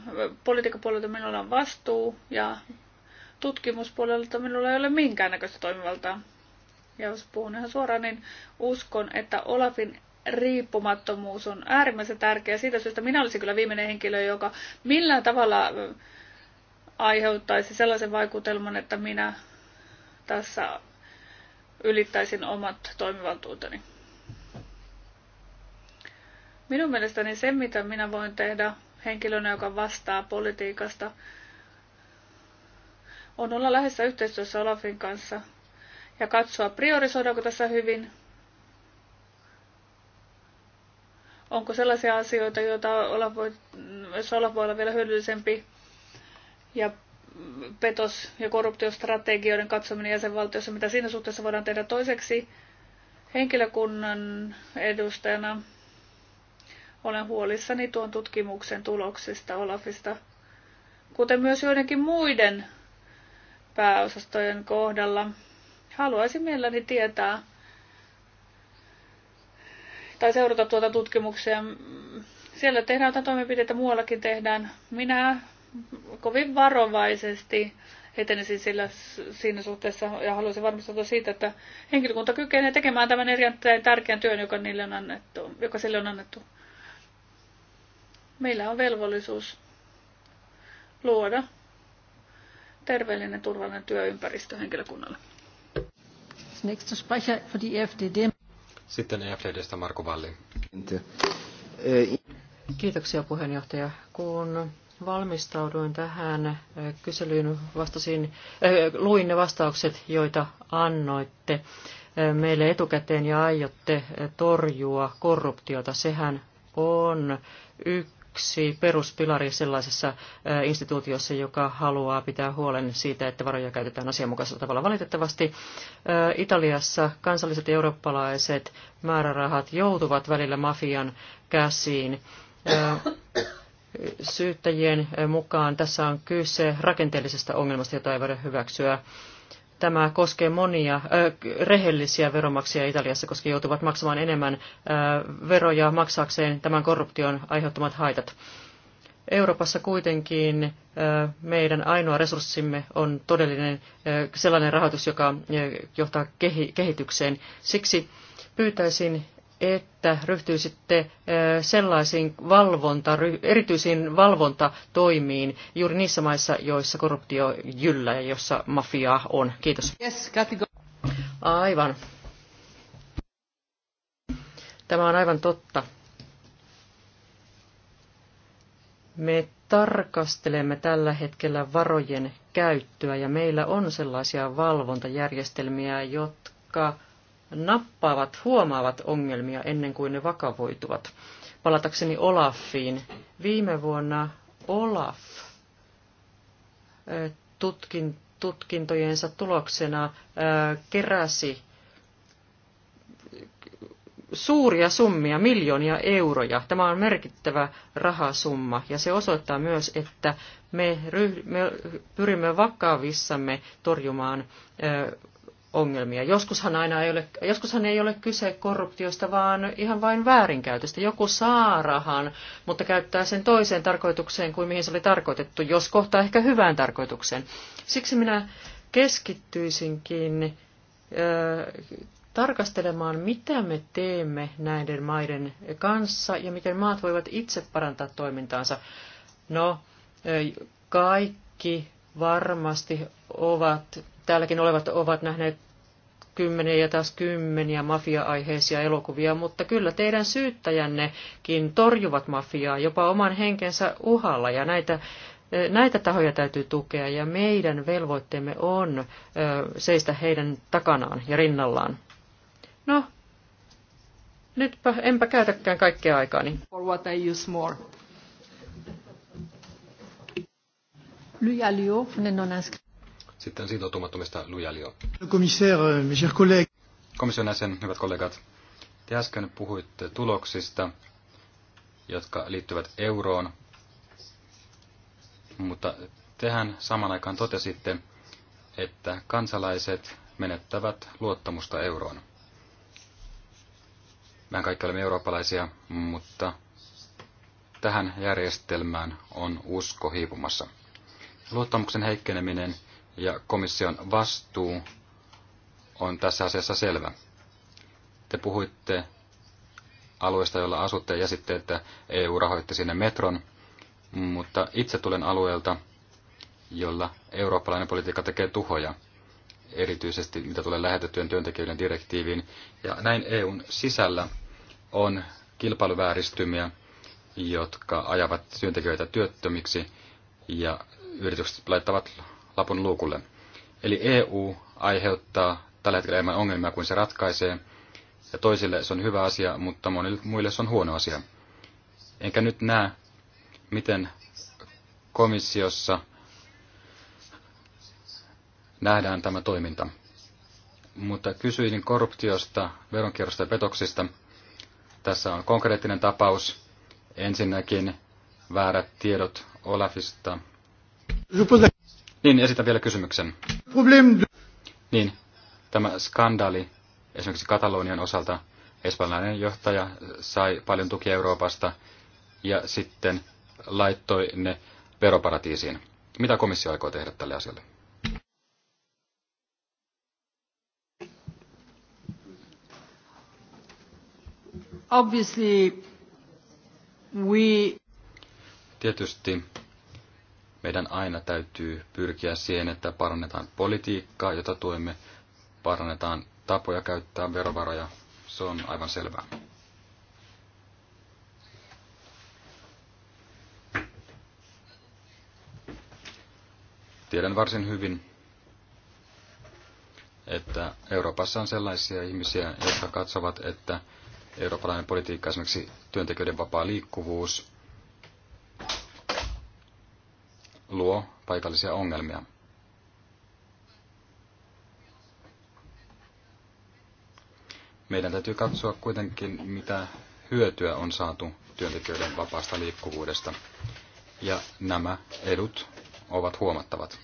Politiikapuolelta minulla on vastuu ja tutkimuspuolelta minulla ei ole minkäännäköistä toimivaltaa. Ja jos puhun ihan suoraan, niin uskon, että Olafin riippumattomuus on äärimmäisen tärkeä. Siitä syystä minä olisin kyllä viimeinen henkilö, joka millään tavalla aiheuttaisi sellaisen vaikutelman, että minä tässä ylittäisin omat toimivaltuuteni. Minun mielestäni se, mitä minä voin tehdä henkilönä, joka vastaa politiikasta, on olla läheisessä yhteistyössä Olafin kanssa ja katsoa, priorisoidaanko tässä hyvin, Onko sellaisia asioita, joita Olaf voi, joissa Olaf voi olla vielä hyödyllisempi ja petos- ja korruptiostrategioiden katsominen jäsenvaltiossa, mitä siinä suhteessa voidaan tehdä toiseksi henkilökunnan edustajana. Olen huolissani tuon tutkimuksen tuloksista Olafista, kuten myös joidenkin muiden pääosastojen kohdalla. Haluaisin mielelläni tietää, tai seurata tuota tutkimuksia. Siellä tehdään jotain toimenpiteitä, muuallakin tehdään. Minä kovin varovaisesti etenisin sillä, siinä suhteessa ja haluaisin varmistaa siitä, että henkilökunta kykenee tekemään tämän erittäin tärkeän työn, joka, niille on annettu, joka sille on annettu. Meillä on velvollisuus luoda terveellinen turvallinen työympäristö henkilökunnalle. Nächster Sprecher für die e sitten EFLEDestä Marko Valli. Kiitoksia puheenjohtaja. Kun valmistauduin tähän eh, kyselyyn, vastasin, äh, luin ne vastaukset, joita annoitte eh, meille etukäteen ja aiotte torjua korruptiota. Sehän on yksi yksi peruspilari sellaisessa instituutiossa, joka haluaa pitää huolen siitä, että varoja käytetään asianmukaisella tavalla. Valitettavasti Italiassa kansalliset ja eurooppalaiset määrärahat joutuvat välillä mafian käsiin. Syyttäjien mukaan tässä on kyse rakenteellisesta ongelmasta, jota ei voida hyväksyä. Tämä koskee monia äh, rehellisiä veromaksia Italiassa, koska joutuvat maksamaan enemmän äh, veroja maksaakseen tämän korruption aiheuttamat haitat. Euroopassa kuitenkin äh, meidän ainoa resurssimme on todellinen äh, sellainen rahoitus, joka äh, johtaa kehi- kehitykseen. Siksi pyytäisin, että ryhtyisitte sellaisiin valvonta, erityisiin valvontatoimiin juuri niissä maissa, joissa korruptio jyllää ja jossa mafiaa on. Kiitos. Yes, Aivan. Tämä on aivan totta. Me tarkastelemme tällä hetkellä varojen käyttöä ja meillä on sellaisia valvontajärjestelmiä, jotka nappaavat, huomaavat ongelmia ennen kuin ne vakavoituvat. Palatakseni Olafiin. Viime vuonna Olaf tutkin, tutkintojensa tuloksena keräsi suuria summia, miljoonia euroja. Tämä on merkittävä rahasumma ja se osoittaa myös, että me, ryh, me pyrimme vakavissamme torjumaan ö, ongelmia. Joskushan, aina ei ole, joskushan ei ole kyse korruptiosta, vaan ihan vain väärinkäytöstä. Joku saa rahan, mutta käyttää sen toiseen tarkoitukseen kuin mihin se oli tarkoitettu, jos kohta ehkä hyvään tarkoitukseen. Siksi minä keskittyisinkin ö, tarkastelemaan, mitä me teemme näiden maiden kanssa ja miten maat voivat itse parantaa toimintaansa. No, ö, kaikki varmasti ovat täälläkin olevat ovat nähneet kymmeniä ja taas kymmeniä mafia-aiheisia elokuvia, mutta kyllä teidän syyttäjännekin torjuvat mafiaa jopa oman henkensä uhalla ja näitä, eh, näitä tahoja täytyy tukea ja meidän velvoitteemme on eh, seistä heidän takanaan ja rinnallaan. No, nytpä enpä käytäkään kaikkea aikani. For what I use more. Lui sitten sitoutumattomista lujalioon. Komission jäsen, hyvät kollegat, te äsken puhuitte tuloksista, jotka liittyvät euroon, mutta tehän saman aikaan totesitte, että kansalaiset menettävät luottamusta euroon. Mehän kaikki olemme eurooppalaisia, mutta tähän järjestelmään on usko hiipumassa. Luottamuksen heikkeneminen ja komission vastuu on tässä asiassa selvä. Te puhuitte alueesta, jolla asutte, ja sitten, että EU rahoitti sinne metron, mutta itse tulen alueelta, jolla eurooppalainen politiikka tekee tuhoja, erityisesti mitä tulee lähetettyjen työntekijöiden direktiiviin. Ja näin EUn sisällä on kilpailuvääristymiä, jotka ajavat työntekijöitä työttömiksi ja yritykset laittavat lapun luukulle. Eli EU aiheuttaa tällä hetkellä enemmän ongelmia kuin se ratkaisee, ja toisille se on hyvä asia, mutta monille muille se on huono asia. Enkä nyt näe, miten komissiossa nähdään tämä toiminta. Mutta kysyin korruptiosta, veronkierrosta ja petoksista. Tässä on konkreettinen tapaus. Ensinnäkin väärät tiedot Olafista. Niin, esitän vielä kysymyksen. Problem. Niin, tämä skandaali esimerkiksi Katalonian osalta, espanjalainen johtaja sai paljon tukia Euroopasta ja sitten laittoi ne veroparatiisiin. Mitä komissio aikoo tehdä tälle asialle? Obviously, we... Tietysti meidän aina täytyy pyrkiä siihen, että parannetaan politiikkaa, jota tuemme, parannetaan tapoja käyttää verovaroja. Se on aivan selvää. Tiedän varsin hyvin, että Euroopassa on sellaisia ihmisiä, jotka katsovat, että eurooppalainen politiikka, esimerkiksi työntekijöiden vapaa liikkuvuus, luo paikallisia ongelmia. Meidän täytyy katsoa kuitenkin, mitä hyötyä on saatu työntekijöiden vapaasta liikkuvuudesta. Ja nämä edut ovat huomattavat.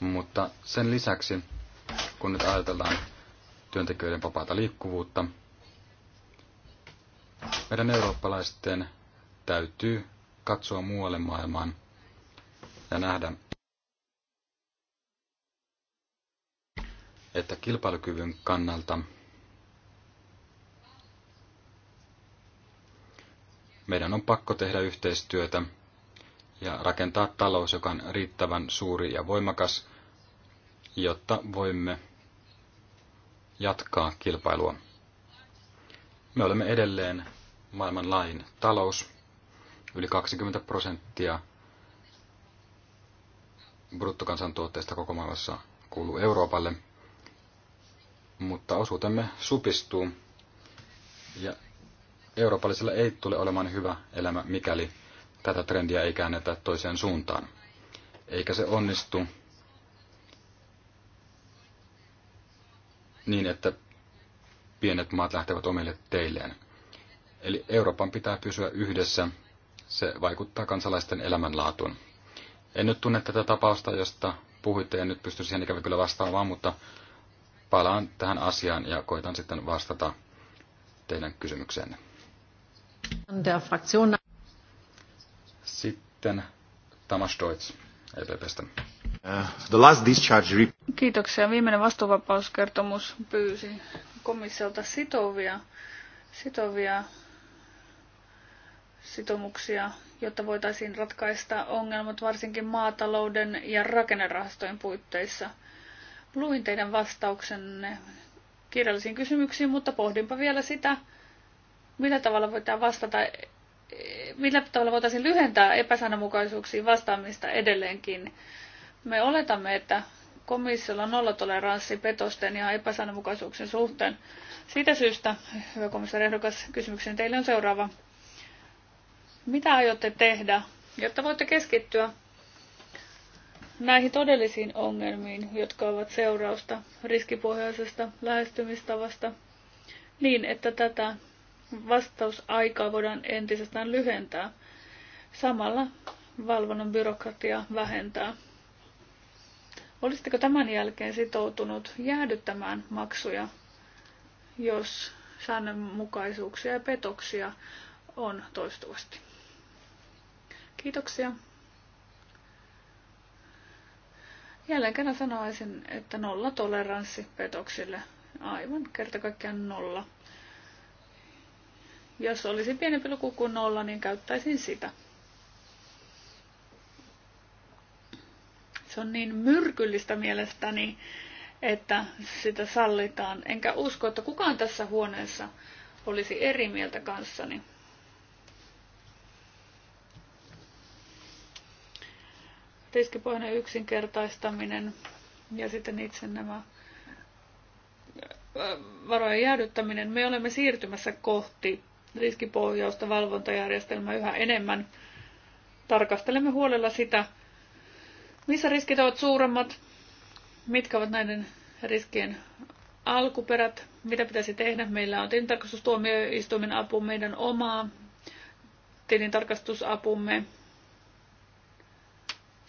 Mutta sen lisäksi, kun nyt ajatellaan työntekijöiden vapaata liikkuvuutta, meidän eurooppalaisten täytyy katsoa muualle maailmaan – ja nähdä, että kilpailukyvyn kannalta meidän on pakko tehdä yhteistyötä ja rakentaa talous, joka on riittävän suuri ja voimakas, jotta voimme jatkaa kilpailua. Me olemme edelleen maailman lain talous. Yli 20 prosenttia bruttokansantuotteesta koko maailmassa kuuluu Euroopalle, mutta osuutemme supistuu ja eurooppalaisilla ei tule olemaan hyvä elämä, mikäli tätä trendiä ei käännetä toiseen suuntaan. Eikä se onnistu niin, että pienet maat lähtevät omille teilleen. Eli Euroopan pitää pysyä yhdessä, se vaikuttaa kansalaisten elämänlaatuun. En nyt tunne tätä tapausta, josta puhuitte, en nyt pysty siihen ikävä kyllä vastaamaan, mutta palaan tähän asiaan ja koitan sitten vastata teidän kysymykseenne. Sitten Tamas Deutz, EPPstä. Uh, the last discharge Kiitoksia. Viimeinen vastuuvapauskertomus pyysi komissiolta sitovia, sitovia sitoumuksia, jotta voitaisiin ratkaista ongelmat varsinkin maatalouden ja rakennerahastojen puitteissa. Luin teidän vastauksenne kirjallisiin kysymyksiin, mutta pohdinpa vielä sitä, millä tavalla voitaisiin vastata, millä tavalla voitaisiin lyhentää epäsanamukaisuuksiin vastaamista edelleenkin. Me oletamme, että komissiolla on nollatoleranssi petosten ja epäsanamukaisuuksien suhteen. Siitä syystä, hyvä komissaari ehdokas, kysymykseni teille on seuraava. Mitä aiotte tehdä, jotta voitte keskittyä näihin todellisiin ongelmiin, jotka ovat seurausta riskipohjaisesta lähestymistavasta, niin että tätä vastausaikaa voidaan entisestään lyhentää, samalla valvonnan byrokratia vähentää. Olisitteko tämän jälkeen sitoutunut jäädyttämään maksuja, jos säännönmukaisuuksia ja petoksia on toistuvasti? Kiitoksia. Jälleen kerran sanoisin, että nolla toleranssi petoksille. Aivan kerta kaikkiaan nolla. Jos olisi pienempi luku kuin nolla, niin käyttäisin sitä. Se on niin myrkyllistä mielestäni, että sitä sallitaan. Enkä usko, että kukaan tässä huoneessa olisi eri mieltä kanssani. tiskipohjainen yksinkertaistaminen ja sitten itse nämä varojen jäädyttäminen. Me olemme siirtymässä kohti riskipohjausta valvontajärjestelmää yhä enemmän. Tarkastelemme huolella sitä, missä riskit ovat suuremmat, mitkä ovat näiden riskien alkuperät, mitä pitäisi tehdä. Meillä on tilintarkastustuomioistuimen apu, meidän omaa tilintarkastusapumme,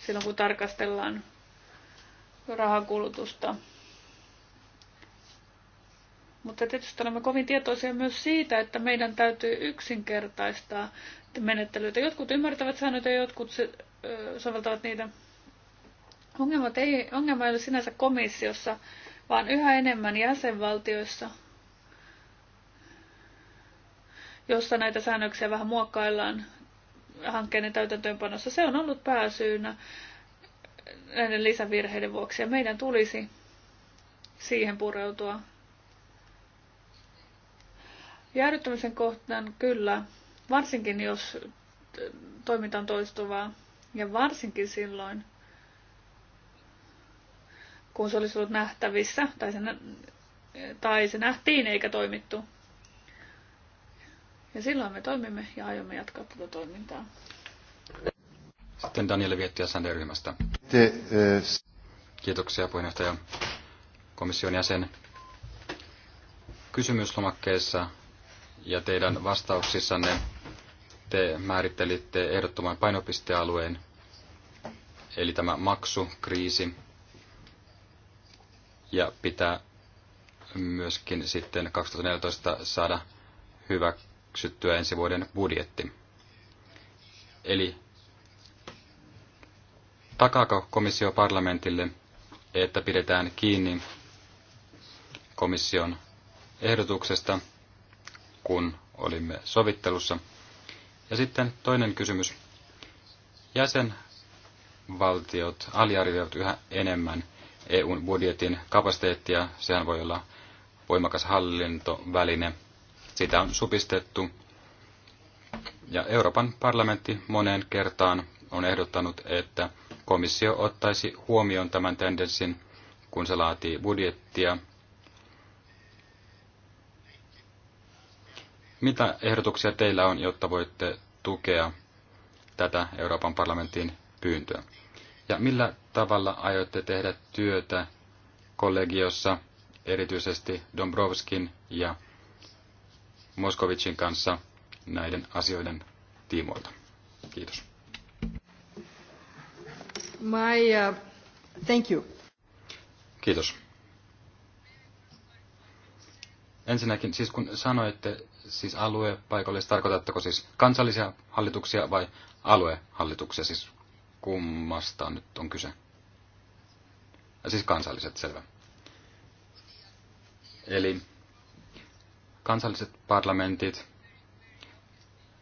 silloin kun tarkastellaan rahakulutusta. Mutta tietysti olemme kovin tietoisia myös siitä, että meidän täytyy yksinkertaistaa menettelyitä. Jotkut ymmärtävät säännöt ja jotkut se, ö, soveltavat niitä. Ongelmat ei, ongelma ei ole sinänsä komissiossa, vaan yhä enemmän jäsenvaltioissa, jossa näitä säännöksiä vähän muokkaillaan hankkeiden täytäntöönpanossa. Se on ollut pääsyynä näiden lisävirheiden vuoksi ja meidän tulisi siihen pureutua. Jäädyttämisen kohtaan kyllä, varsinkin jos toiminta on toistuvaa ja varsinkin silloin, kun se olisi ollut nähtävissä tai se, tai se nähtiin eikä toimittu ja silloin me toimimme ja aiomme jatkaa tätä toimintaa. Sitten Daniel Viettiä Sander-ryhmästä. Eh, Kiitoksia puheenjohtaja komission jäsen. Kysymyslomakkeessa ja teidän vastauksissanne te määrittelitte ehdottoman painopistealueen, eli tämä maksukriisi, ja pitää myöskin sitten 2014 saada hyvä hyväksyttyä ensi vuoden budjetti. Eli takaako komissio parlamentille, että pidetään kiinni komission ehdotuksesta, kun olimme sovittelussa. Ja sitten toinen kysymys. Jäsenvaltiot aliarvioivat yhä enemmän EUn budjetin kapasiteettia. Sehän voi olla voimakas hallintoväline – sitä on supistettu. Ja Euroopan parlamentti moneen kertaan on ehdottanut, että komissio ottaisi huomioon tämän tendenssin, kun se laatii budjettia. Mitä ehdotuksia teillä on, jotta voitte tukea tätä Euroopan parlamentin pyyntöä? Ja millä tavalla aiotte tehdä työtä kollegiossa, erityisesti Dombrovskin ja Moskovicin kanssa näiden asioiden tiimoilta. Kiitos. My, uh, thank you. Kiitos. Ensinnäkin, siis kun sanoitte siis alue paikallis, siis tarkoitatteko siis kansallisia hallituksia vai aluehallituksia, siis kummasta nyt on kyse? Ja siis kansalliset, selvä. Eli kansalliset parlamentit,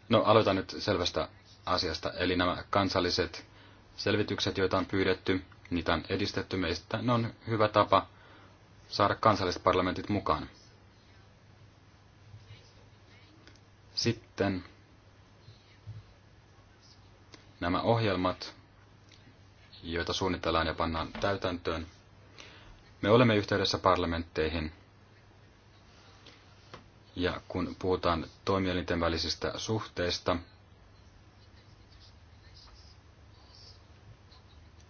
no aloitan nyt selvästä asiasta, eli nämä kansalliset selvitykset, joita on pyydetty, niitä on edistetty meistä, ne on hyvä tapa saada kansalliset parlamentit mukaan. Sitten nämä ohjelmat, joita suunnitellaan ja pannaan täytäntöön. Me olemme yhteydessä parlamentteihin – ja kun puhutaan toimielinten välisistä suhteista,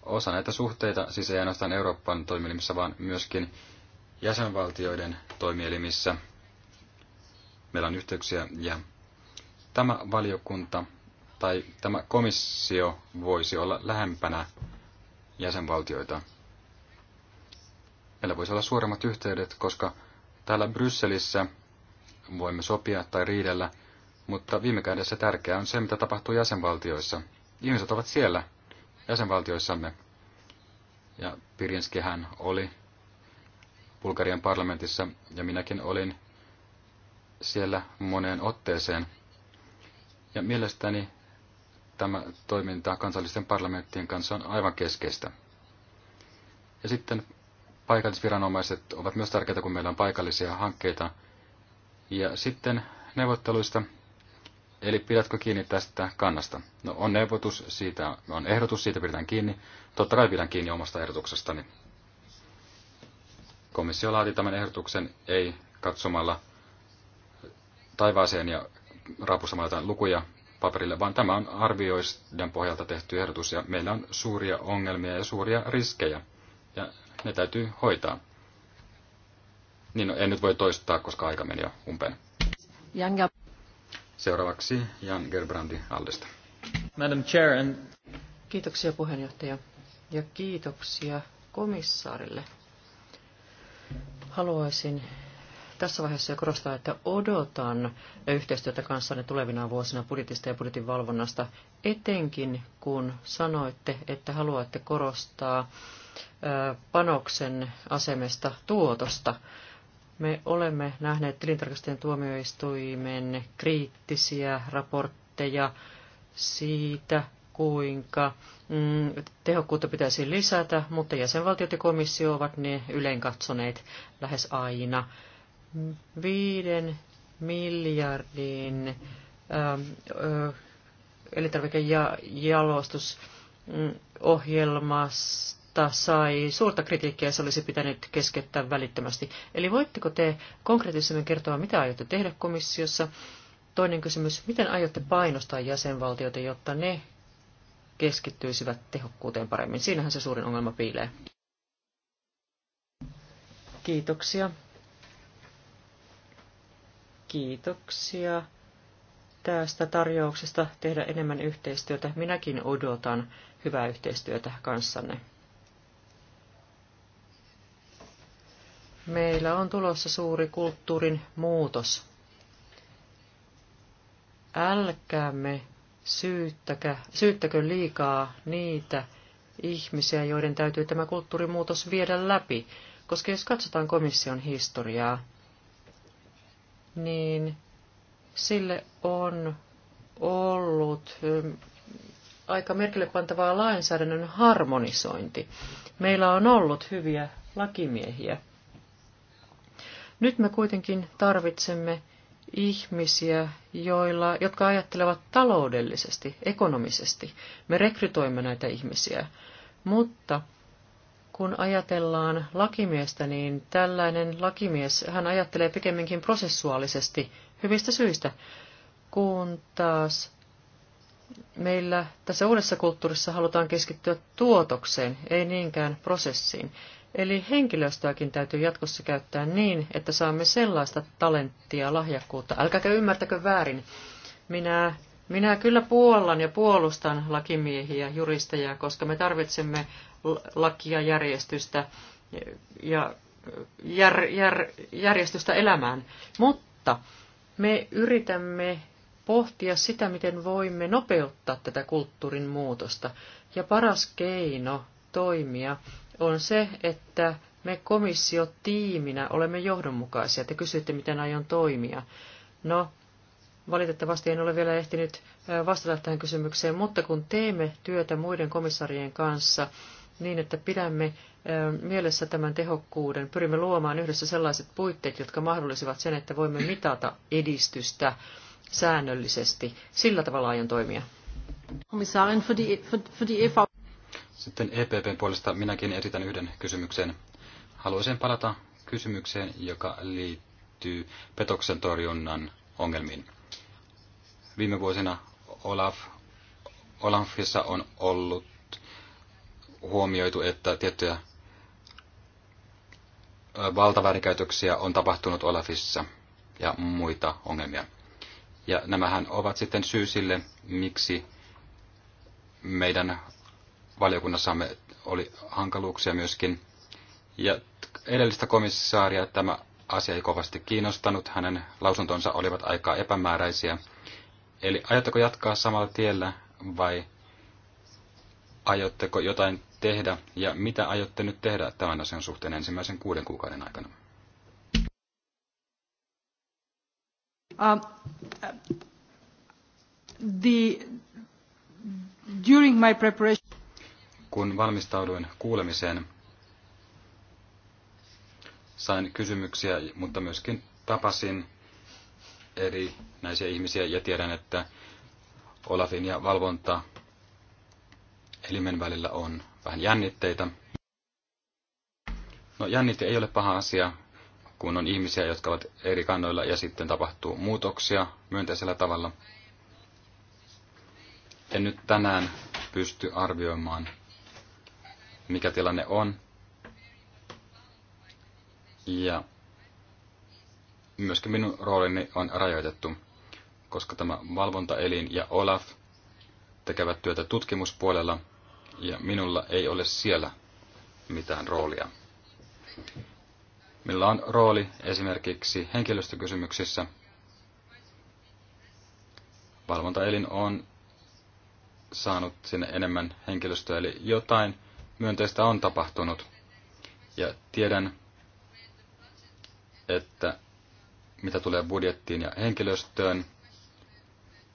osa näitä suhteita, siis ei ainoastaan Euroopan toimielimissä, vaan myöskin jäsenvaltioiden toimielimissä, meillä on yhteyksiä ja tämä valiokunta tai tämä komissio voisi olla lähempänä jäsenvaltioita. Meillä voisi olla suuremmat yhteydet, koska täällä Brysselissä voimme sopia tai riidellä, mutta viime kädessä tärkeää on se, mitä tapahtuu jäsenvaltioissa. Ihmiset ovat siellä, jäsenvaltioissamme. Ja Pirinskihän oli Bulgarian parlamentissa, ja minäkin olin siellä moneen otteeseen. Ja mielestäni tämä toiminta kansallisten parlamenttien kanssa on aivan keskeistä. Ja sitten paikallisviranomaiset ovat myös tärkeitä, kun meillä on paikallisia hankkeita, ja sitten neuvotteluista. Eli pidätkö kiinni tästä kannasta? No on neuvotus, siitä on ehdotus, siitä pidetään kiinni. Totta kai pidän kiinni omasta ehdotuksestani. Komissio laati tämän ehdotuksen ei katsomalla taivaaseen ja rapustamalla jotain lukuja paperille, vaan tämä on arvioiden pohjalta tehty ehdotus ja meillä on suuria ongelmia ja suuria riskejä ja ne täytyy hoitaa. Niin, no, en nyt voi toistaa, koska aika meni jo umpeen. Jan Seuraavaksi Jan Gerbrandi Aldesta. Madam Chair and... Kiitoksia puheenjohtaja ja kiitoksia komissaarille. Haluaisin tässä vaiheessa jo korostaa, että odotan yhteistyötä kanssanne tulevina vuosina budjetista ja budjetin valvonnasta, etenkin kun sanoitte, että haluatte korostaa panoksen asemesta tuotosta. Me olemme nähneet tilintarkastajien tuomioistuimen kriittisiä raportteja siitä, kuinka mm, tehokkuutta pitäisi lisätä, mutta jäsenvaltiot ja komissio ovat ne yleen katsoneet lähes aina. Viiden miljardin ähm, äh, elintarvikejalostusohjelmasta mutta sai suurta kritiikkiä ja se olisi pitänyt keskeyttää välittömästi. Eli voitteko te konkreettisemmin kertoa, mitä aiotte tehdä komissiossa? Toinen kysymys, miten aiotte painostaa jäsenvaltioita, jotta ne keskittyisivät tehokkuuteen paremmin? Siinähän se suurin ongelma piilee. Kiitoksia. Kiitoksia tästä tarjouksesta tehdä enemmän yhteistyötä. Minäkin odotan hyvää yhteistyötä kanssanne. Meillä on tulossa suuri kulttuurin muutos. Älkäämme syyttäkö, syyttäkö liikaa niitä ihmisiä, joiden täytyy tämä kulttuurimuutos viedä läpi. Koska jos katsotaan komission historiaa, niin sille on ollut ähm, aika merkille pantavaa lainsäädännön harmonisointi. Meillä on ollut hyviä lakimiehiä, nyt me kuitenkin tarvitsemme ihmisiä, joilla, jotka ajattelevat taloudellisesti, ekonomisesti. Me rekrytoimme näitä ihmisiä, mutta kun ajatellaan lakimiestä, niin tällainen lakimies, hän ajattelee pikemminkin prosessuaalisesti hyvistä syistä, kun taas meillä tässä uudessa kulttuurissa halutaan keskittyä tuotokseen, ei niinkään prosessiin. Eli henkilöstöäkin täytyy jatkossa käyttää niin, että saamme sellaista talenttia, lahjakkuutta. Älkääkä ymmärtäkö väärin. Minä, minä kyllä puollan ja puolustan lakimiehiä, juristeja, koska me tarvitsemme lakia, järjestystä ja jär, jär, järjestystä elämään. Mutta me yritämme pohtia sitä, miten voimme nopeuttaa tätä kulttuurin muutosta. Ja paras keino toimia on se, että me komissiotiiminä olemme johdonmukaisia. Te kysytte, miten aion toimia. No, valitettavasti en ole vielä ehtinyt vastata tähän kysymykseen, mutta kun teemme työtä muiden komissarien kanssa, niin, että pidämme mielessä tämän tehokkuuden, pyrimme luomaan yhdessä sellaiset puitteet, jotka mahdollisivat sen, että voimme mitata edistystä säännöllisesti. Sillä tavalla aion toimia. Komissaarin, för för, för e sitten EPPn puolesta minäkin esitän yhden kysymyksen. Haluaisin palata kysymykseen, joka liittyy petoksen torjunnan ongelmiin. Viime vuosina Olaf, Olafissa on ollut huomioitu, että tiettyjä valtaväärinkäytöksiä on tapahtunut Olafissa ja muita ongelmia. Ja nämähän ovat sitten syy sille, miksi meidän valiokunnassamme oli hankaluuksia myöskin. Ja edellistä komissaaria tämä asia ei kovasti kiinnostanut. Hänen lausuntonsa olivat aika epämääräisiä. Eli aiotteko jatkaa samalla tiellä vai aiotteko jotain tehdä ja mitä aiotte nyt tehdä tämän asian suhteen ensimmäisen kuuden kuukauden aikana? Uh, the, during my preparation... Kun valmistauduin kuulemiseen, sain kysymyksiä, mutta myöskin tapasin eri näisiä ihmisiä ja tiedän, että Olafin ja valvonta elimen välillä on vähän jännitteitä. No jännite ei ole paha asia, kun on ihmisiä, jotka ovat eri kannoilla ja sitten tapahtuu muutoksia myönteisellä tavalla. En nyt tänään pysty arvioimaan mikä tilanne on. Ja myöskin minun roolini on rajoitettu, koska tämä valvontaelin ja Olaf tekevät työtä tutkimuspuolella ja minulla ei ole siellä mitään roolia. Millä on rooli esimerkiksi henkilöstökysymyksissä? Valvontaelin on saanut sinne enemmän henkilöstöä, eli jotain myönteistä on tapahtunut. Ja tiedän, että mitä tulee budjettiin ja henkilöstöön,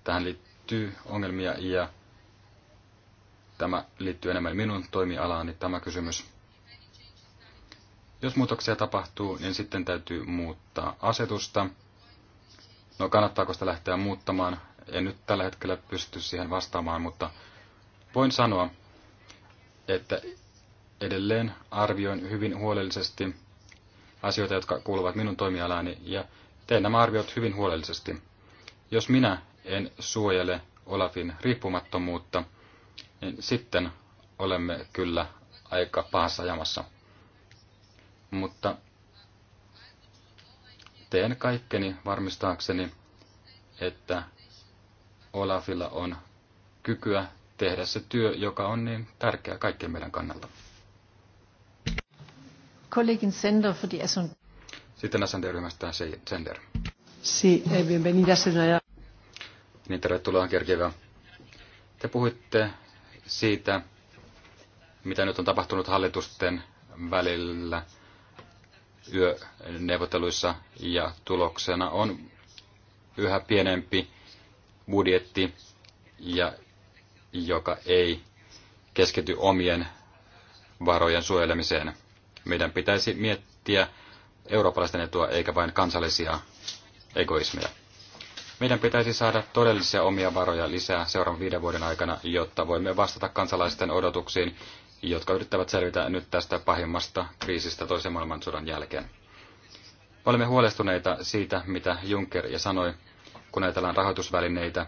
tähän liittyy ongelmia ja tämä liittyy enemmän minun toimialaani tämä kysymys. Jos muutoksia tapahtuu, niin sitten täytyy muuttaa asetusta. No kannattaako sitä lähteä muuttamaan? En nyt tällä hetkellä pysty siihen vastaamaan, mutta voin sanoa, että edelleen arvioin hyvin huolellisesti asioita, jotka kuuluvat minun toimialaani, ja teen nämä arviot hyvin huolellisesti. Jos minä en suojele Olafin riippumattomuutta, niin sitten olemme kyllä aika pahassa jamassa. Mutta teen kaikkeni varmistaakseni, että Olafilla on kykyä tehdä se työ, joka on niin tärkeä kaikkien meidän kannalta. Kollegin Sender for the SN. Sitten SND-ryhmästä Sender. Si, eh, bienvenida, senora. Niin, tervetuloa Kerkevä. Te puhuitte siitä, mitä nyt on tapahtunut hallitusten välillä yöneuvotteluissa ja tuloksena on yhä pienempi budjetti ja joka ei keskity omien varojen suojelemiseen. Meidän pitäisi miettiä eurooppalaisten etua eikä vain kansallisia egoismeja. Meidän pitäisi saada todellisia omia varoja lisää seuraavan viiden vuoden aikana, jotta voimme vastata kansalaisten odotuksiin, jotka yrittävät selvitä nyt tästä pahimmasta kriisistä toisen maailmansodan jälkeen. Olemme huolestuneita siitä, mitä Juncker ja sanoi, kun ajatellaan rahoitusvälineitä.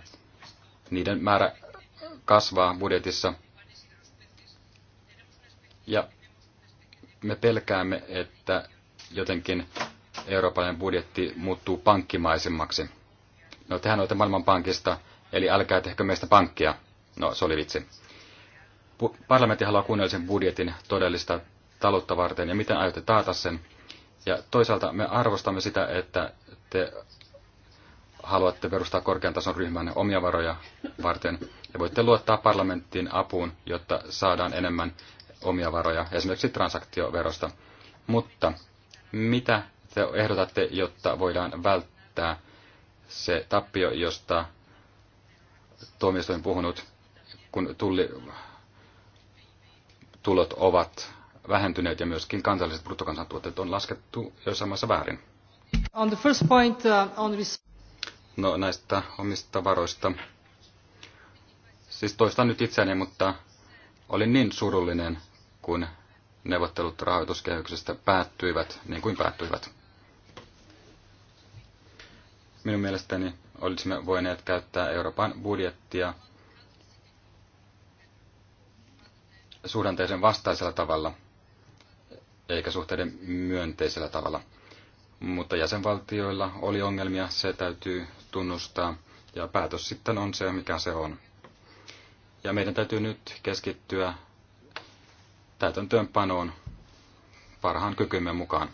Niiden määrä kasvaa budjetissa. Ja me pelkäämme, että jotenkin eurooppalainen budjetti muuttuu pankkimaisemmaksi. No tehän olette maailmanpankista, eli älkää tehkö meistä pankkia. No se oli vitsi. Parlamentti haluaa kunnallisen budjetin todellista taloutta varten ja miten aiotte taata sen. Ja toisaalta me arvostamme sitä, että te haluatte perustaa korkean tason ryhmänne omia varoja varten, ja voitte luottaa parlamenttiin apuun, jotta saadaan enemmän omia varoja, esimerkiksi transaktioverosta. Mutta mitä te ehdotatte, jotta voidaan välttää se tappio, josta tuomioistuin puhunut, kun tulli, tulot ovat vähentyneet ja myöskin kansalliset bruttokansantuotteet on laskettu jossain maassa väärin? On the first point, uh, on No näistä omista varoista. Siis toistan nyt itseäni, mutta olin niin surullinen, kun neuvottelut rahoituskehyksestä päättyivät niin kuin päättyivät. Minun mielestäni olisimme voineet käyttää Euroopan budjettia suhdanteisen vastaisella tavalla, eikä suhteiden myönteisellä tavalla. Mutta jäsenvaltioilla oli ongelmia, se täytyy tunnustaa, ja päätös sitten on se, mikä se on. Ja meidän täytyy nyt keskittyä täytäntöönpanoon parhaan kykymme mukaan.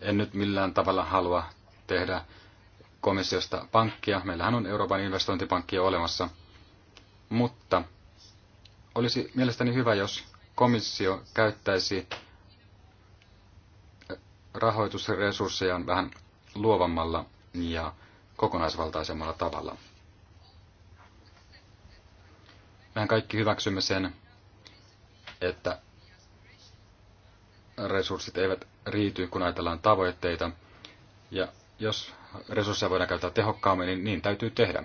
En nyt millään tavalla halua tehdä komissiosta pankkia. Meillähän on Euroopan investointipankki olemassa. Mutta olisi mielestäni hyvä, jos komissio käyttäisi rahoitusresurssejaan vähän luovammalla ja kokonaisvaltaisemmalla tavalla. Mehän kaikki hyväksymme sen, että resurssit eivät riity, kun ajatellaan tavoitteita. Ja jos resursseja voidaan käyttää tehokkaammin, niin niin täytyy tehdä.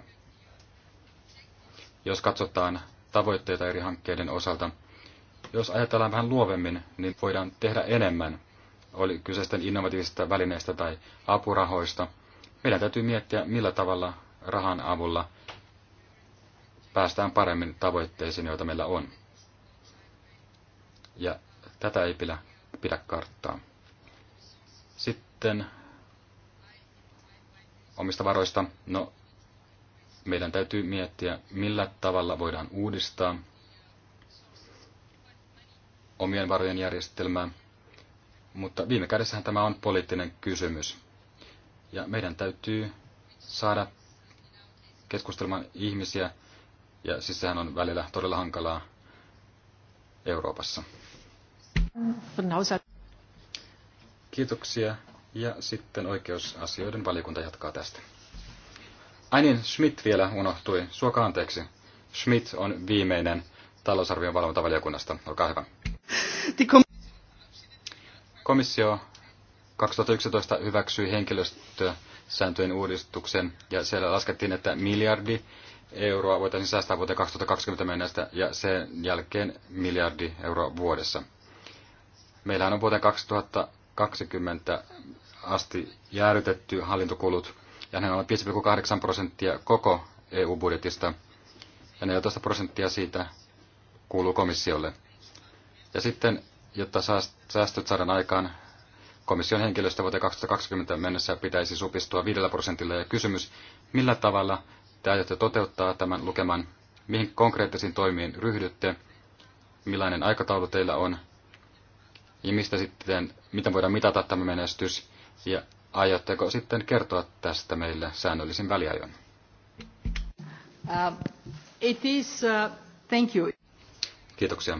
Jos katsotaan tavoitteita eri hankkeiden osalta, jos ajatellaan vähän luovemmin, niin voidaan tehdä enemmän – oli kyse sitten innovatiivisista välineistä tai apurahoista. Meidän täytyy miettiä, millä tavalla rahan avulla päästään paremmin tavoitteisiin, joita meillä on. Ja tätä ei pidä, pidä karttaa. Sitten omista varoista. No, meidän täytyy miettiä, millä tavalla voidaan uudistaa omien varojen järjestelmää. Mutta viime kädessähän tämä on poliittinen kysymys. Ja meidän täytyy saada keskustelemaan ihmisiä, ja siis sehän on välillä todella hankalaa Euroopassa. Kiitoksia. Ja sitten oikeusasioiden valiokunta jatkaa tästä. Ai niin, Schmidt vielä unohtui. Suoka anteeksi. Schmidt on viimeinen talousarvion valvontavaliokunnasta. Olkaa hyvä. Komissio 2011 hyväksyi henkilöstösääntöjen uudistuksen ja siellä laskettiin, että miljardi euroa voitaisiin säästää vuoteen 2020 mennessä ja sen jälkeen miljardi euroa vuodessa. Meillähän on vuoteen 2020 asti jäädytetty hallintokulut ja ne ovat 5,8 prosenttia koko EU-budjetista ja 14 prosenttia siitä kuuluu komissiolle. Ja sitten Jotta säästöt saadaan aikaan, komission henkilöstö vuoteen 2020 mennessä pitäisi supistua 5 prosentilla. Ja kysymys, millä tavalla te aiotte toteuttaa tämän lukeman, mihin konkreettisiin toimiin ryhdytte, millainen aikataulu teillä on, ja mistä sitten, miten voidaan mitata tämä menestys, ja aiotteko sitten kertoa tästä meille säännöllisin väliajoin? Uh, it is, uh, thank you. Kiitoksia.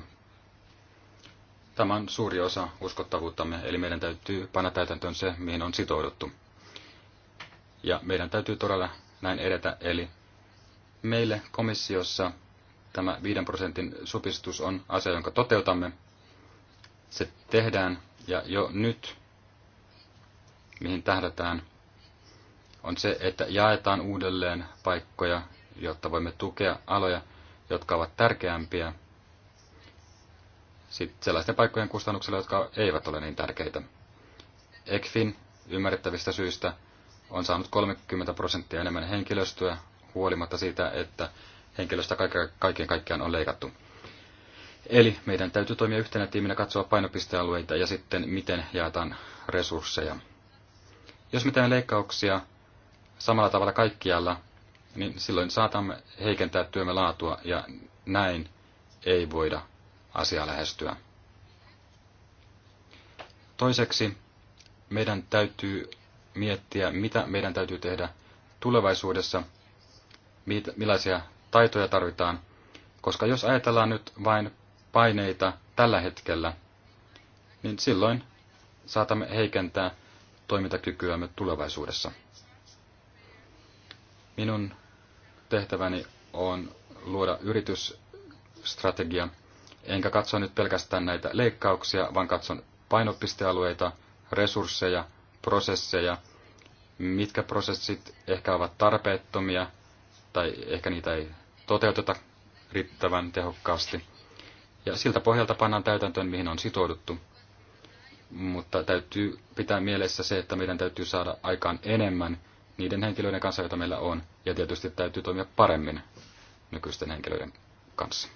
Tämä on suuri osa uskottavuuttamme, eli meidän täytyy panna täytäntöön se, mihin on sitouduttu. Ja meidän täytyy todella näin edetä, eli meille komissiossa tämä 5 prosentin supistus on asia, jonka toteutamme. Se tehdään, ja jo nyt, mihin tähdätään, on se, että jaetaan uudelleen paikkoja, jotta voimme tukea aloja, jotka ovat tärkeämpiä – sit sellaisten paikkojen kustannuksella, jotka eivät ole niin tärkeitä. ECFIN ymmärrettävistä syistä on saanut 30 prosenttia enemmän henkilöstöä huolimatta siitä, että henkilöstä kaiken kaikkiaan on leikattu. Eli meidän täytyy toimia yhtenä tiiminä, katsoa painopistealueita ja sitten miten jaetaan resursseja. Jos me teemme leikkauksia samalla tavalla kaikkialla, niin silloin saatamme heikentää työmme laatua ja näin ei voida asiaa lähestyä. Toiseksi meidän täytyy miettiä, mitä meidän täytyy tehdä tulevaisuudessa, millaisia taitoja tarvitaan, koska jos ajatellaan nyt vain paineita tällä hetkellä, niin silloin saatamme heikentää toimintakykyämme tulevaisuudessa. Minun tehtäväni on luoda yritysstrategia, enkä katso nyt pelkästään näitä leikkauksia, vaan katson painopistealueita, resursseja, prosesseja, mitkä prosessit ehkä ovat tarpeettomia tai ehkä niitä ei toteuteta riittävän tehokkaasti. Ja siltä pohjalta pannaan täytäntöön, mihin on sitouduttu. Mutta täytyy pitää mielessä se, että meidän täytyy saada aikaan enemmän niiden henkilöiden kanssa, joita meillä on. Ja tietysti täytyy toimia paremmin nykyisten henkilöiden kanssa.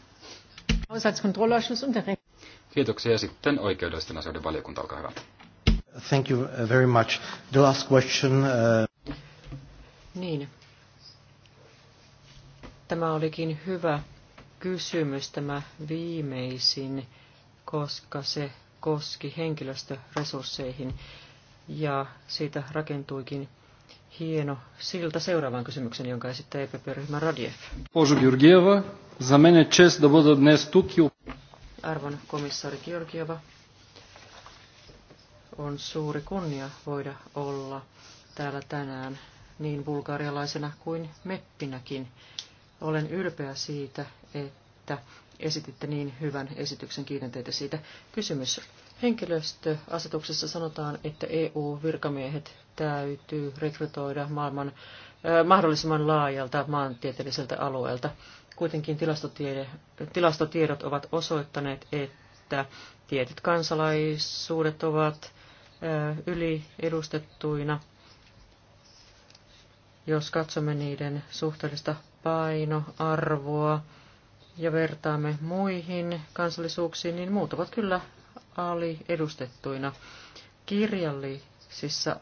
Kiitoksia. Sitten oikeudellisten asioiden valiokunta, olkaa hyvä. Thank you uh, very much. The last question. Uh... Niin. Tämä olikin hyvä kysymys, tämä viimeisin, koska se koski henkilöstöresursseihin ja siitä rakentuikin hieno silta seuraavaan kysymykseen, jonka esittää EPP-ryhmä Radjev. Požu Georgieva, za mene čest da bodo dnes tukaj. Arvon komissaari Georgieva, on suuri kunnia voida olla täällä tänään niin bulgarialaisena kuin meppinäkin. Olen ylpeä siitä, että esititte niin hyvän esityksen. Kiitän teitä siitä. Kysymys. Henkilöstöasetuksessa sanotaan, että EU-virkamiehet täytyy rekrytoida maailman eh, mahdollisimman laajalta maantieteelliseltä alueelta. Kuitenkin tilastotiedot ovat osoittaneet, että tietyt kansalaisuudet ovat eh, yliedustettuina. Jos katsomme niiden suhteellista painoarvoa, ja vertaamme muihin kansallisuuksiin, niin muut ovat kyllä aliedustettuina. Kirjallisissa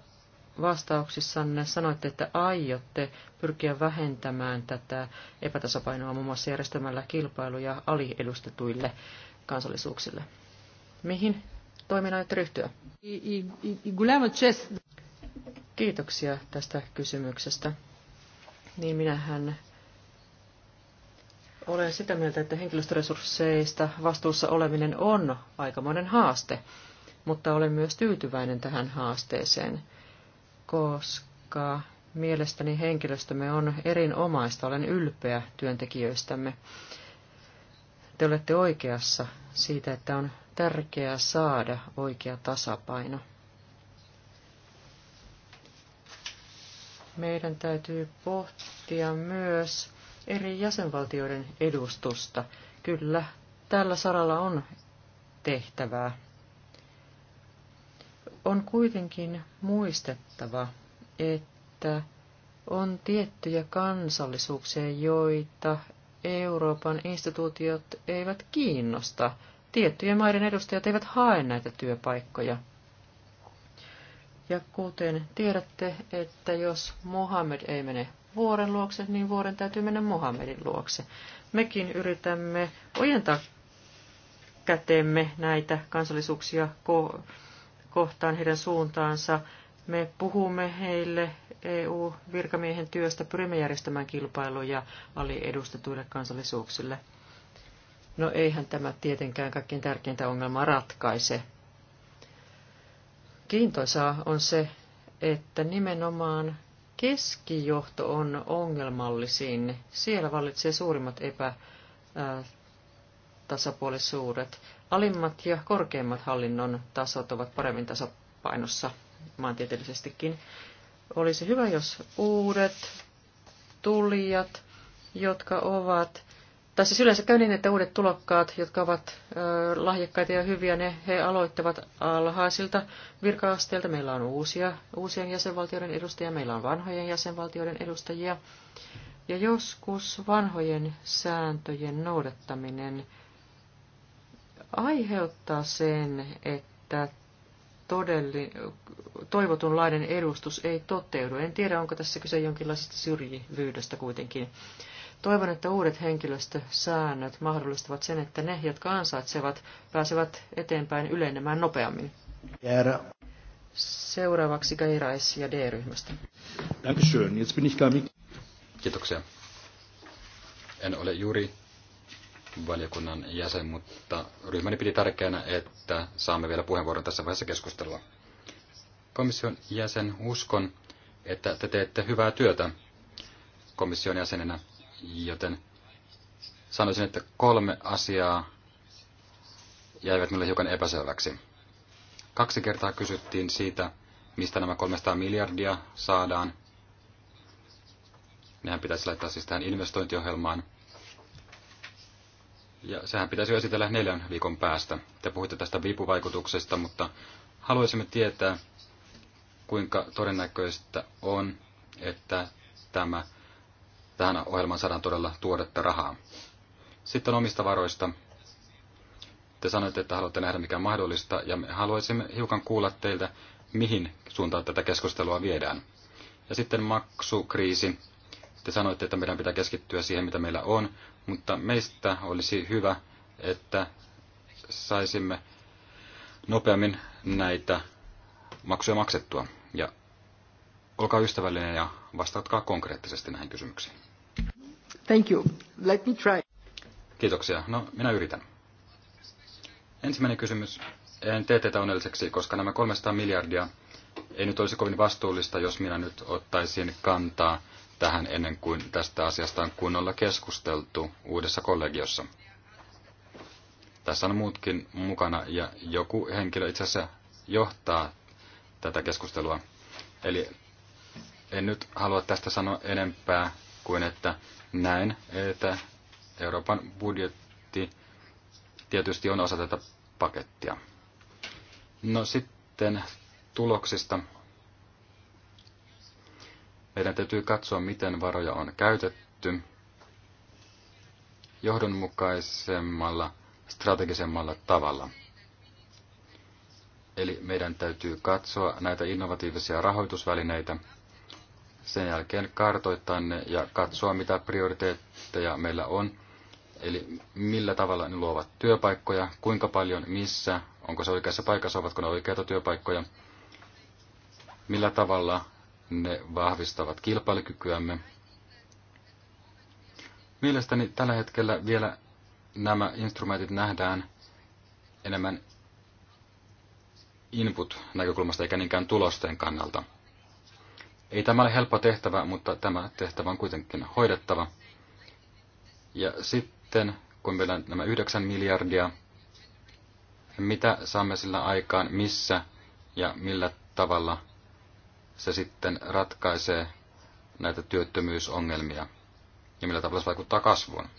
vastauksissanne sanoitte, että aiotte pyrkiä vähentämään tätä epätasapainoa muun muassa järjestämällä kilpailuja aliedustetuille kansallisuuksille. Mihin toimiin aiotte ryhtyä? Kiitoksia tästä kysymyksestä. Niin minähän olen sitä mieltä, että henkilöstöresursseista vastuussa oleminen on aikamoinen haaste, mutta olen myös tyytyväinen tähän haasteeseen, koska mielestäni henkilöstömme on erinomaista. Olen ylpeä työntekijöistämme. Te olette oikeassa siitä, että on tärkeää saada oikea tasapaino. Meidän täytyy pohtia myös eri jäsenvaltioiden edustusta. Kyllä, tällä saralla on tehtävää. On kuitenkin muistettava, että on tiettyjä kansallisuuksia, joita Euroopan instituutiot eivät kiinnosta. Tiettyjen maiden edustajat eivät hae näitä työpaikkoja. Ja kuten tiedätte, että jos Mohammed ei mene vuoren luokse, niin vuoren täytyy mennä Muhammedin luokse. Mekin yritämme ojentaa käteemme näitä kansallisuuksia ko- kohtaan heidän suuntaansa. Me puhumme heille EU-virkamiehen työstä, pyrimme järjestämään kilpailuja aliedustetuille kansallisuuksille. No eihän tämä tietenkään kaikkein tärkeintä ongelmaa ratkaise. Kiintoisaa on se, että nimenomaan Keskijohto on ongelmallisin. Siellä vallitsee suurimmat epätasapuolisuudet. Alimmat ja korkeimmat hallinnon tasot ovat paremmin tasapainossa maantieteellisestikin. Olisi hyvä, jos uudet tulijat, jotka ovat tai siis yleensä käy niin, että uudet tulokkaat, jotka ovat lahjakkaita ja hyviä, ne he aloittavat alhaisilta virka-asteilta. Meillä on uusia, uusien jäsenvaltioiden edustajia, meillä on vanhojen jäsenvaltioiden edustajia. Ja joskus vanhojen sääntöjen noudattaminen aiheuttaa sen, että todelli, toivotunlainen edustus ei toteudu. En tiedä, onko tässä kyse jonkinlaisesta syrjivyydestä kuitenkin. Toivon, että uudet henkilöstösäännöt mahdollistavat sen, että ne, jotka ansaitsevat, pääsevät eteenpäin ylenemään nopeammin. Jäädä. Seuraavaksi Gairais ja D-ryhmästä. Kiitoksia. En ole juuri valiokunnan jäsen, mutta ryhmäni piti tärkeänä, että saamme vielä puheenvuoron tässä vaiheessa keskustelua. Komission jäsen, uskon, että te teette hyvää työtä komission jäsenenä joten sanoisin, että kolme asiaa jäivät minulle hiukan epäselväksi. Kaksi kertaa kysyttiin siitä, mistä nämä 300 miljardia saadaan. Nehän pitäisi laittaa siis tähän investointiohjelmaan. Ja sehän pitäisi jo esitellä neljän viikon päästä. Te puhuitte tästä vipuvaikutuksesta, mutta haluaisimme tietää, kuinka todennäköistä on, että tämä tähän ohjelmaan saadaan todella tuodetta rahaa. Sitten omista varoista. Te sanoitte, että haluatte nähdä mikä on mahdollista, ja me haluaisimme hiukan kuulla teiltä, mihin suuntaan tätä keskustelua viedään. Ja sitten maksukriisi. Te sanoitte, että meidän pitää keskittyä siihen, mitä meillä on, mutta meistä olisi hyvä, että saisimme nopeammin näitä maksuja maksettua. Ja olkaa ystävällinen ja vastatkaa konkreettisesti näihin kysymyksiin. Thank you. Let me try. Kiitoksia. No, minä yritän. Ensimmäinen kysymys. En tee tätä onnelliseksi, koska nämä 300 miljardia ei nyt olisi kovin vastuullista, jos minä nyt ottaisin kantaa tähän ennen kuin tästä asiasta on kunnolla keskusteltu uudessa kollegiossa. Tässä on muutkin mukana ja joku henkilö itse asiassa johtaa tätä keskustelua. Eli en nyt halua tästä sanoa enempää kuin että näin, että Euroopan budjetti tietysti on osa tätä pakettia. No sitten tuloksista. Meidän täytyy katsoa, miten varoja on käytetty johdonmukaisemmalla, strategisemmalla tavalla. Eli meidän täytyy katsoa näitä innovatiivisia rahoitusvälineitä – sen jälkeen kartoittaa ne ja katsoa, mitä prioriteetteja meillä on. Eli millä tavalla ne luovat työpaikkoja, kuinka paljon, missä, onko se oikeassa paikassa, ovatko ne oikeita työpaikkoja, millä tavalla ne vahvistavat kilpailukykyämme. Mielestäni tällä hetkellä vielä nämä instrumentit nähdään enemmän input-näkökulmasta eikä niinkään tulosten kannalta – ei tämä ole helppo tehtävä, mutta tämä tehtävä on kuitenkin hoidettava. Ja sitten, kun meillä on nämä 9 miljardia, mitä saamme sillä aikaan, missä ja millä tavalla se sitten ratkaisee näitä työttömyysongelmia ja millä tavalla se vaikuttaa kasvuun.